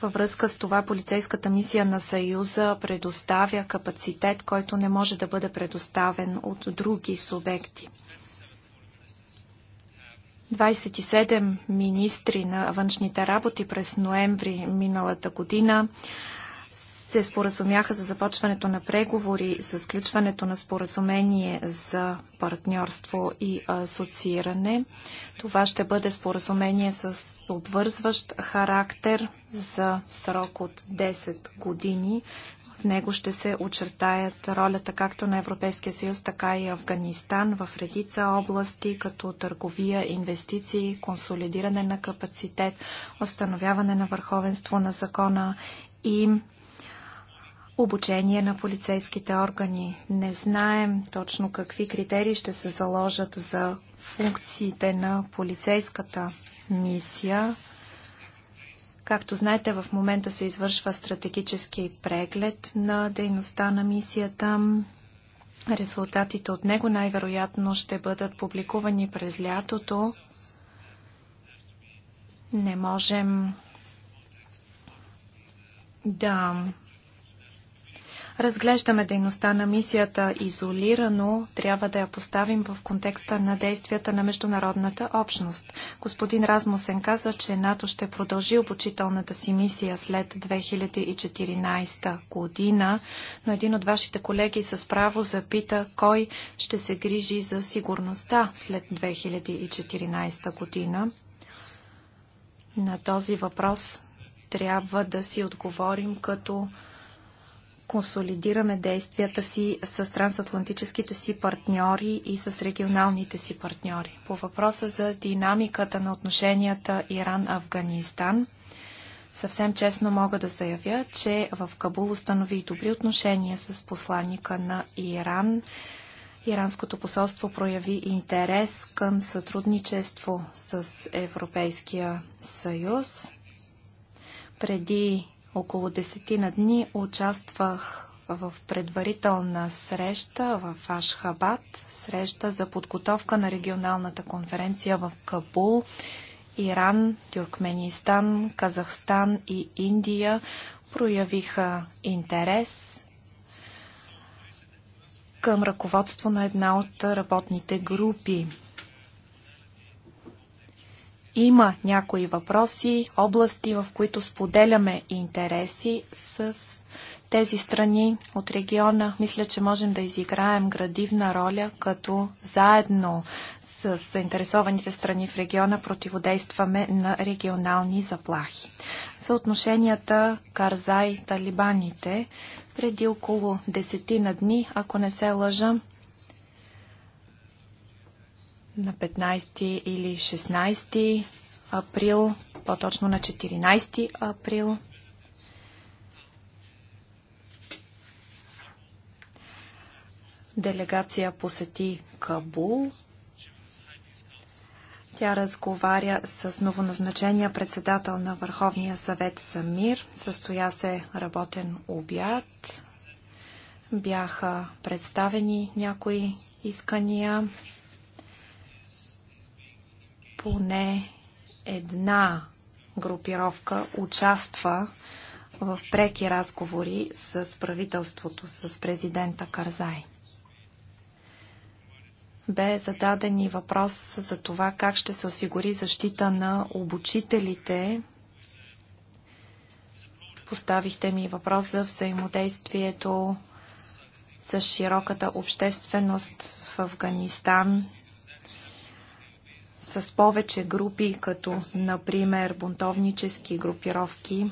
Във връзка с това полицейската мисия на Съюза предоставя капацитет, който не може да бъде предоставен от други субекти. 27 министри на външните работи през ноември миналата година се споразумяха за започването на преговори за сключването на споразумение за партньорство и асоцииране. Това ще бъде споразумение с обвързващ характер за срок от 10 години. В него ще се очертаят ролята както на Европейския съюз, така и Афганистан в редица области, като търговия, инвестиции, консолидиране на капацитет, установяване на върховенство на закона и обучение на полицейските органи. Не знаем точно какви критерии ще се заложат за функциите на полицейската мисия. Както знаете, в момента се извършва стратегически преглед на дейността на мисията. Резултатите от него най-вероятно ще бъдат публикувани през лятото. Не можем да разглеждаме дейността на мисията изолирано, трябва да я поставим в контекста на действията на международната общност. Господин Размусен каза, че НАТО ще продължи обучителната си мисия след 2014 година, но един от вашите колеги с право запита кой ще се грижи за сигурността след 2014 година. На този въпрос трябва да си отговорим като консолидираме действията си с трансатлантическите си партньори и с регионалните си партньори. По въпроса за динамиката на отношенията Иран-Афганистан, съвсем честно мога да заявя, че в Кабул установи добри отношения с посланника на Иран. Иранското посолство прояви интерес към сътрудничество с Европейския съюз. Преди около десетина дни участвах в предварителна среща в Ашхабад, среща за подготовка на регионалната конференция в Кабул, Иран, Тюркменистан, Казахстан и Индия проявиха интерес към ръководство на една от работните групи има някои въпроси, области, в които споделяме интереси с тези страни от региона. Мисля, че можем да изиграем градивна роля, като заедно с заинтересованите страни в региона противодействаме на регионални заплахи. Съотношенията Карзай-Талибаните преди около десетина дни, ако не се лъжа, на 15 или 16 април, по-точно на 14 април. Делегация посети Кабул. Тя разговаря с новоназначения председател на Върховния съвет Самир. Състоя се работен обяд. Бяха представени някои искания поне една групировка участва в преки разговори с правителството, с президента Карзай. Бе зададен и въпрос за това как ще се осигури защита на обучителите. Поставихте ми въпрос за взаимодействието с широката общественост в Афганистан с повече групи, като например бунтовнически групировки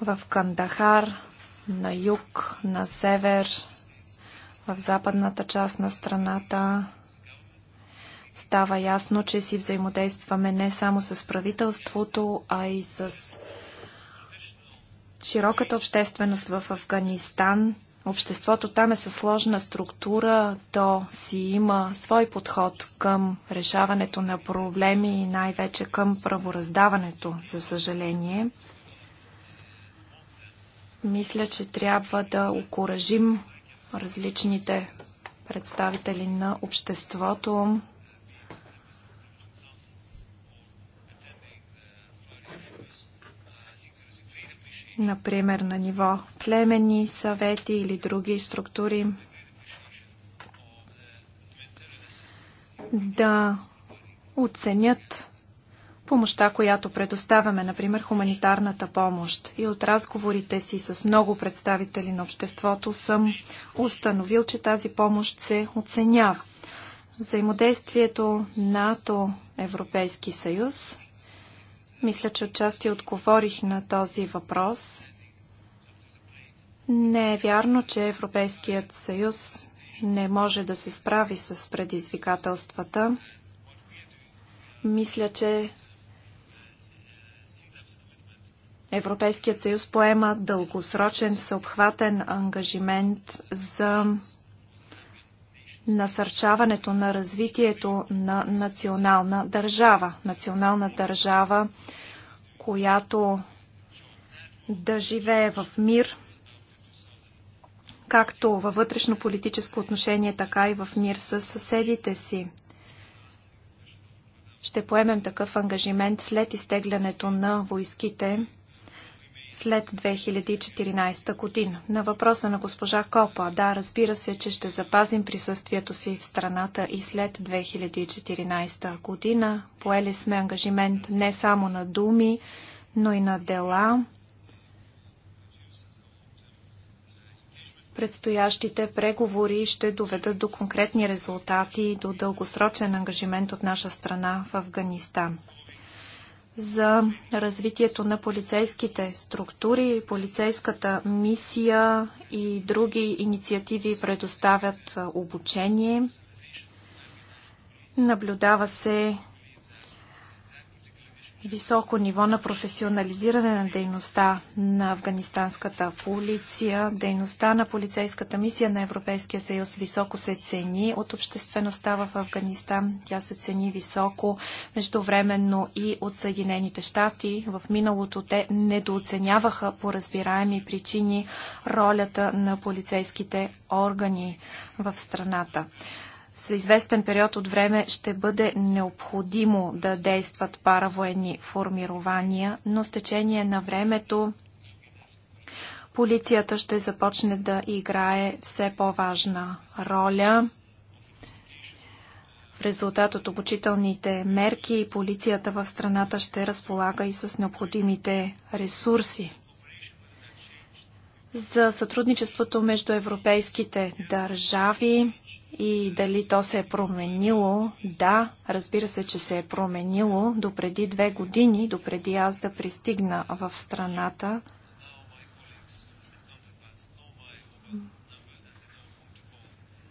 в Кандахар, на юг, на север, в западната част на страната. Става ясно, че си взаимодействаме не само с правителството, а и с широката общественост в Афганистан – Обществото там е със сложна структура, то си има свой подход към решаването на проблеми и най-вече към правораздаването, за съжаление. Мисля, че трябва да окоръжим различните представители на обществото например на ниво племени, съвети или други структури, да оценят помощта, която предоставяме, например хуманитарната помощ. И от разговорите си с много представители на обществото съм установил, че тази помощ се оценява. Взаимодействието НАТО-Европейски съюз мисля, че отчасти отговорих на този въпрос. Не е вярно, че Европейският съюз не може да се справи с предизвикателствата. Мисля, че Европейският съюз поема дългосрочен съобхватен ангажимент за насърчаването на развитието на национална държава. Национална държава, която да живее в мир, както във вътрешно-политическо отношение, така и в мир с съседите си. Ще поемем такъв ангажимент след изтеглянето на войските след 2014 година. На въпроса на госпожа Копа, да, разбира се, че ще запазим присъствието си в страната и след 2014 година. Поели сме ангажимент не само на думи, но и на дела. Предстоящите преговори ще доведат до конкретни резултати и до дългосрочен ангажимент от наша страна в Афганистан за развитието на полицейските структури, полицейската мисия и други инициативи предоставят обучение. Наблюдава се високо ниво на професионализиране на дейността на афганистанската полиция. Дейността на полицейската мисия на Европейския съюз високо се цени от обществеността в Афганистан. Тя се цени високо междувременно и от Съединените щати. В миналото те недооценяваха по разбираеми причини ролята на полицейските органи в страната с известен период от време ще бъде необходимо да действат паравоенни формирования, но с течение на времето полицията ще започне да играе все по-важна роля. В резултат от обучителните мерки полицията в страната ще разполага и с необходимите ресурси за сътрудничеството между европейските държави и дали то се е променило. Да, разбира се, че се е променило. Допреди две години, допреди аз да пристигна в страната,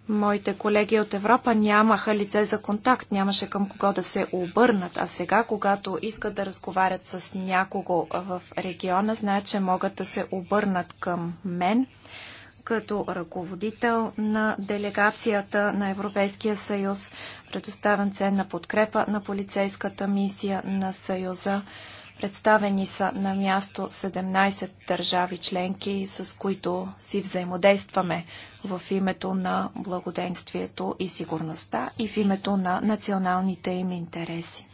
моите колеги от Европа нямаха лице за контакт, нямаше към кого да се обърнат. А сега, когато искат да разговарят с някого в региона, знаят, че могат да се обърнат към мен – като ръководител на делегацията на Европейския съюз. предоставен ценна подкрепа на полицейската мисия на съюза. Представени са на място 17 държави членки, с които си взаимодействаме в името на благоденствието и сигурността и в името на националните им интереси.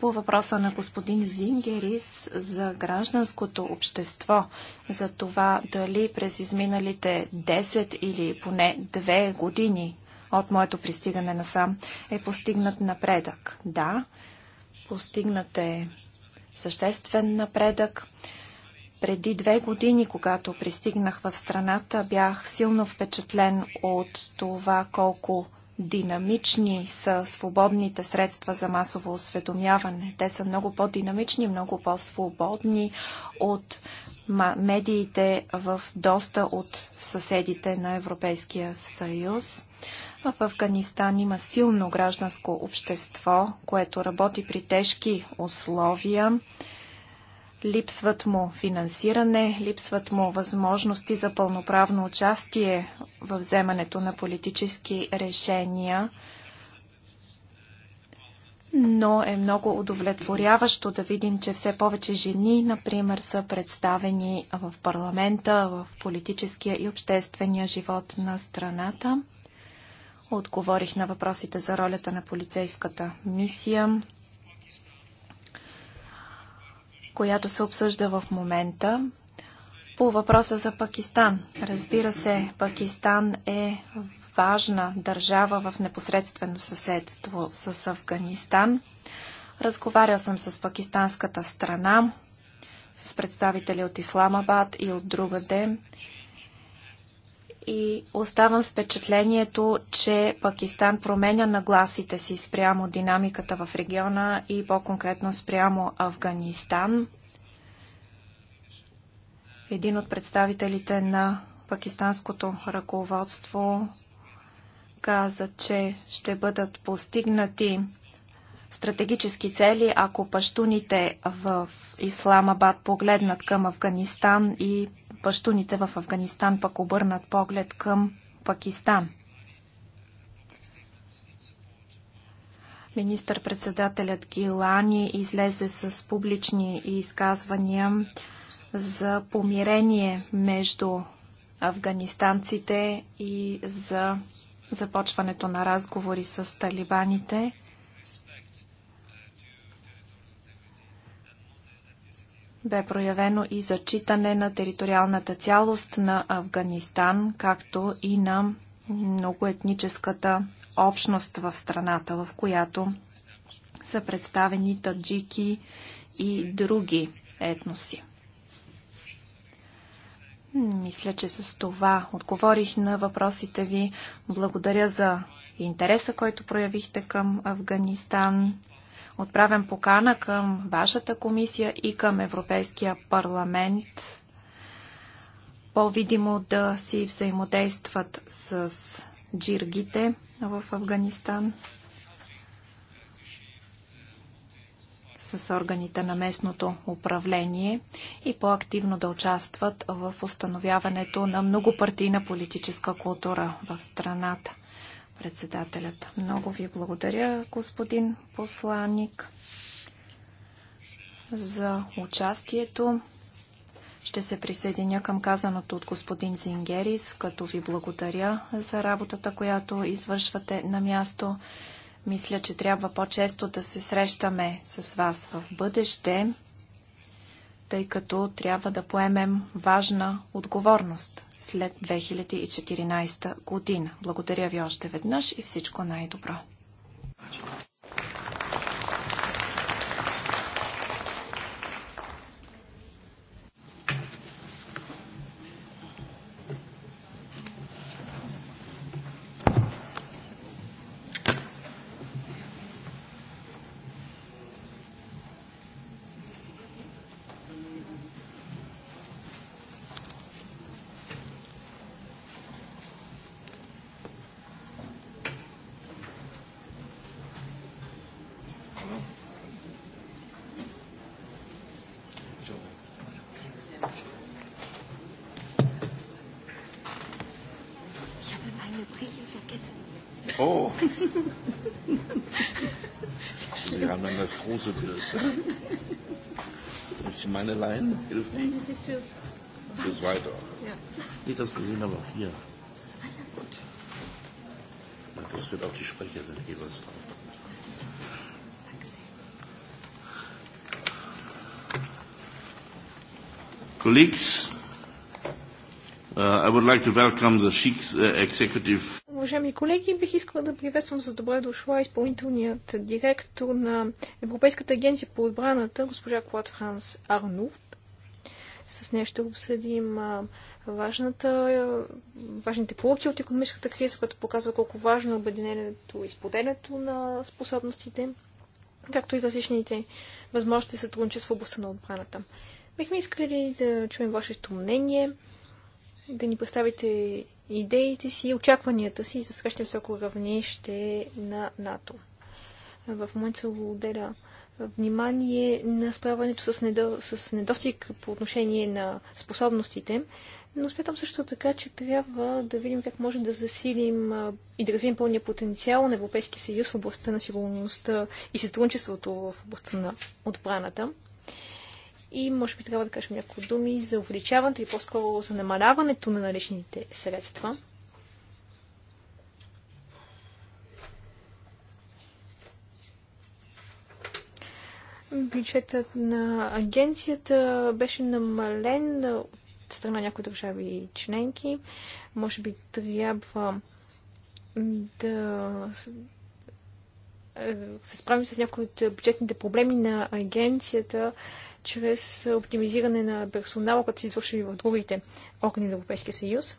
По въпроса на господин Зингерис за гражданското общество, за това дали през изминалите 10 или поне 2 години от моето пристигане насам е постигнат напредък. Да, постигнат е съществен напредък. Преди две години, когато пристигнах в страната, бях силно впечатлен от това колко динамични са свободните средства за масово осведомяване. Те са много по-динамични, много по-свободни от медиите в доста от съседите на Европейския съюз. В Афганистан има силно гражданско общество, което работи при тежки условия. Липсват му финансиране, липсват му възможности за пълноправно участие в вземането на политически решения, но е много удовлетворяващо да видим, че все повече жени, например, са представени в парламента, в политическия и обществения живот на страната. Отговорих на въпросите за ролята на полицейската мисия която се обсъжда в момента по въпроса за Пакистан. Разбира се, Пакистан е важна държава в непосредствено съседство с Афганистан. Разговарял съм с пакистанската страна, с представители от Исламабад и от другаде и оставам с впечатлението, че Пакистан променя нагласите си спрямо динамиката в региона и по-конкретно спрямо Афганистан. Един от представителите на пакистанското ръководство каза, че ще бъдат постигнати стратегически цели, ако паштуните в Исламабад погледнат към Афганистан и пащуните в Афганистан пък обърнат поглед към Пакистан. Министър-председателят Гилани излезе с публични изказвания за помирение между афганистанците и за започването на разговори с талибаните. бе проявено и зачитане на териториалната цялост на Афганистан, както и на многоетническата общност в страната, в която са представени таджики и други етноси. Мисля, че с това отговорих на въпросите ви. Благодаря за интереса, който проявихте към Афганистан. Отправям покана към вашата комисия и към Европейския парламент по-видимо да си взаимодействат с джиргите в Афганистан, с органите на местното управление и по-активно да участват в установяването на многопартийна политическа култура в страната. Председателят. Много ви благодаря, господин посланник, за участието. Ще се присъединя към казаното от господин Зингерис, като ви благодаря за работата, която извършвате на място. Мисля, че трябва по-често да се срещаме с вас в бъдеще, тъй като трябва да поемем важна отговорност след 2014 година. Благодаря ви още веднъж и всичко най-добро. große Blödsinn. Nimmst du meine Leinen? Hilft die? Bis weiter. Ja. Nicht das gesehen, aber auch hier. Gut. Das wird auch die Sprecher sind jeweils drauf. Colleagues, uh, I would like to welcome the Sheikh's uh, Executive Уважаеми колеги, бих искала да приветствам за добре дошла изпълнителният директор на Европейската агенция по отбраната, госпожа Клад Франс Арнул. С нея ще обсъдим важната, важните полуки от економическата криза, която показва колко важно е обединението и споделянето на способностите, както и различните възможности за сътрудничество в областта на отбраната. Бихме искали да чуем вашето мнение, да ни представите идеите си очакванията си за срещи високо равнище на НАТО. В момента се отделя внимание на справянето с, недо... с недостиг по отношение на способностите, но смятам също така, че трябва да видим как можем да засилим и да развием пълния потенциал на Европейския съюз в областта на сигурността и сътрудничеството в областта на отбраната и може би трябва да кажем няколко думи за увеличаването и по-скоро за намаляването на наличните средства. Бюджетът на агенцията беше намален от страна някои държави членки. Може би трябва да се справим с някои от бюджетните проблеми на агенцията чрез оптимизиране на персонала, който се извършва и в другите органи на Европейския съюз.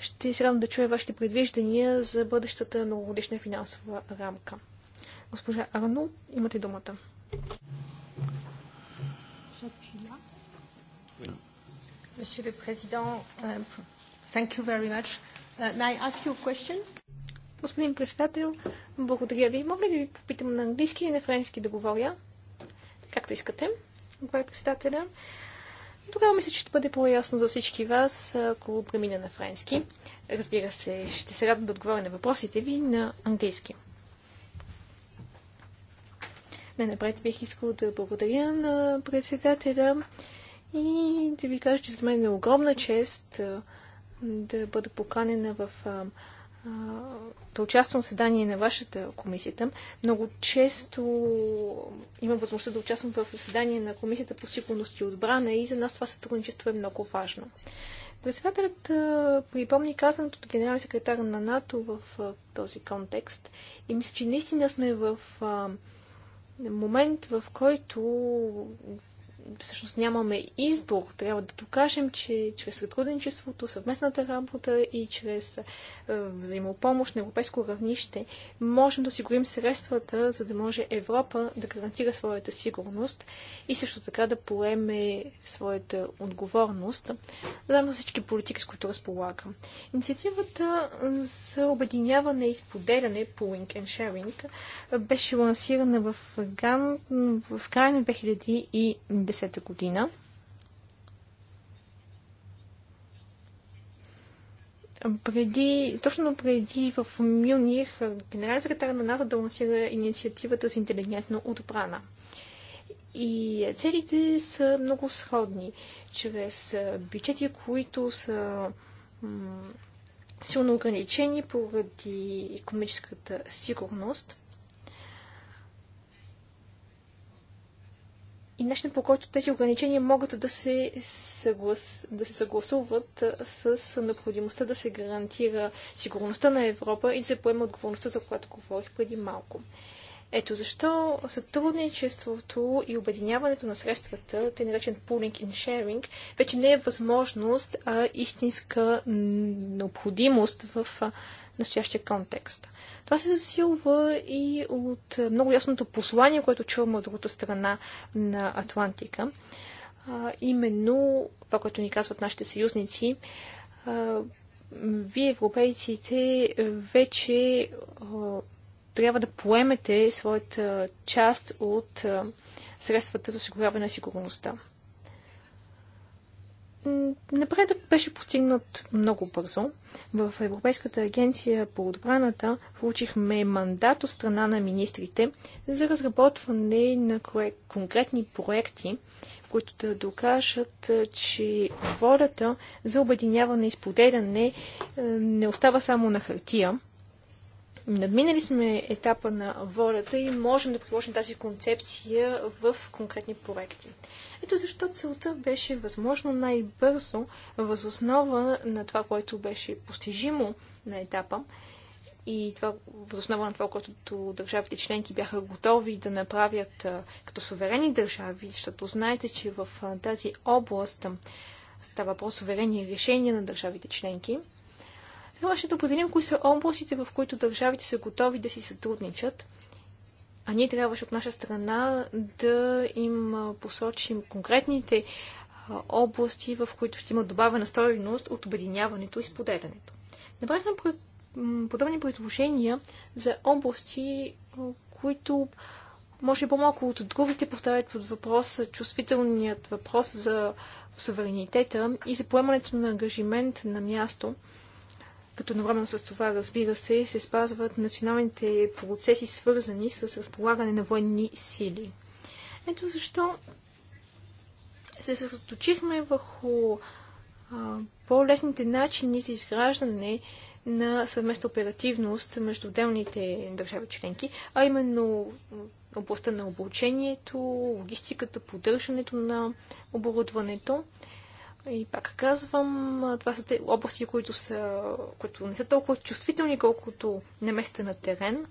Ще се радвам да чуя вашите предвиждания за бъдещата многогодишна финансова рамка. Госпожа Арно, имате думата. Monsieur le Président, uh, thank you very much. Uh, may I ask you a question? Господин председател, благодаря ви. Мога ли да ви попитам на английски и на френски да говоря? Както искате отговаря председателя. Тогава мисля, че ще бъде по-ясно за всички вас, ако премина на френски. Разбира се, ще се радвам да отговоря на въпросите ви на английски. Не, напред бих искал да благодаря на председателя и да ви кажа, че за мен е огромна чест да бъда поканена в да участвам в съдание на вашата комисията. Много често имам възможността да участвам в заседание на комисията по сигурност и отбрана и за нас това сътрудничество е много важно. Председателят припомни казаното от генерален секретар на НАТО в този контекст и мисля, че наистина сме в момент, в който всъщност нямаме избор. Трябва да покажем, че чрез сътрудничеството, съвместната работа и чрез е, взаимопомощ на европейско равнище можем да осигурим средствата, за да може Европа да гарантира своята сигурност и също така да поеме своята отговорност, заедно всички политики, с които разполагам. Инициативата за обединяване и споделяне по Link and Sharing беше лансирана в Ган в края на 2010 2010 година. преди, точно преди в Мюних, генерален секретар на НАТО да лансира инициативата за интелигентна отбрана. И целите са много сходни. Чрез бюджети, които са силно ограничени поради економическата сигурност, и начинът по който тези ограничения могат да се, съглас... да се съгласуват с необходимостта да се гарантира сигурността на Европа и да се поема отговорността, за която говорих преди малко. Ето защо сътрудничеството и обединяването на средствата, те наречен pooling and sharing, вече не е възможност, а истинска необходимост в настоящия контекст. Това се засилва и от много ясното послание, което чуваме от другата страна на Атлантика. А, именно това, което ни казват нашите съюзници, а, вие, европейците, вече а, трябва да поемете своята част от средствата за осигуряване на сигурността. Напредък беше постигнат много бързо. В Европейската агенция по отбраната получихме мандат от страна на министрите за разработване на конкретни проекти, които да докажат, че волята за обединяване и споделяне не остава само на хартия, Надминали сме етапа на волята и можем да приложим тази концепция в конкретни проекти. Ето защо целта беше възможно най-бързо, възоснова на това, което беше постижимо на етапа и това, възоснова на това, което държавите членки бяха готови да направят като суверени държави, защото знаете, че в тази област става въпрос суверени решения на държавите членки – Трябваше да определим кои са областите, в които държавите са готови да си сътрудничат. А ние трябваше от наша страна да им посочим конкретните области, в които ще има добавена стоеност от обединяването и споделянето. Направихме подобни предложения за области, които може би по-малко от другите поставят под въпрос чувствителният въпрос за суверенитета и за поемането на ангажимент на място – като едновременно с това, разбира се, се спазват националните процеси, свързани с разполагане на военни сили. Ето защо се съсредоточихме върху по-лесните начини за изграждане на съвместна оперативност между отделните държави членки, а именно областта на обучението, логистиката, поддържането на оборудването. И пак казвам, това са те области, които, са, които не са толкова чувствителни, колкото на места на терен.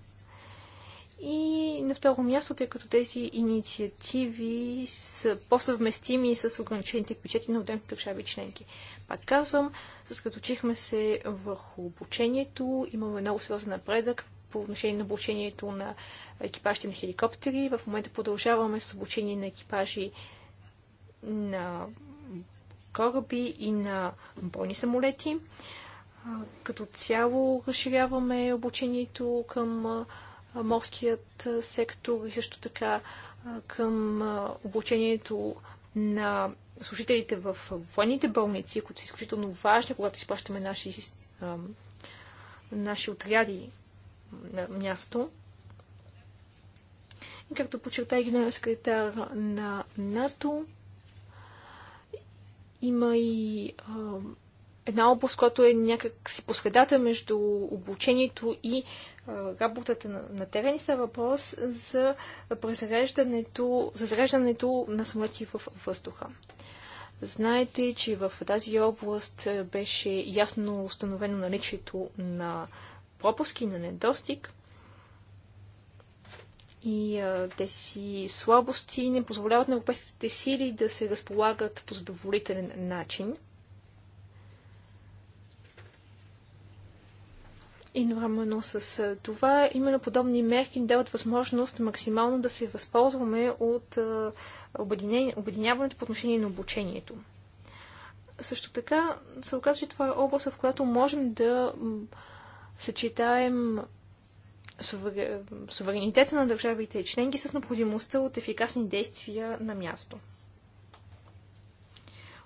И на второ място, тъй като тези инициативи са по-съвместими с ограничените бюджети на отделните държави членки. Пак казвам, съсредоточихме се върху обучението, имаме много сериозен напредък по отношение на обучението на екипажите на хеликоптери. В момента продължаваме с обучение на екипажи на кораби и на бойни самолети. Като цяло разширяваме обучението към морският сектор и също така към обучението на служителите в военните болници, които са изключително важни, когато изплащаме наши, наши отряди на място. И както подчерта и генерал секретар на НАТО, има и а, една област, която е някак си последата между обучението и а, работата на, на терен и става въпрос за презареждането, за зареждането на самолети в въздуха. Знаете, че в тази област беше ясно установено наличието на пропуски, на недостиг и а, тези слабости не позволяват на европейските сили да се разполагат по задоволителен начин. едновременно с това, именно подобни мерки ни дават възможност максимално да се възползваме от обединяването по отношение на обучението. Също така се оказва, че това е област, в която можем да съчетаем суверенитета на държавите и членки с необходимостта от ефикасни действия на място.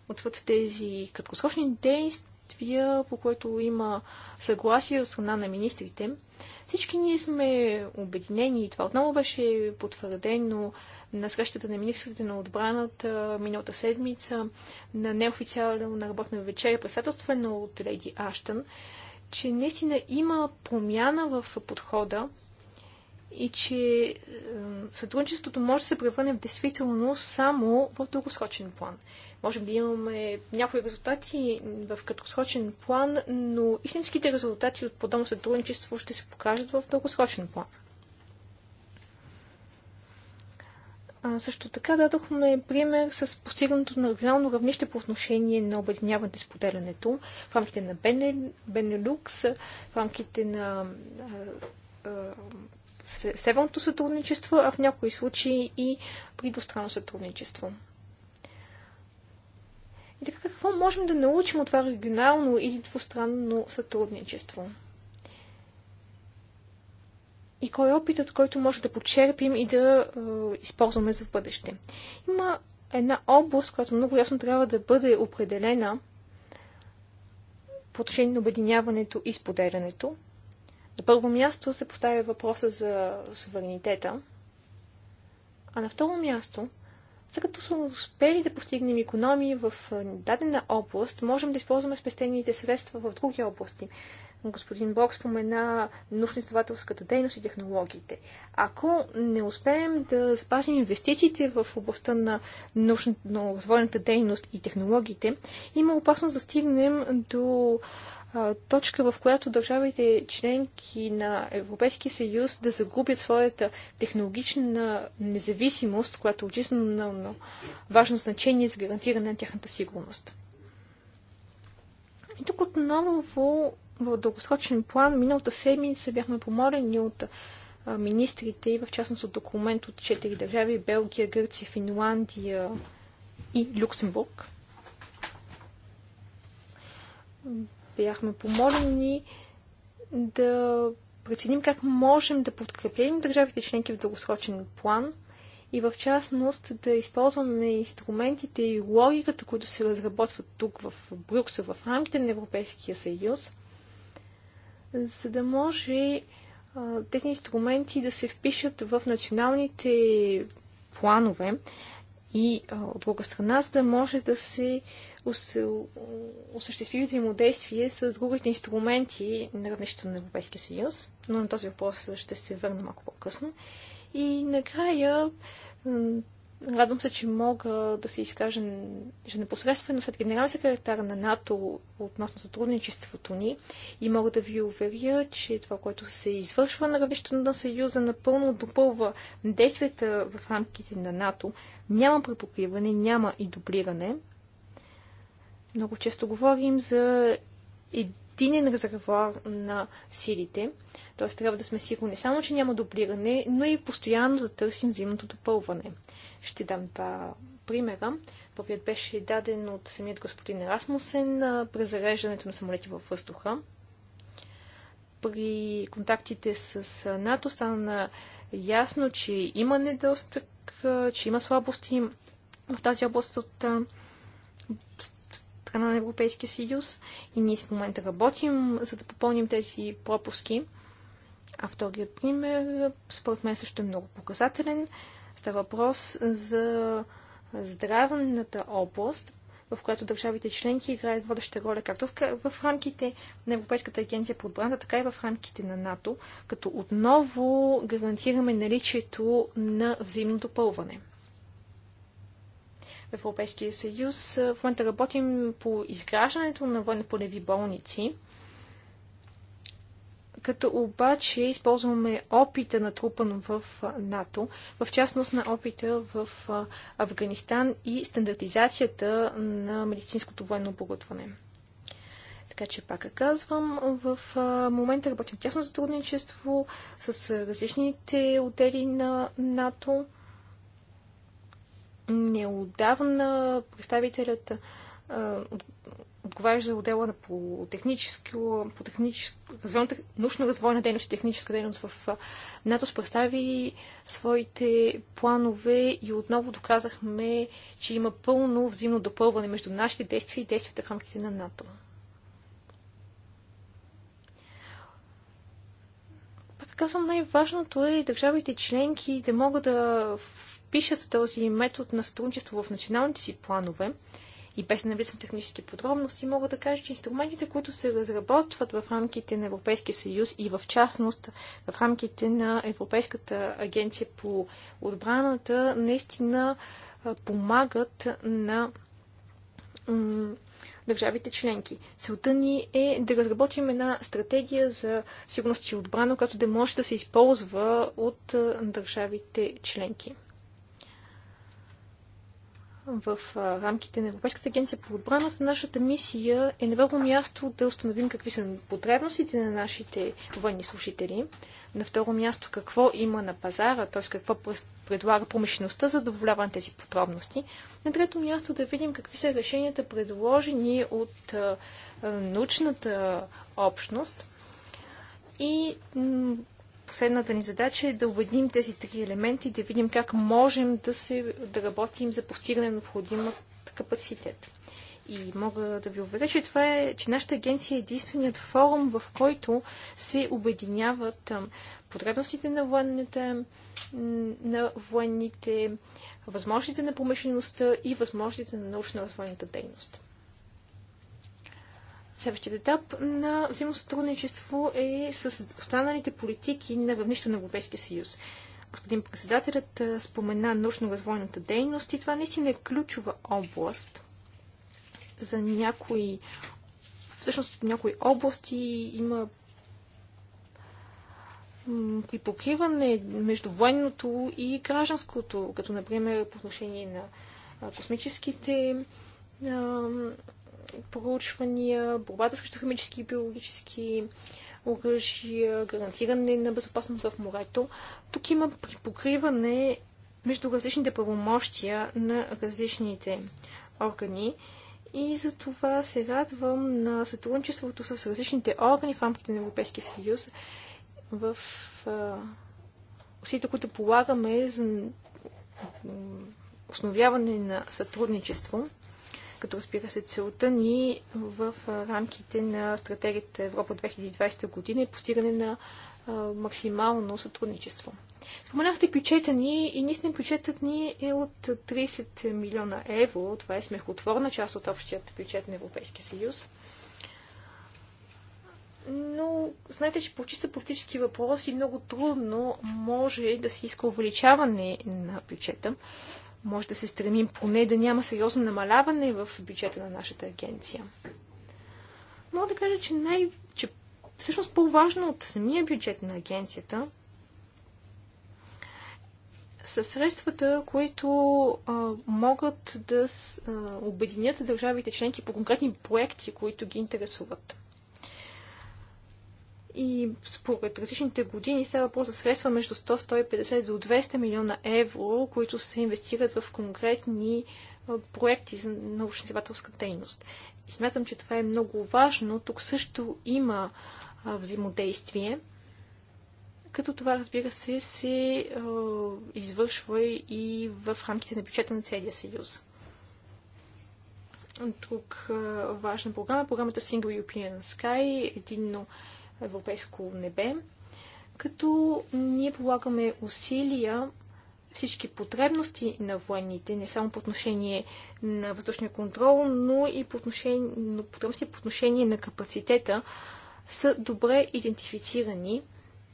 Отвъд тези краткосрочни действия, по които има съгласие от страна на министрите, всички ние сме обединени и това отново беше потвърдено на срещата на министрите на отбраната миналата седмица на неофициална работна вечеря, председателствена от Леди Аштън че наистина има промяна в подхода и че сътрудничеството може да се превърне в действително само в дългосрочен план. Можем да имаме някои резултати в краткосрочен план, но истинските резултати от подобно сътрудничество ще се покажат в дългосрочен план. А, също така дадохме пример с постигнато на регионално равнище по отношение на обединяването и споделянето в рамките на Бенелюкс, в рамките на северното сътрудничество, а в някои случаи и при двустранно сътрудничество. И така, какво можем да научим от това регионално или двустранно сътрудничество? и кой е опитът, който може да почерпим и да е, използваме за в бъдеще. Има една област, която много ясно трябва да бъде определена по отношение на обединяването и споделянето. На първо място се поставя въпроса за суверенитета, а на второ място, след като сме успели да постигнем економии в е, дадена област, можем да използваме спестените средства в други области. Господин Бог спомена научно-изследователската дейност и технологиите. Ако не успеем да запазим инвестициите в областта на научно-развойната дейност и технологиите, има опасност да стигнем до точка, в която държавите членки на Европейския съюз да загубят своята технологична независимост, която е очистено важно значение за гарантиране на тяхната сигурност. И тук отново в дългосрочен план. Миналата седмица бяхме помолени от министрите и в частност от документ от четири държави Белгия, Гърция, Финландия и Люксембург. Бяхме помолени да преценим как можем да подкрепим държавите членки в дългосрочен план и в частност да използваме инструментите и логиката, които се разработват тук в Брюксел, в рамките на Европейския съюз, за да може тези инструменти да се впишат в националните планове и от друга страна, за да може да се осъществи взаимодействие с другите инструменти на равнището на Европейския съюз, но на този въпрос ще се върна малко по-късно. И накрая Радвам се, че мога да се изкажа че непосредствено след генерал секретар на НАТО относно сътрудничеството ни и мога да ви уверя, че това, което се извършва на равнището на Съюза, напълно допълва действията в рамките на НАТО. Няма препокриване, няма и дублиране. Много често говорим за единен резервуар на силите. Т.е. трябва да сме сигурни само, че няма дублиране, но и постоянно да търсим взаимното допълване. Ще дам два примера. Първият беше даден от самият господин Расмусен при зареждането на самолети във въздуха. При контактите с НАТО стана ясно, че има недостъг, че има слабости в тази област от страна на Европейския съюз и ние в момента работим, за да попълним тези пропуски. А вторият пример, според мен, също е много показателен. Става въпрос за здравната област, в която държавите членки играят водеща роля както в рамките на Европейската агенция по отбрана, така и в рамките на НАТО, като отново гарантираме наличието на взаимно допълване. В Европейския съюз в момента работим по изграждането на военно-полеви болници, като обаче използваме опита на трупан в НАТО, в частност на опита в Афганистан и стандартизацията на медицинското военно оборудване. Така че, пак казвам, в момента работим тясно сътрудничество с различните отдели на НАТО. Неодавна представителят Отговаряш за отдела на по техническо, по техническо научно-развойна дейност и техническа дейност в НАТОС представи своите планове и отново доказахме, че има пълно взаимно допълване между нашите действия и действията в рамките на НАТО. Пак казвам, най-важното е държавите членки да могат да впишат този метод на сътрудничество в националните си планове и без да технически подробности, мога да кажа, че инструментите, които се разработват в рамките на Европейския съюз и в частност в рамките на Европейската агенция по отбраната, наистина помагат на държавите членки. Целта ни е да разработим една стратегия за сигурност и отбрана, която да може да се използва от държавите членки в рамките на Европейската агенция по отбраната, нашата мисия е на първо място да установим какви са потребностите на нашите военни служители. На второ място какво има на пазара, т.е. какво предлага промишлеността за задоволяване на тези подробности. На трето място да видим какви са решенията предложени от научната общност. И последната ни задача е да обедним тези три елементи да видим как можем да, се, да работим за постигане на необходимата капацитет. И мога да ви уверя, че това е, че нашата агенция е единственият форум, в който се обединяват потребностите на военните, на военните, възможностите на промишлеността и възможностите на научно-развойната дейност. Следващият етап на взаимосътрудничество е с останалите политики на равнището на Европейския съюз. Господин председателят спомена научно-развойната дейност и това наистина е ключова област за някои всъщност в някои области има при покриване между военното и гражданското, като например по отношение на космическите проучвания, борбата срещу химически и биологически оръжия, гарантиране на безопасност в морето. Тук има припокриване между различните правомощия на различните органи и за това се радвам на сътрудничеството с различните органи в рамките на Европейския съюз в усилията, които полагаме за основяване на сътрудничество като разбира се целта ни в рамките на стратегията Европа 2020 година и е постигане на максимално сътрудничество. Споменахте бюджета ни и наистина бюджетът ни е от 30 милиона евро. Това е смехотворна част от общият бюджет на Европейския съюз. Но знаете, че по чисто политически въпроси много трудно може да се иска увеличаване на бюджета може да се стремим поне да няма сериозно намаляване в бюджета на нашата агенция. Мога да кажа, че, най... че всъщност по-важно от самия бюджет на агенцията са средствата, които а, могат да а, обединят държавите членки по конкретни проекти, които ги интересуват. И според различните години става въпрос за средства между 100-150 до 200 милиона евро, които се инвестират в конкретни проекти за научно-изследователска дейност. И смятам, че това е много важно. Тук също има взаимодействие, като това, разбира се, се извършва и в рамките на бюджета на целия съюз. Друг важна програма е програмата Single European Sky, единно европейско небе, като ние полагаме усилия всички потребности на военните, не само по отношение на въздушния контрол, но и по отношение, но потребности по отношение на капацитета са добре идентифицирани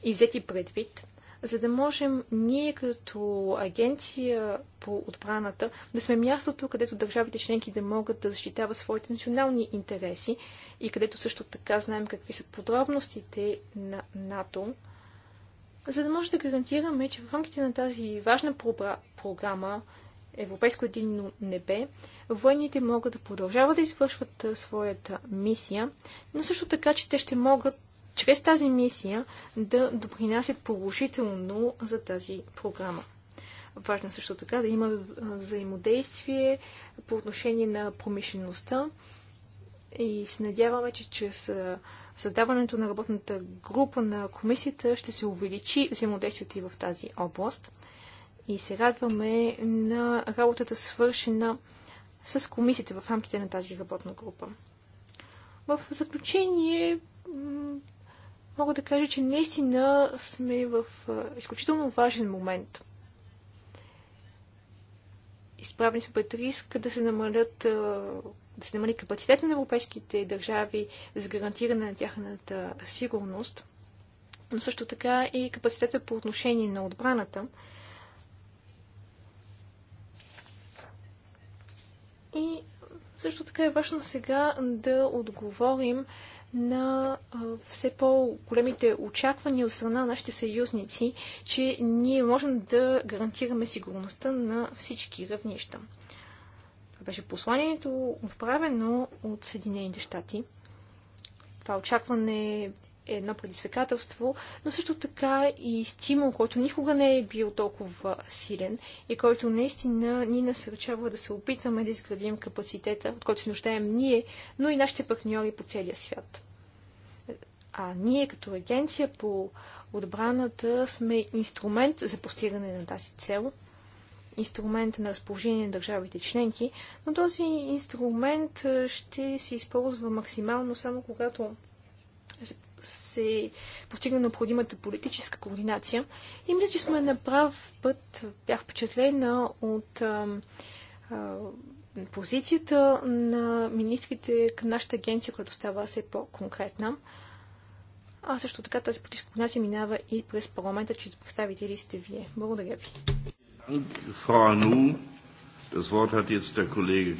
и взети предвид, за да можем ние като агенция по отбраната да сме мястото, където държавите членки да могат да защитават своите национални интереси и където също така знаем какви са подробностите на НАТО, за да може да гарантираме, че в рамките на тази важна програма Европейско единно небе, военните могат да продължават да извършват своята мисия, но също така, че те ще могат чрез тази мисия да допринасят положително за тази програма. Важно също така да има взаимодействие по отношение на промишлеността, и се надяваме, че чрез създаването на работната група на комисията ще се увеличи взаимодействието и в тази област. И се радваме на работата свършена с комисията в рамките на тази работна група. В заключение мога да кажа, че наистина сме в изключително важен момент. Изправени сме пред риск да се намалят да се намали капацитета на европейските държави за гарантиране на тяхната сигурност, но също така и капацитета по отношение на отбраната. И също така е важно сега да отговорим на все по-големите очаквания от страна на нашите съюзници, че ние можем да гарантираме сигурността на всички равнища беше посланието, отправено от Съединените щати. Това очакване е едно предизвикателство, но също така и стимул, който никога не е бил толкова силен и който наистина ни насърчава да се опитаме да изградим капацитета, от който се нуждаем ние, но и нашите партньори по целия свят. А ние като агенция по отбраната сме инструмент за постигане на тази цел – инструмент на разположение на държавите членки, но този инструмент ще се използва максимално само когато се постигна необходимата политическа координация. И мисля, че сме на прав път. Бях впечатлена от а, а, позицията на министрите към нашата агенция, която става все по-конкретна. А също така тази политическа координация минава и през парламента, чието представители сте вие. Благодаря ви. Frau Anu. Das Wort hat jetzt der Kollege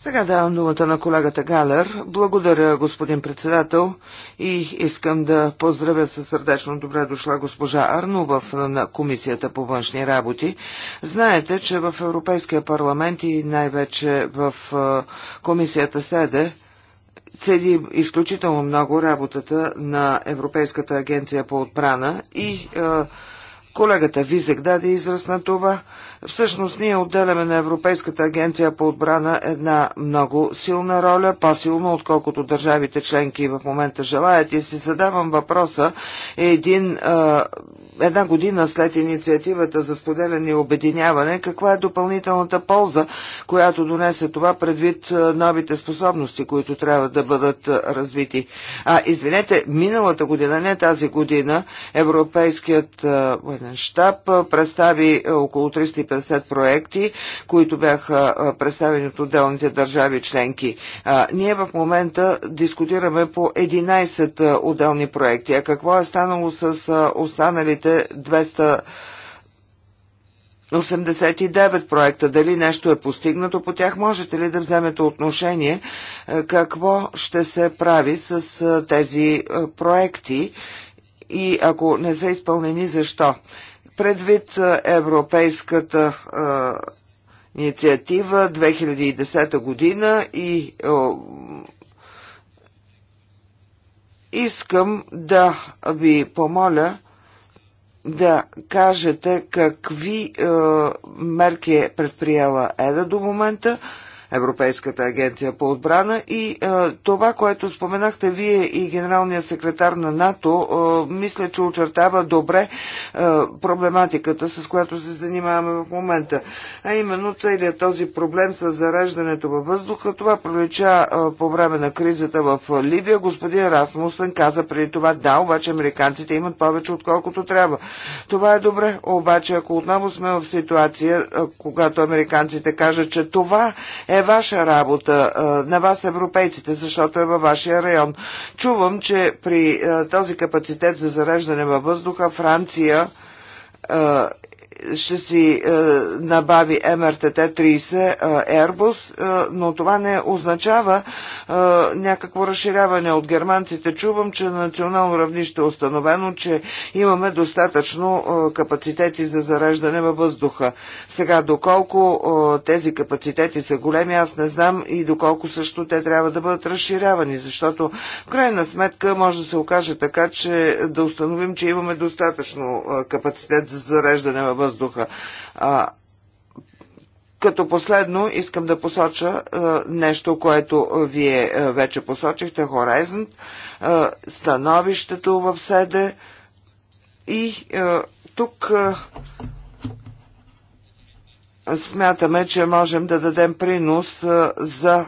Сега давам думата на колегата Галер. Благодаря, господин председател, и искам да поздравя със сърдечно добре дошла госпожа в на Комисията по външни работи. Знаете, че в Европейския парламент и най-вече в Комисията СЕДЕ цели изключително много работата на Европейската агенция по отбрана и е, Колегата Визек даде израз на това. Всъщност ние отделяме на Европейската агенция по отбрана една много силна роля, по-силно отколкото държавите членки в момента желаят. И си задавам въпроса един една година след инициативата за споделяне и обединяване, каква е допълнителната полза, която донесе това предвид новите способности, които трябва да бъдат развити. А, извинете, миналата година, не тази година, Европейският военен щаб представи около 350 250 проекти, които бяха представени от отделните държави членки. Ние в момента дискутираме по 11 отделни проекти. А какво е станало с останалите 200 89 проекта. Дали нещо е постигнато по тях? Можете ли да вземете отношение какво ще се прави с тези проекти и ако не са изпълнени, защо? Предвид европейската инициатива 2010 година и искам да ви помоля да кажете какви мерки е предприела ЕДА до момента Европейската агенция по отбрана и е, това, което споменахте вие и генералният секретар на НАТО, е, мисля, че очертава добре е, проблематиката, с която се занимаваме в момента. А именно целият този проблем с зареждането във въздуха, това пролича по време на кризата в Либия. Господин Расмусен каза преди това, да, обаче американците имат повече отколкото трябва. Това е добре, обаче ако отново сме в ситуация, когато американците кажат, че това е ваша работа, на вас европейците, защото е във вашия район. Чувам, че при този капацитет за зареждане във въздуха Франция ще си е, набави МРТТ-30 е, Airbus, е, но това не означава е, някакво разширяване от германците. Чувам, че на национално равнище е установено, че имаме достатъчно е, капацитети за зареждане във въздуха. Сега, доколко е, тези капацитети са големи, аз не знам и доколко също те трябва да бъдат разширявани, защото в крайна сметка може да се окаже така, че да установим, че имаме достатъчно е, капацитет за зареждане във въздуха въздуха. А, като последно искам да посоча а, нещо, което вие а, вече посочихте, Horizon, становището в седе и тук смятаме, че можем да дадем принос за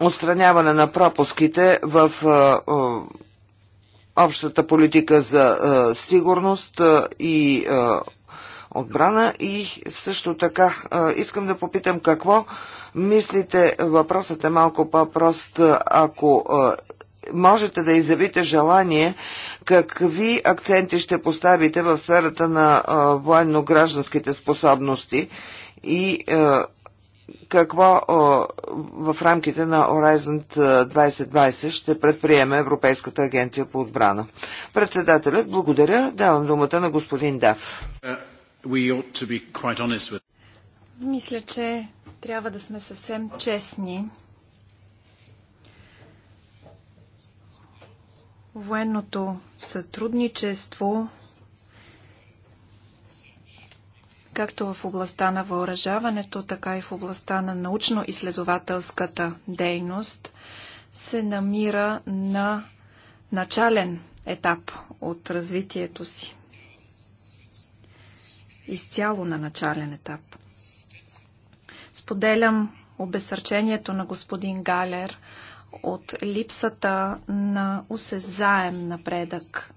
отстраняване на пропуските в общата политика за а, сигурност а, и а, отбрана и също така а, искам да попитам какво мислите, въпросът е малко по-прост, ако а, можете да изявите желание какви акценти ще поставите в сферата на военно-гражданските способности и а, какво в рамките на Horizon 2020 ще предприеме Европейската агенция по отбрана. Председателят, благодаря. Давам думата на господин Дав. Uh, Мисля, че трябва да сме съвсем честни. Военното сътрудничество както в областта на въоръжаването, така и в областта на научно-изследователската дейност, се намира на начален етап от развитието си. Изцяло на начален етап. Споделям обесърчението на господин Галер от липсата на осезаем напредък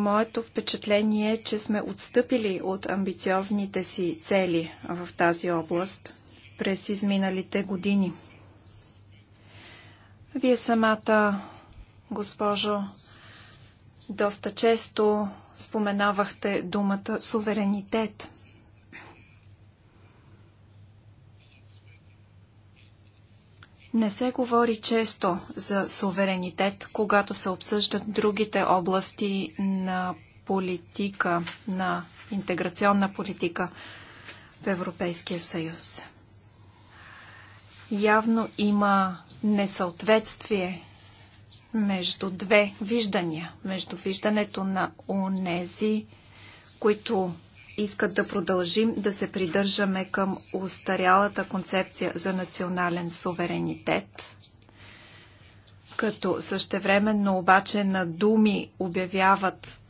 Моето впечатление е, че сме отстъпили от амбициозните си цели в тази област през изминалите години. Вие самата, госпожо, доста често споменавахте думата суверенитет – Не се говори често за суверенитет, когато се обсъждат другите области на политика, на интеграционна политика в Европейския съюз. Явно има несъответствие между две виждания. Между виждането на онези, които искат да продължим да се придържаме към устарялата концепция за национален суверенитет, като същевременно обаче на думи обявяват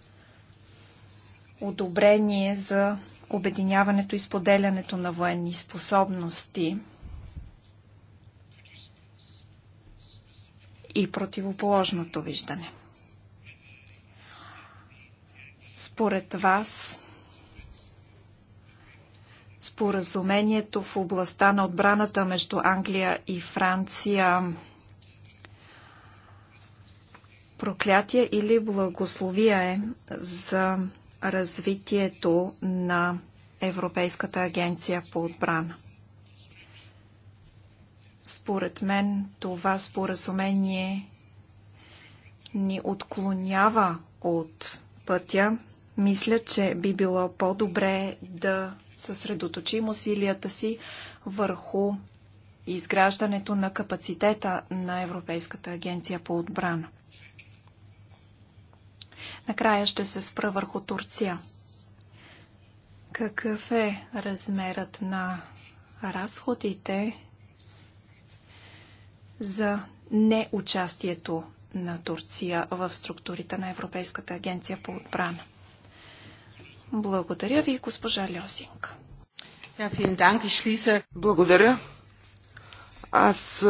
одобрение за обединяването и споделянето на военни способности и противоположното виждане. Според вас, Споразумението в областта на отбраната между Англия и Франция проклятие или благословие е за развитието на Европейската агенция по отбрана. Според мен това споразумение ни отклонява от пътя. Мисля, че би било по-добре да съсредоточим усилията си върху изграждането на капацитета на Европейската агенция по отбрана. Накрая ще се спра върху Турция. Какъв е размерът на разходите за неучастието на Турция в структурите на Европейската агенция по отбрана? Благодаря ви, госпожа Льосинг. Благодаря. Аз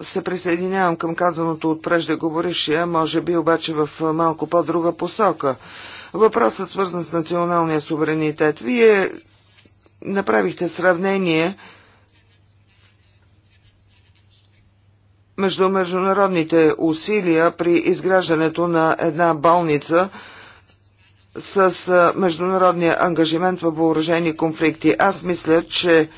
се присъединявам към казаното от преждеговорившия, може би обаче в малко по-друга посока. Въпросът свързан с националния суверенитет. Вие направихте сравнение между международните усилия при изграждането на една болница – с международния ангажимент във въоръжени конфликти. Аз мисля, че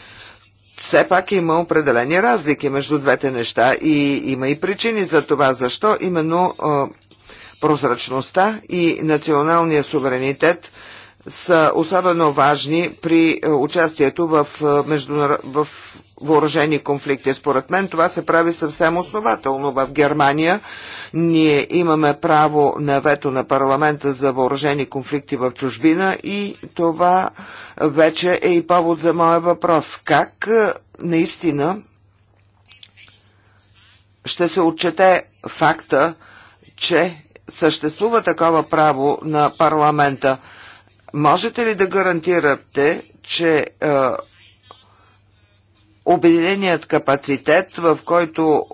все пак има определени разлики между двете неща и има и причини за това, защо именно прозрачността и националния суверенитет – са особено важни при е, участието в, е, международ... в въоръжени конфликти. Според мен това се прави съвсем основателно. В Германия ние имаме право на вето на парламента за въоръжени конфликти в чужбина и това вече е и повод за моя въпрос. Как е, наистина ще се отчете факта, че съществува такова право на парламента – Можете ли да гарантирате, че е, обединеният капацитет, в който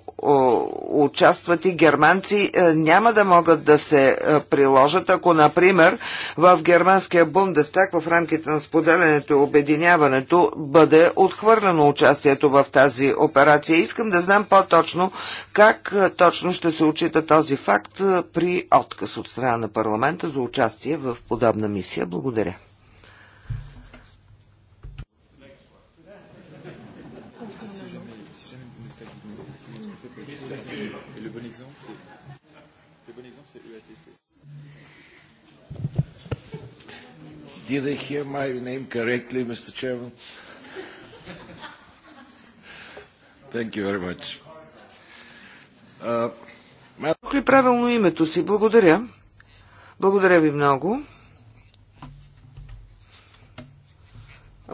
участват и германци, е, няма да могат да се е, приложат, ако, например, в германския Бундестаг в рамките на споделянето и обединяването бъде отхвърлено участието в тази операция. Искам да знам по-точно как е, точно ще се очита този факт при отказ от страна на парламента за участие в подобна мисия. Благодаря. Did I hear my name correctly, Mr. Chairman? Thank you very much. Uh, ли правилно името си? Благодаря. Благодаря ви много.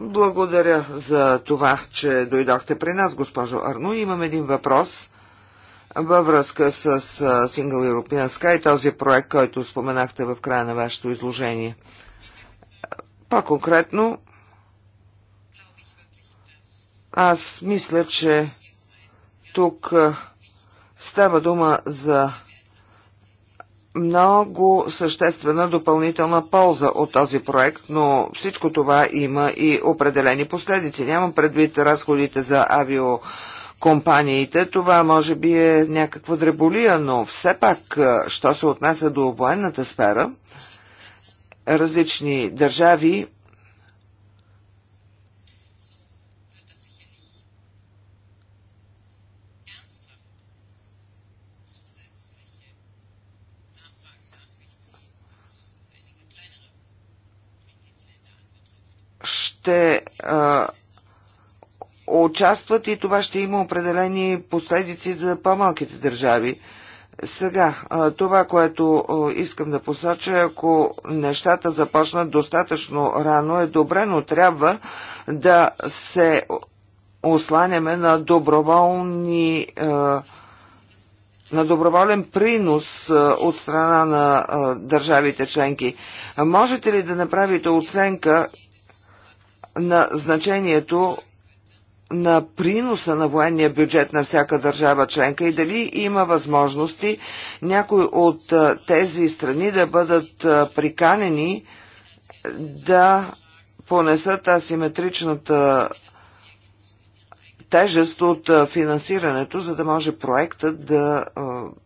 Благодаря за това, че дойдохте при нас, госпожо Арно. Имам един въпрос във връзка с Single European Sky, този проект, който споменахте в края на вашето изложение. По-конкретно, аз мисля, че тук става дума за много съществена допълнителна полза от този проект, но всичко това има и определени последици. Нямам предвид разходите за авиокомпаниите. Това може би е някаква дреболия, но все пак, що се отнася до военната сфера, различни държави. Ще а, участват и това ще има определени последици за по-малките държави. Сега, това, което искам да посоча, е, ако нещата започнат достатъчно рано, е добре, но трябва да се осланяме на доброволни на доброволен принос от страна на държавите членки. Можете ли да направите оценка на значението на приноса на военния бюджет на всяка държава членка и дали има възможности някои от тези страни да бъдат приканени да понесат асиметричната тежест от финансирането, за да може проектът да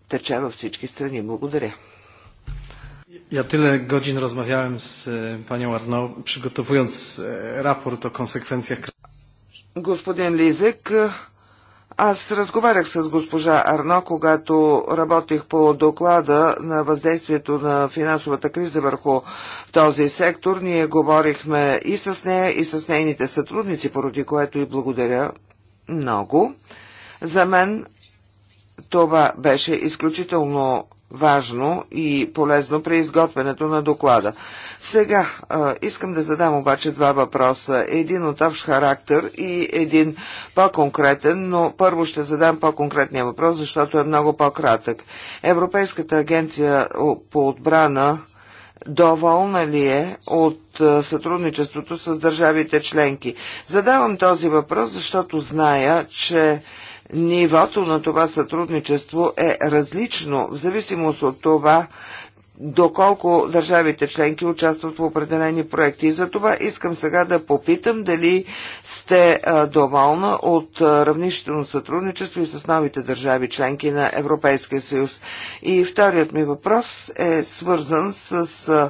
тече във всички страни. Благодаря. Ja tyle godzin rozmawiałem z panią Arnaud, przygotowując raport o konsekwencjach господин Лизек. Аз разговарях с госпожа Арно, когато работих по доклада на въздействието на финансовата криза върху този сектор. Ние говорихме и с нея, и с нейните сътрудници, поради което и благодаря много. За мен това беше изключително важно и полезно при изготвянето на доклада. Сега а, искам да задам обаче два въпроса. Един от общ характер и един по-конкретен, но първо ще задам по-конкретния въпрос, защото е много по-кратък. Европейската агенция по отбрана доволна ли е от сътрудничеството с държавите членки? Задавам този въпрос, защото зная, че Нивото на това сътрудничество е различно в зависимост от това доколко държавите членки участват в определени проекти. И за това искам сега да попитам дали сте доволна от равнището на сътрудничество и с новите държави членки на Европейския съюз. И вторият ми въпрос е свързан с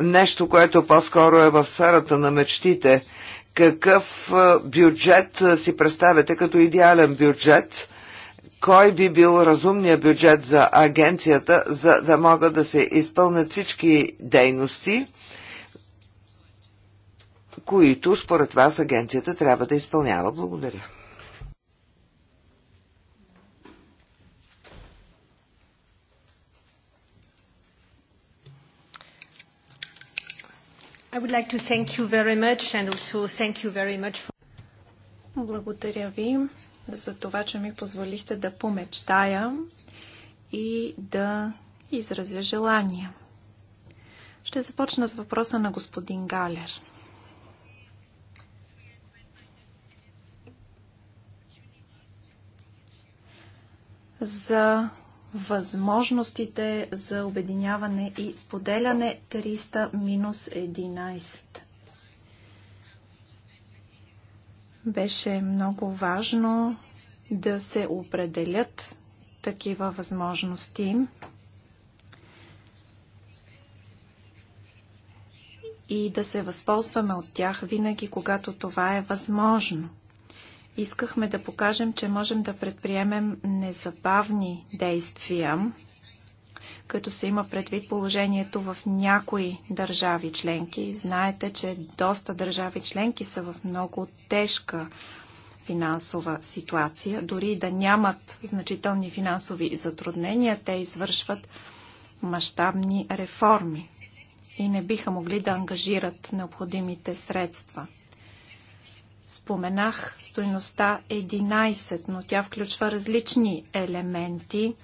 нещо, което по-скоро е в сферата на мечтите. Какъв бюджет си представяте като идеален бюджет? Кой би бил разумният бюджет за агенцията, за да могат да се изпълнят всички дейности, които според вас агенцията трябва да изпълнява? Благодаря. I would like to thank you very much and also thank you very much for... Благодаря ви за това, че ми позволихте да помечтая и да изразя желания. Ще започна с въпроса на господин Галер. За възможностите за обединяване и споделяне 300 минус 11. Беше много важно да се определят такива възможности. и да се възползваме от тях винаги, когато това е възможно. Искахме да покажем, че можем да предприемем незабавни действия, като се има предвид положението в някои държави членки. Знаете, че доста държави членки са в много тежка финансова ситуация. Дори да нямат значителни финансови затруднения, те извършват мащабни реформи и не биха могли да ангажират необходимите средства. Споменах стойността 11, но тя включва различни елементи.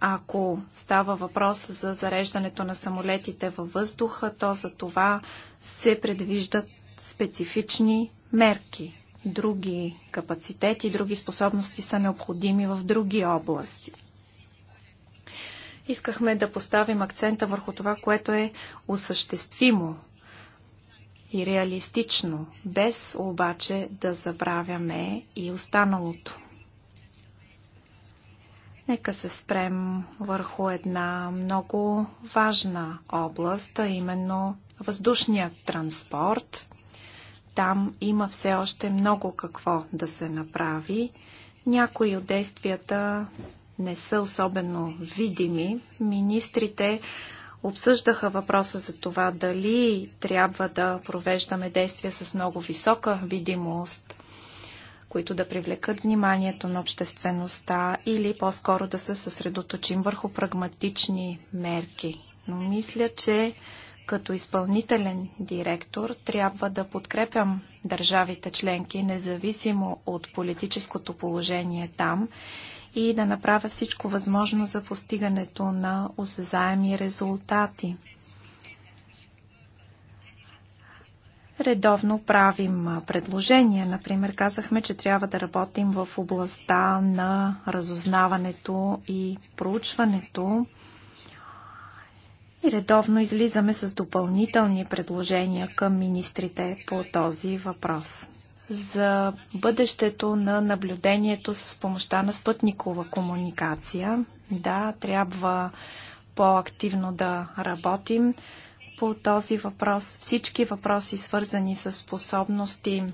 Ако става въпрос за зареждането на самолетите във въздуха, то за това се предвиждат специфични мерки. Други капацитети, други способности са необходими в други области. Искахме да поставим акцента върху това, което е осъществимо и реалистично, без обаче да забравяме и останалото. Нека се спрем върху една много важна област, а именно въздушният транспорт. Там има все още много какво да се направи. Някои от действията не са особено видими. Министрите обсъждаха въпроса за това дали трябва да провеждаме действия с много висока видимост, които да привлекат вниманието на обществеността или по-скоро да се съсредоточим върху прагматични мерки. Но мисля, че като изпълнителен директор трябва да подкрепям държавите членки, независимо от политическото положение там и да направя всичко възможно за постигането на осезаеми резултати. Редовно правим предложения. Например, казахме, че трябва да работим в областта на разузнаването и проучването. И редовно излизаме с допълнителни предложения към министрите по този въпрос за бъдещето на наблюдението с помощта на спътникова комуникация. Да, трябва по-активно да работим по този въпрос. Всички въпроси, свързани с способности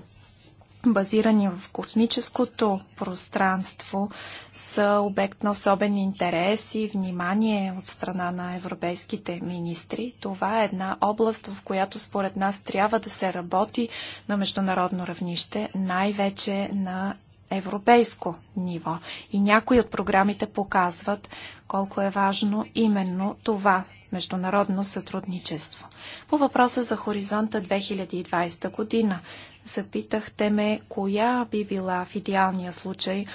базирани в космическото пространство, са обект на особен интерес и внимание от страна на европейските министри. Това е една област, в която според нас трябва да се работи на международно равнище, най-вече на европейско ниво. И някои от програмите показват колко е важно именно това международно сътрудничество. По въпроса за хоризонта 2020 година, запитахте ме коя би била в идеалния случай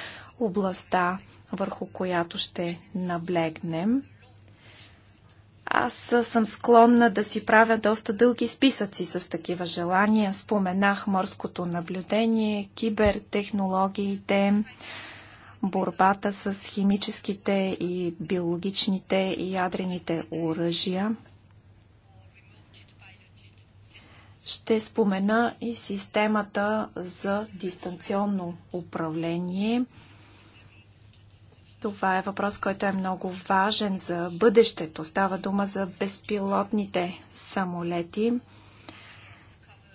областта, върху която ще наблегнем. Аз съм склонна да си правя доста дълги списъци с такива желания. Споменах морското наблюдение, кибертехнологиите, борбата с химическите и биологичните и ядрените оръжия. Ще спомена и системата за дистанционно управление. Това е въпрос, който е много важен за бъдещето. Става дума за безпилотните самолети,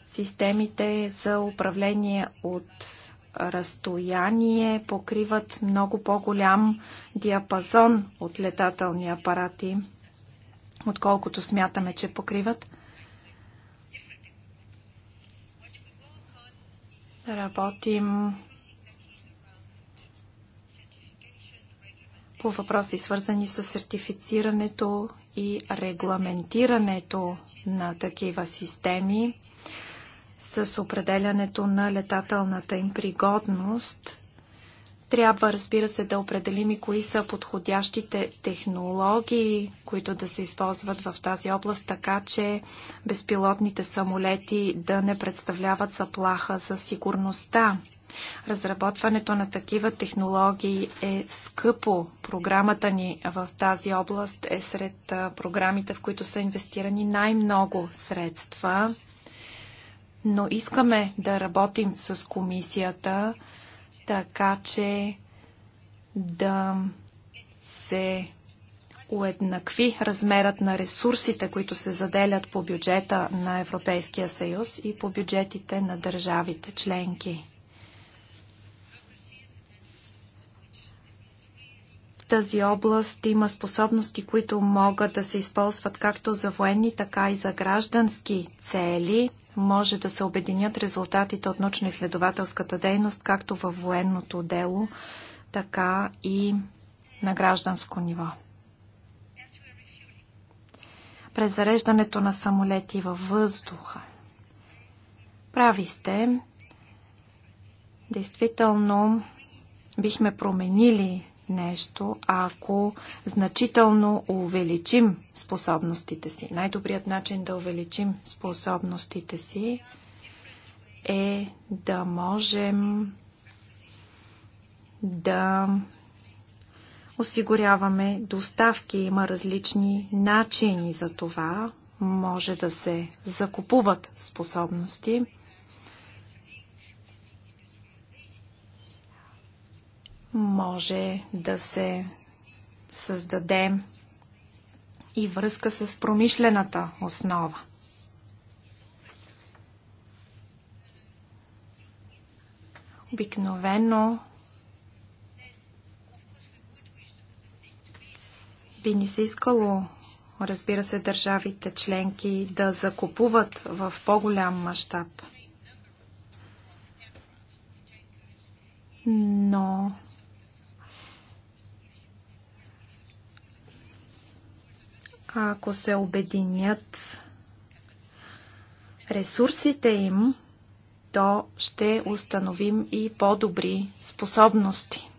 системите за управление от разстояние покриват много по-голям диапазон от летателни апарати, отколкото смятаме, че покриват. Работим по въпроси, свързани с сертифицирането и регламентирането на такива системи с определянето на летателната им пригодност. Трябва, разбира се, да определим и кои са подходящите технологии, които да се използват в тази област, така че безпилотните самолети да не представляват заплаха за сигурността. Разработването на такива технологии е скъпо. Програмата ни в тази област е сред програмите, в които са инвестирани най-много средства но искаме да работим с комисията, така че да се уеднакви размерът на ресурсите, които се заделят по бюджета на Европейския съюз и по бюджетите на държавите членки. тази област има способности, които могат да се използват както за военни, така и за граждански цели. Може да се обединят резултатите от научно-изследователската дейност, както във военното дело, така и на гражданско ниво. Презареждането на самолети във въздуха. Прави сте. Действително бихме променили нещо, ако значително увеличим способностите си. Най-добрият начин да увеличим способностите си е да можем да осигуряваме доставки. Има различни начини за това. Може да се закупуват способности. може да се създаде и връзка с промишлената основа. Обикновено би ни се искало, разбира се, държавите членки да закупуват в по-голям мащаб. Но ако се обединят ресурсите им, то ще установим и по-добри способности.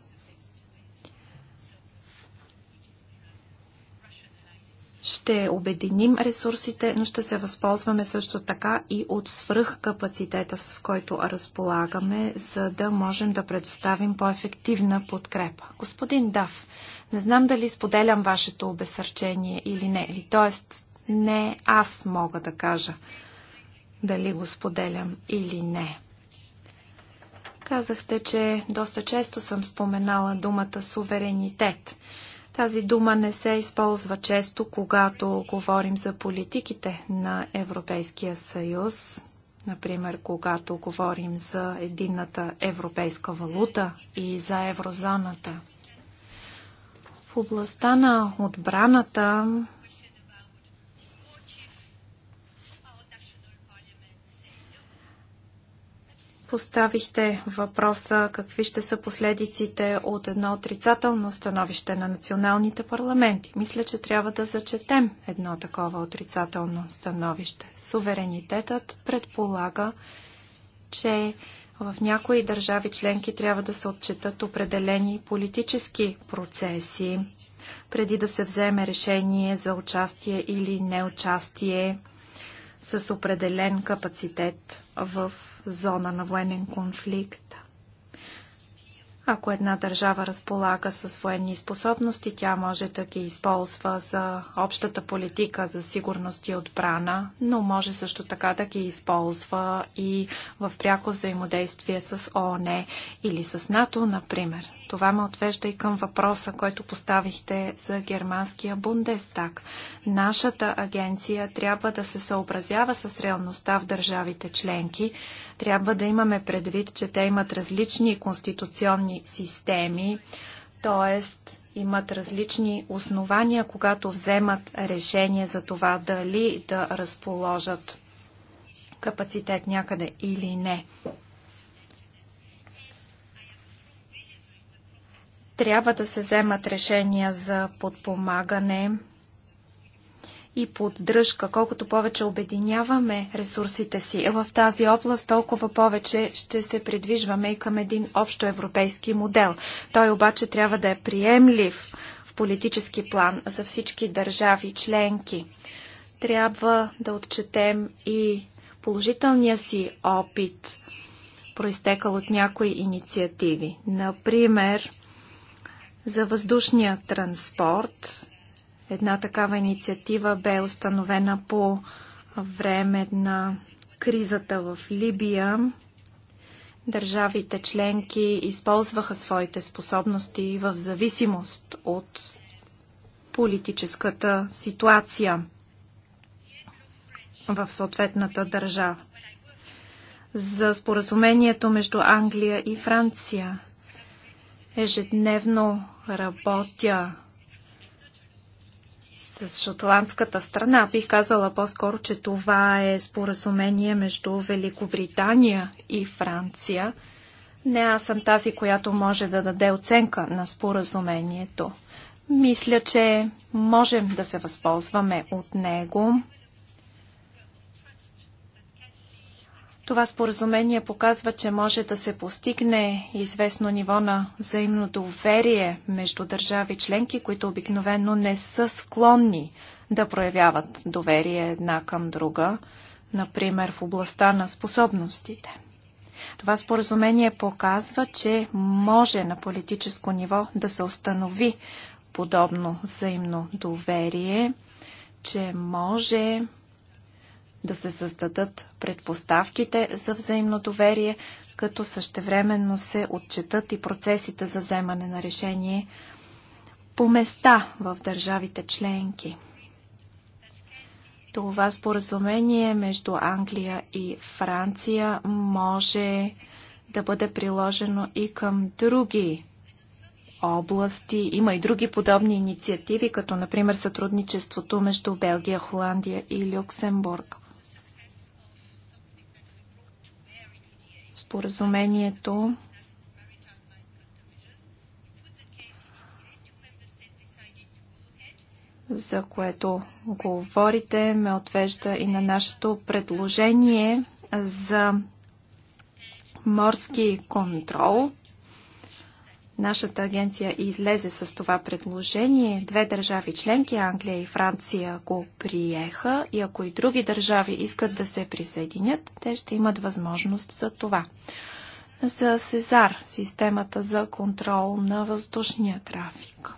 Ще обединим ресурсите, но ще се възползваме също така и от свръхкапацитета, с който разполагаме, за да можем да предоставим по-ефективна подкрепа. Господин Дав, не знам дали споделям вашето обесърчение или не. Или, тоест, не аз мога да кажа дали го споделям или не. Казахте, че доста често съм споменала думата суверенитет. Тази дума не се използва често, когато говорим за политиките на Европейския съюз, например, когато говорим за единната европейска валута и за еврозоната областта на отбраната поставихте въпроса какви ще са последиците от едно отрицателно становище на националните парламенти. Мисля, че трябва да зачетем едно такова отрицателно становище. Суверенитетът предполага, че в някои държави членки трябва да се отчитат определени политически процеси, преди да се вземе решение за участие или неучастие с определен капацитет в зона на военен конфликт. Ако една държава разполага с военни способности, тя може да ги използва за общата политика за сигурност и отбрана, но може също така да ги използва и в пряко взаимодействие с ООН или с НАТО, например. Това ме отвежда и към въпроса, който поставихте за германския Бундестаг. Нашата агенция трябва да се съобразява с реалността в държавите членки. Трябва да имаме предвид, че те имат различни конституционни системи, т.е имат различни основания, когато вземат решение за това дали да разположат капацитет някъде или не. Трябва да се вземат решения за подпомагане и поддръжка. Колкото повече обединяваме ресурсите си в тази област, толкова повече ще се придвижваме и към един общо европейски модел. Той обаче трябва да е приемлив в политически план за всички държави членки. Трябва да отчетем и положителния си опит, проистекал от някои инициативи. Например, за въздушния транспорт една такава инициатива бе установена по време на кризата в Либия. Държавите членки използваха своите способности в зависимост от политическата ситуация в съответната държава. За споразумението между Англия и Франция ежедневно работя с шотландската страна. Бих казала по-скоро, че това е споразумение между Великобритания и Франция. Не аз съм тази, която може да даде оценка на споразумението. Мисля, че можем да се възползваме от него. Това споразумение показва, че може да се постигне известно ниво на взаимно доверие между държави членки, които обикновено не са склонни да проявяват доверие една към друга, например в областта на способностите. Това споразумение показва, че може на политическо ниво да се установи подобно взаимно доверие, че може да се създадат предпоставките за взаимно доверие, като същевременно се отчетат и процесите за вземане на решение по места в държавите членки. Това споразумение между Англия и Франция може да бъде приложено и към други области. Има и други подобни инициативи, като например сътрудничеството между Белгия, Холандия и Люксембург. Споразумението за което говорите, ме отвежда и на нашето предложение за морски контрол – Нашата агенция излезе с това предложение. Две държави членки, Англия и Франция, го приеха и ако и други държави искат да се присъединят, те ще имат възможност за това. За Сезар, системата за контрол на въздушния трафик.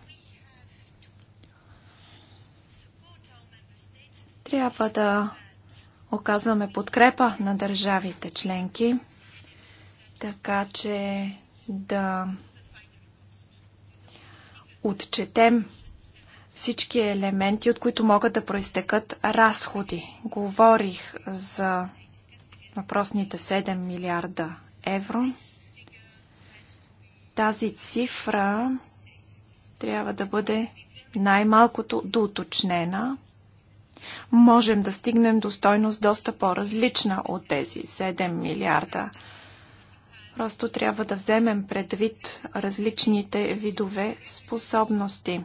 Трябва да оказваме подкрепа на държавите членки, така че да отчетем всички елементи, от които могат да проистекат разходи. Говорих за въпросните 7 милиарда евро. Тази цифра трябва да бъде най-малкото доуточнена. Можем да стигнем до стойност доста по-различна от тези 7 милиарда евро Просто трябва да вземем предвид различните видове способности.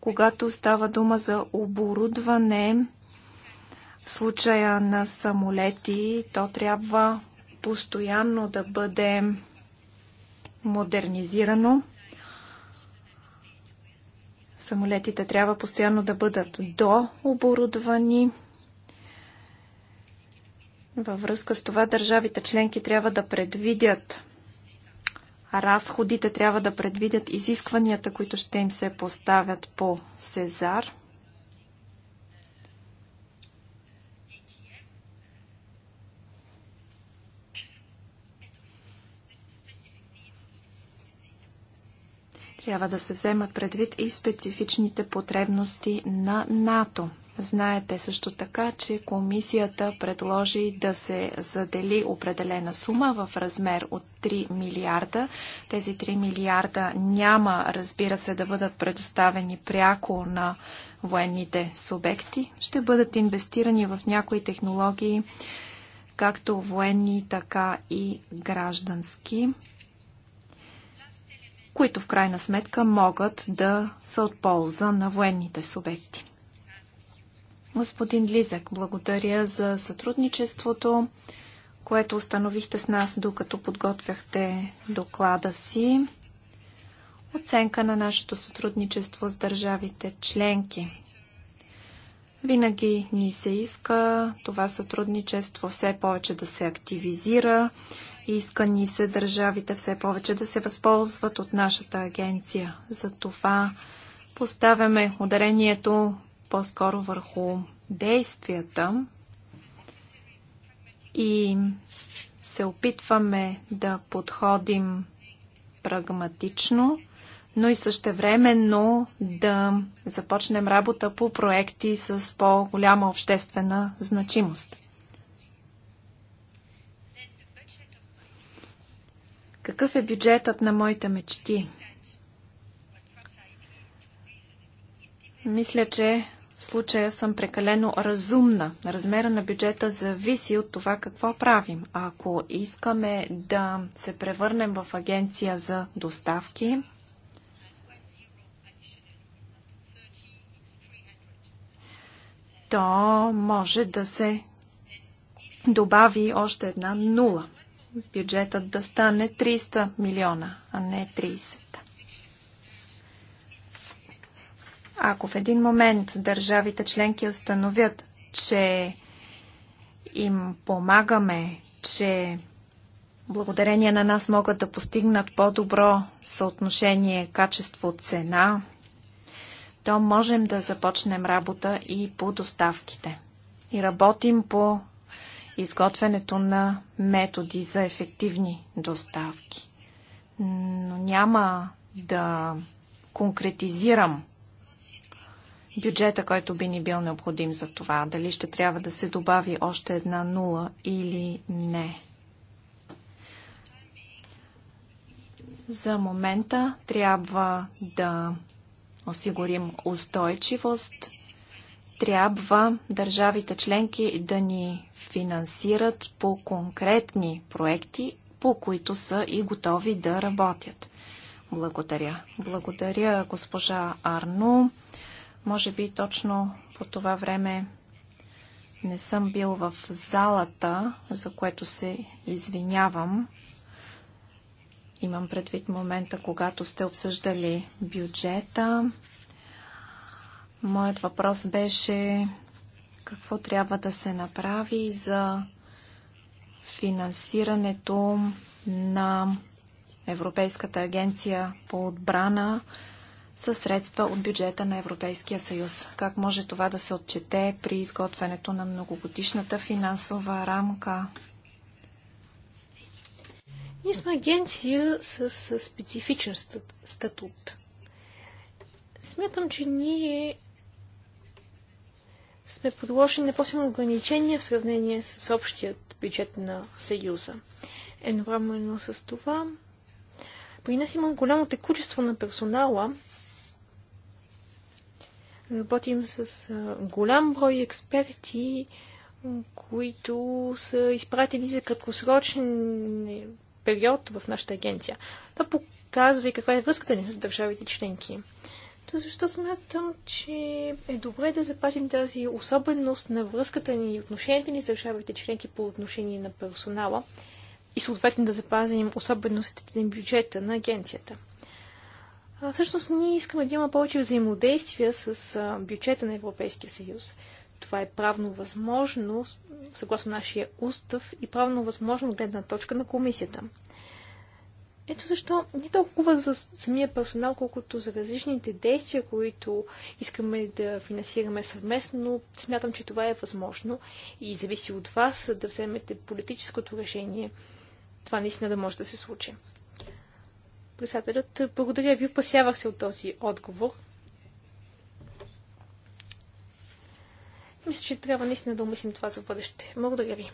Когато става дума за оборудване, в случая на самолети, то трябва постоянно да бъде модернизирано. Самолетите трябва постоянно да бъдат дооборудвани. Във връзка с това държавите членки трябва да предвидят разходите, трябва да предвидят изискванията, които ще им се поставят по Сезар. Трябва да се вземат предвид и специфичните потребности на НАТО – Знаете също така, че комисията предложи да се задели определена сума в размер от 3 милиарда. Тези 3 милиарда няма, разбира се, да бъдат предоставени пряко на военните субекти. Ще бъдат инвестирани в някои технологии, както военни, така и граждански които в крайна сметка могат да са от полза на военните субекти. Господин Лизък, благодаря за сътрудничеството, което установихте с нас, докато подготвяхте доклада си. Оценка на нашето сътрудничество с държавите членки. Винаги ни се иска това сътрудничество все повече да се активизира и иска ни се държавите все повече да се възползват от нашата агенция. За това поставяме ударението по-скоро върху действията и се опитваме да подходим прагматично, но и същевременно да започнем работа по проекти с по-голяма обществена значимост. Какъв е бюджетът на моите мечти? Мисля, че в случая съм прекалено разумна. Размера на бюджета зависи от това какво правим. Ако искаме да се превърнем в агенция за доставки, то може да се добави още една нула. Бюджетът да стане 300 милиона, а не 30. Ако в един момент държавите членки установят, че им помагаме, че благодарение на нас могат да постигнат по-добро съотношение качество-цена, то можем да започнем работа и по доставките. И работим по изготвянето на методи за ефективни доставки. Но няма да конкретизирам бюджета, който би ни бил необходим за това. Дали ще трябва да се добави още една нула или не. За момента трябва да осигурим устойчивост. Трябва държавите членки да ни финансират по конкретни проекти, по които са и готови да работят. Благодаря. Благодаря, госпожа Арно. Може би точно по това време не съм бил в залата, за което се извинявам. Имам предвид момента, когато сте обсъждали бюджета. Моят въпрос беше какво трябва да се направи за финансирането на Европейската агенция по отбрана със средства от бюджета на Европейския съюз. Как може това да се отчете при изготвянето на многогодишната финансова рамка? Ние сме агенция с, специфичен статут. Смятам, че ние сме подложени на по-силно ограничения в сравнение с общият бюджет на Съюза. Едновременно с това при нас има голямо текучество на персонала Работим с голям брой експерти, които са изпратени за краткосрочен период в нашата агенция. Това показва и каква е връзката ни с държавите членки. То защо смятам, че е добре да запазим тази особеност на връзката ни и отношенията ни с държавите членки по отношение на персонала и съответно да запазим особеностите на бюджета на агенцията а, всъщност ние искаме да има повече взаимодействия с а, бюджета на Европейския съюз. Това е правно възможно, съгласно нашия устав, и правно възможно от гледна точка на комисията. Ето защо не толкова за самия персонал, колкото за различните действия, които искаме да финансираме съвместно. Смятам, че това е възможно и зависи от вас да вземете политическото решение. Това наистина да може да се случи. Председателят, благодаря ви, опасявах се от този отговор. Мисля, че трябва наистина да умислим това за бъдеще. Благодаря ви.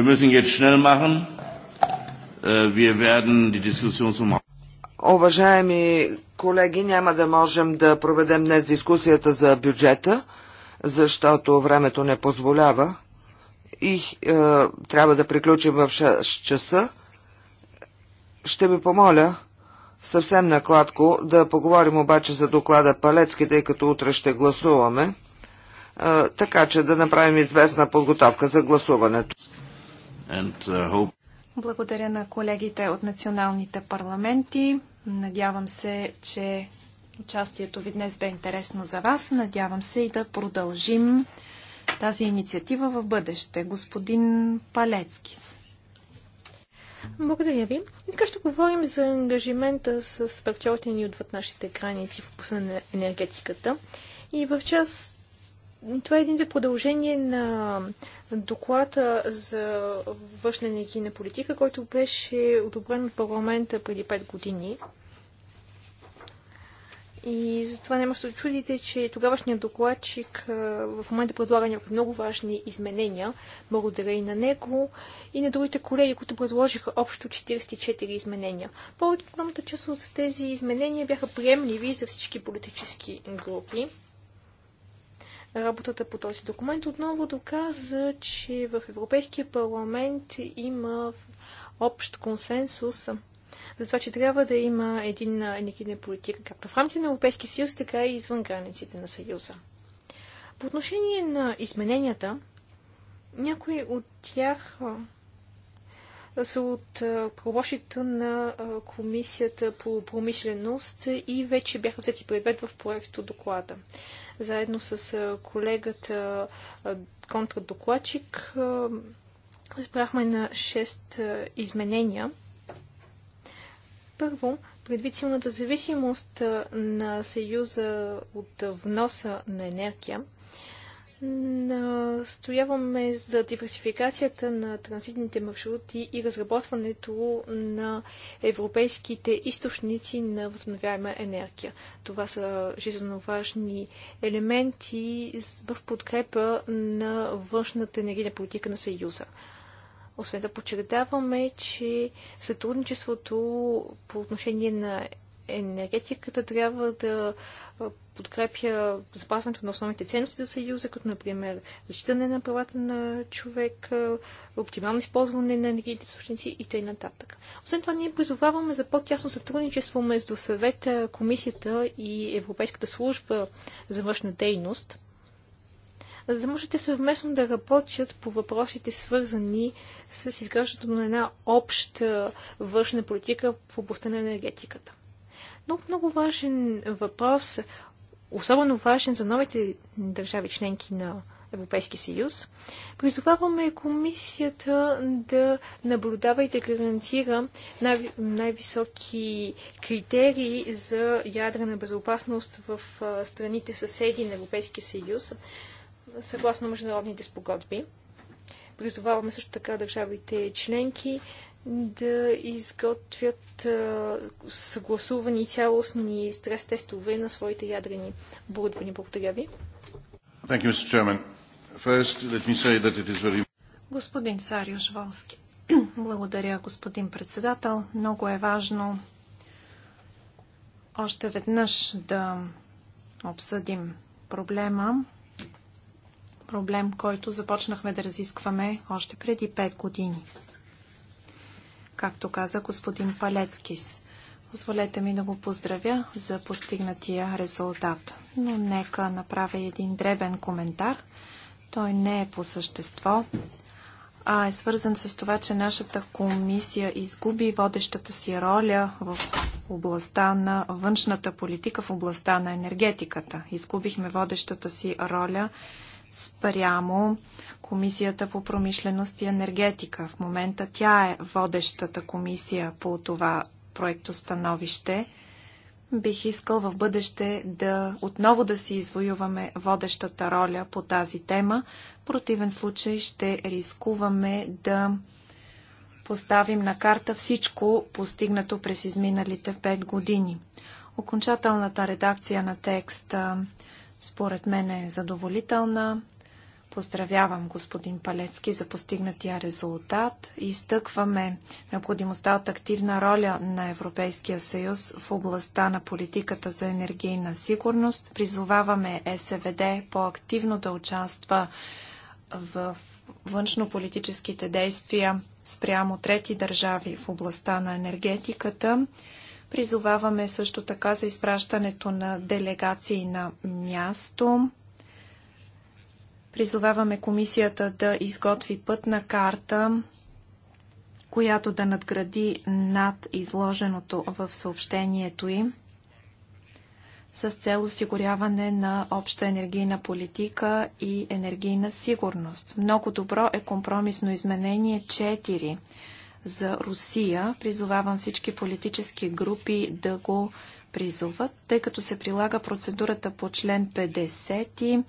Wir müssen jetzt schnell machen. Äh, wir werden die Diskussion zum Уважаеми колеги, няма да можем да проведем днес дискусията за бюджета, защото времето не позволява и е, трябва да приключим в 6 часа. Ще ви помоля съвсем накладко да поговорим обаче за доклада Палецки, тъй като утре ще гласуваме, е, така че да направим известна подготовка за гласуването. Uh, благодаря на колегите от националните парламенти. Надявам се, че участието ви днес бе интересно за вас. Надявам се и да продължим тази инициатива в бъдеще. Господин Палецкис. Благодаря ви. И така ще говорим за ангажимента с партньорите ни отвъд нашите граници в областта на енергетиката. И в част това е един вид продължение на доклада за външна енергийна политика, който беше одобрен от парламента преди 5 години. И затова не може да чудите, че тогавашният докладчик в момента предлага някакви много важни изменения. Благодаря и на него и на другите колеги, които предложиха общо 44 изменения. Повече голямата част от тези изменения бяха приемливи за всички политически групи работата по този документ отново доказа, че в Европейския парламент има общ консенсус за това, че трябва да има един енергийна политика, както в рамките на Европейския съюз, така и извън границите на съюза. По отношение на измененията, някои от тях са от правомощите на Комисията по промишленост и вече бяха взети предвид в проекто доклада заедно с колегата контрадокладчик избрахме на 6 изменения. Първо, предвид силната зависимост на Съюза от вноса на енергия, Настояваме за диверсификацията на транзитните маршрути и разработването на европейските източници на възобновяема енергия. Това са жизненно важни елементи в подкрепа на външната енергийна политика на Съюза. Освен да подчертаваме, че сътрудничеството по отношение на енергетиката трябва да подкрепя запазването на основните ценности за Съюза, като например защитане на правата на човек, оптимално използване на енергийните собственици и т.н. Освен това, ние призоваваме за по-тясно сътрудничество между съвета, комисията и Европейската служба за външна дейност, за да можете съвместно да работят по въпросите свързани с изграждането на една обща външна политика в областта на енергетиката. Много, много важен въпрос, особено важен за новите държави членки на Европейски съюз. Призоваваме комисията да наблюдава и да гарантира най- най-високи критерии за ядрена безопасност в страните съседи на Европейския съюз, съгласно международните спогодби. Призоваваме също така държавите членки да изготвят съгласувани цялостни стрес-тестове на своите ядрени оборудвания. Благодаря ви. Господин Сариош Волски. Благодаря, господин председател. Много е важно още веднъж да обсъдим проблема. Проблем, който започнахме да разискваме още преди 5 години както каза господин Палецкис. Позволете ми да го поздравя за постигнатия резултат. Но нека направя един дребен коментар. Той не е по същество, а е свързан с това, че нашата комисия изгуби водещата си роля в областта на външната политика, в областта на енергетиката. Изгубихме водещата си роля спрямо Комисията по промишленост и енергетика. В момента тя е водещата комисия по това проекто становище. Бих искал в бъдеще да отново да си извоюваме водещата роля по тази тема. В противен случай ще рискуваме да поставим на карта всичко постигнато през изминалите 5 години. Окончателната редакция на текста според мен е задоволителна. Поздравявам господин Палецки за постигнатия резултат. Изтъкваме необходимостта от активна роля на Европейския съюз в областта на политиката за енергийна сигурност. Призоваваме СВД по-активно да участва в външнополитическите действия спрямо трети държави в областта на енергетиката. Призоваваме също така за изпращането на делегации на място. Призоваваме комисията да изготви пътна карта, която да надгради над изложеното в съобщението им с цел осигуряване на обща енергийна политика и енергийна сигурност. Много добро е компромисно изменение 4 за Русия. Призовавам всички политически групи да го призоват, тъй като се прилага процедурата по член 50.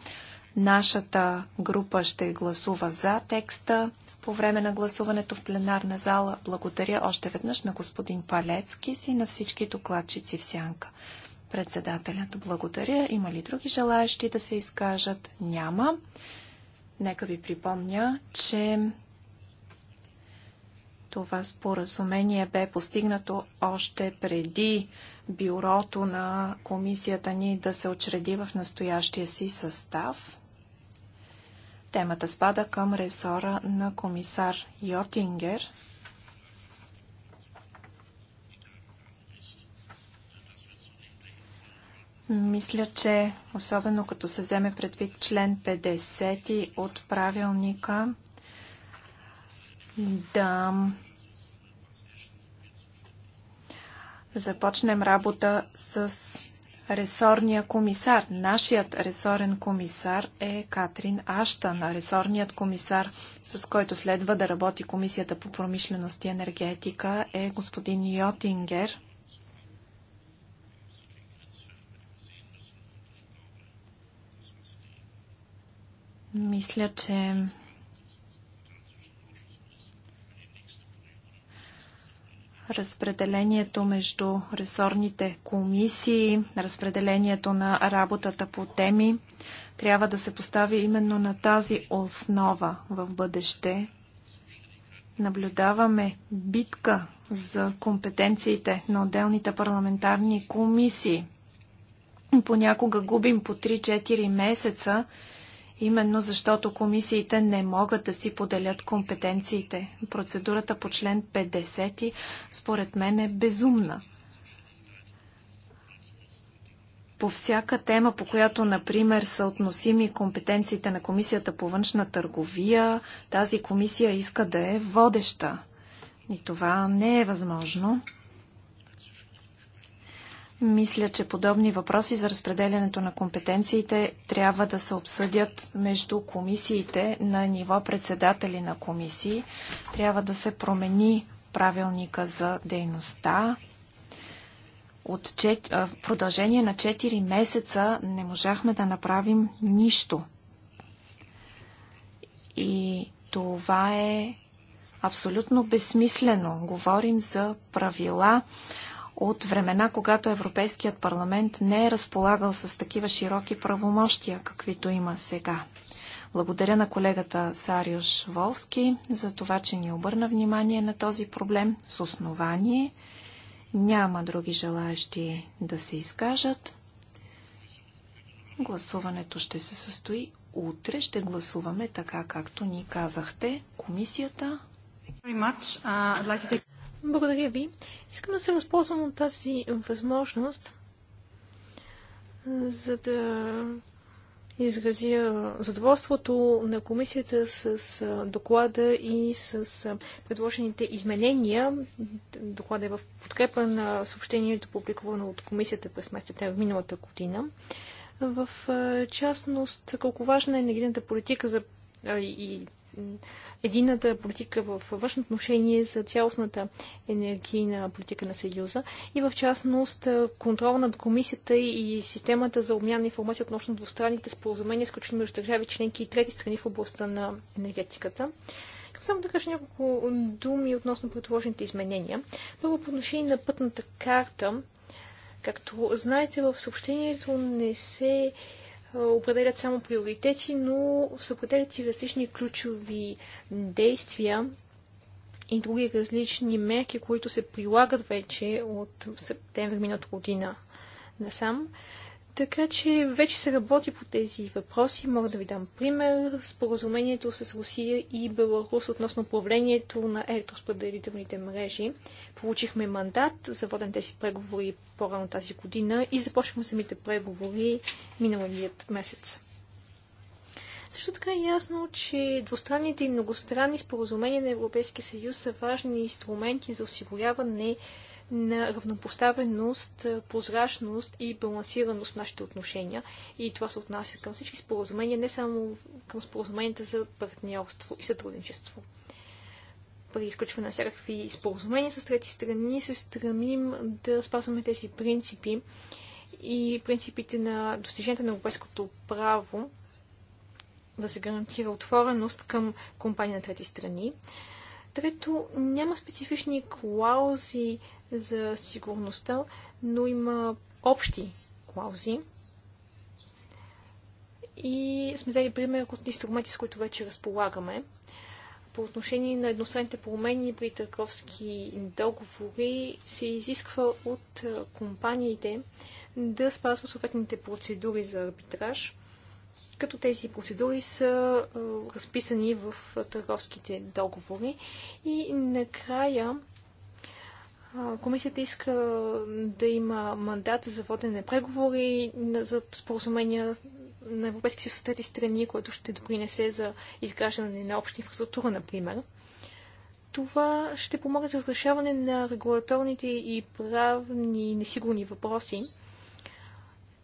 Нашата група ще гласува за текста по време на гласуването в пленарна зала. Благодаря още веднъж на господин Палецки си и на всички докладчици в Сянка. Председателят благодаря. Има ли други желаящи да се изкажат? Няма. Нека ви припомня, че това споразумение бе постигнато още преди бюрото на комисията ни да се очреди в настоящия си състав. Темата спада към ресора на комисар Йотингер. Мисля, че особено като се вземе предвид член 50 от правилника, да започнем работа с ресорния комисар. Нашият ресорен комисар е Катрин Аштан, ресорният комисар, с който следва да работи Комисията по промишленост и енергетика е господин Йотингер. Мисля, че разпределението между ресорните комисии, разпределението на работата по теми трябва да се постави именно на тази основа в бъдеще. Наблюдаваме битка за компетенциите на отделните парламентарни комисии. Понякога губим по 3-4 месеца именно защото комисиите не могат да си поделят компетенциите. Процедурата по член 50 според мен е безумна. По всяка тема, по която, например, са относими компетенциите на Комисията по външна търговия, тази комисия иска да е водеща. И това не е възможно. Мисля, че подобни въпроси за разпределянето на компетенциите трябва да се обсъдят между комисиите на ниво председатели на комисии. Трябва да се промени правилника за дейността. От чет... продължение на 4 месеца не можахме да направим нищо. И това е абсолютно безсмислено. Говорим за правила, от времена, когато Европейският парламент не е разполагал с такива широки правомощия, каквито има сега. Благодаря на колегата Сариош Волски за това, че ни обърна внимание на този проблем с основание. Няма други желаящи да се изкажат. Гласуването ще се състои утре. Ще гласуваме така, както ни казахте. Комисията. Uh, благодаря ви. Искам да се възползвам от тази възможност, за да изразя задоволството на комисията с доклада и с предложените изменения. Доклада е в подкрепа на съобщението, публикувано от комисията през месеца в миналата година. В частност, колко важна е енергийната политика за и едината политика в външно отношение за цялостната енергийна политика на Съюза и в частност контрол над комисията и системата за обмяна на информация относно двустранните споразумения, сключени между държави членки и трети страни в областта на енергетиката. Само да кажа няколко думи относно предложените изменения. Първо по отношение на пътната карта. Както знаете, в съобщението не се определят само приоритети, но се определят и различни ключови действия и други различни мерки, които се прилагат вече от септември миналата година насам. Така че вече се работи по тези въпроси. Мога да ви дам пример. Споразумението с Русия и Беларус относно управлението на електроспределителните мрежи. Получихме мандат за воден тези преговори по-рано тази година и започнахме самите преговори миналият месец. Също така е ясно, че двустранните и многостранни споразумения на Европейския съюз са важни инструменти за осигуряване на равнопоставеност, прозрачност и балансираност в нашите отношения. И това се отнася към всички споразумения, не само към споразуменията за партньорство и сътрудничество. При изключване на всякакви споразумения с трети страни се стремим да спазваме тези принципи и принципите на достиженията на европейското право да се гарантира отвореност към компании на трети страни. Трето, няма специфични клаузи за сигурността, но има общи клаузи. И сме взели пример от инструменти, с които вече разполагаме. По отношение на едностранните промени при търговски договори се изисква от компаниите да спазват съответните процедури за арбитраж, като тези процедури са разписани в търговските договори. И накрая Комисията иска да има мандат за водене на преговори за споразумения на Европейски съюз с трети страни, което ще допринесе за изграждане на обща инфраструктура, например. Това ще помогне за разрешаване на регулаторните и правни несигурни въпроси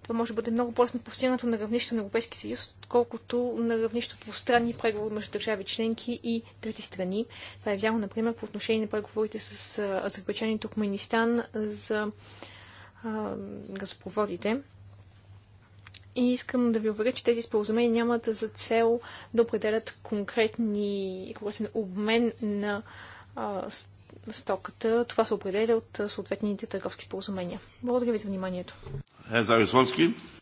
това може да бъде много по-лесно постигнато на равнището на Европейски съюз, отколкото на равнището странни преговори между държави членки и трети страни. Това е вярно, например, по отношение на преговорите с Азербайджан и Туркменистан за а, газопроводите. И искам да ви уверя, че тези споразумения нямат за цел да определят конкретни, конкретен обмен на а, стоката. Това се определя от съответните търговски споразумения. Благодаря ви за вниманието.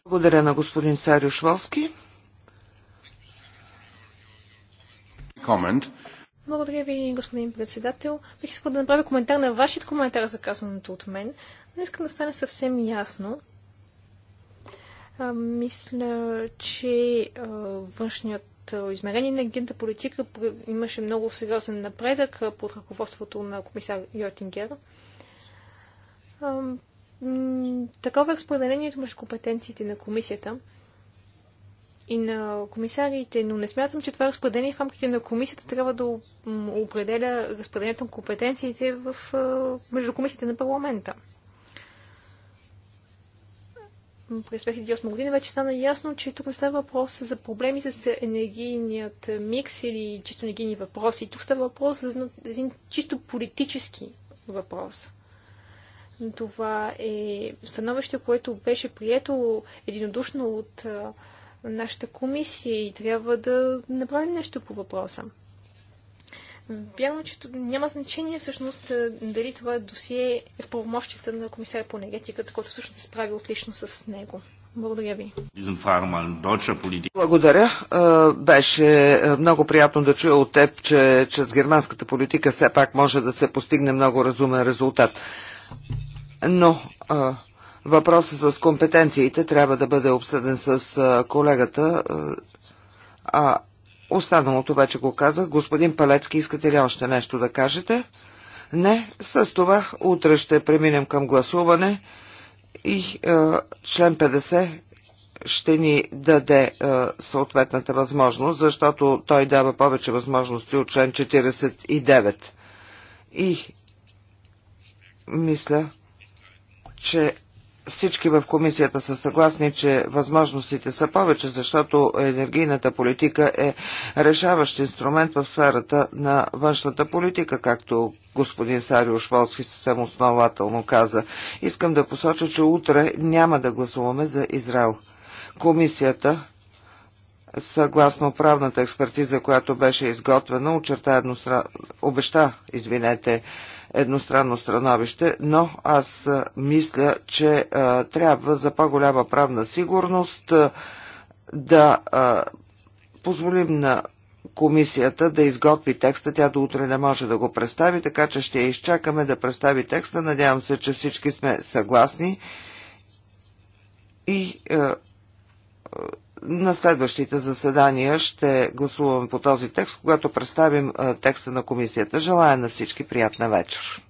Благодаря на господин Сарио Шволски. Благодаря ви, господин председател. Бих искал да направя коментар на вашият коментар за казаното от мен, но искам да стане съвсем ясно. А, мисля, че а, външният измерение на агента политика имаше много сериозен напредък под ръководството на комисар Йотингер. Такова е разпределението между компетенциите на комисията и на комисарите, но не смятам, че това разпределение в рамките на комисията трябва да определя разпределението на компетенциите в, между комисиите на парламента през 2008 година вече стана ясно, че тук не става въпрос за проблеми с енергийният микс или чисто енергийни въпроси. Тук става въпрос за един чисто политически въпрос. Това е становище, което беше прието единодушно от нашата комисия и трябва да направим нещо по въпроса. Вярно, че няма значение всъщност е, дали това досие е в правомощите на комисаря по енергетиката, който всъщност се справи отлично с него. Благодаря ви. Благодаря. Е, беше е, много приятно да чуя от теб, че чрез германската политика все пак може да се постигне много разумен резултат. Но въпросът с компетенциите трябва да бъде обсъден с колегата. А Останалото вече го казах. Господин Палецки, искате ли още нещо да кажете? Не. С това утре ще преминем към гласуване и е, член 50 ще ни даде е, съответната възможност, защото той дава повече възможности от член 49. И мисля, че всички в комисията са съгласни, че възможностите са повече, защото енергийната политика е решаващ инструмент в сферата на външната политика, както господин Сариуш Волски съвсем основателно каза. Искам да посоча, че утре няма да гласуваме за Израел. Комисията съгласно правната експертиза, която беше изготвена, очерта едностран... обеща, извинете, едностранно становище, но аз мисля, че трябва за по-голяма правна сигурност да позволим на комисията да изготви текста. Тя до утре не може да го представи, така че ще изчакаме да представи текста. Надявам се, че всички сме съгласни. И на следващите заседания ще гласувам по този текст, когато представим текста на комисията. Желая на всички приятна вечер.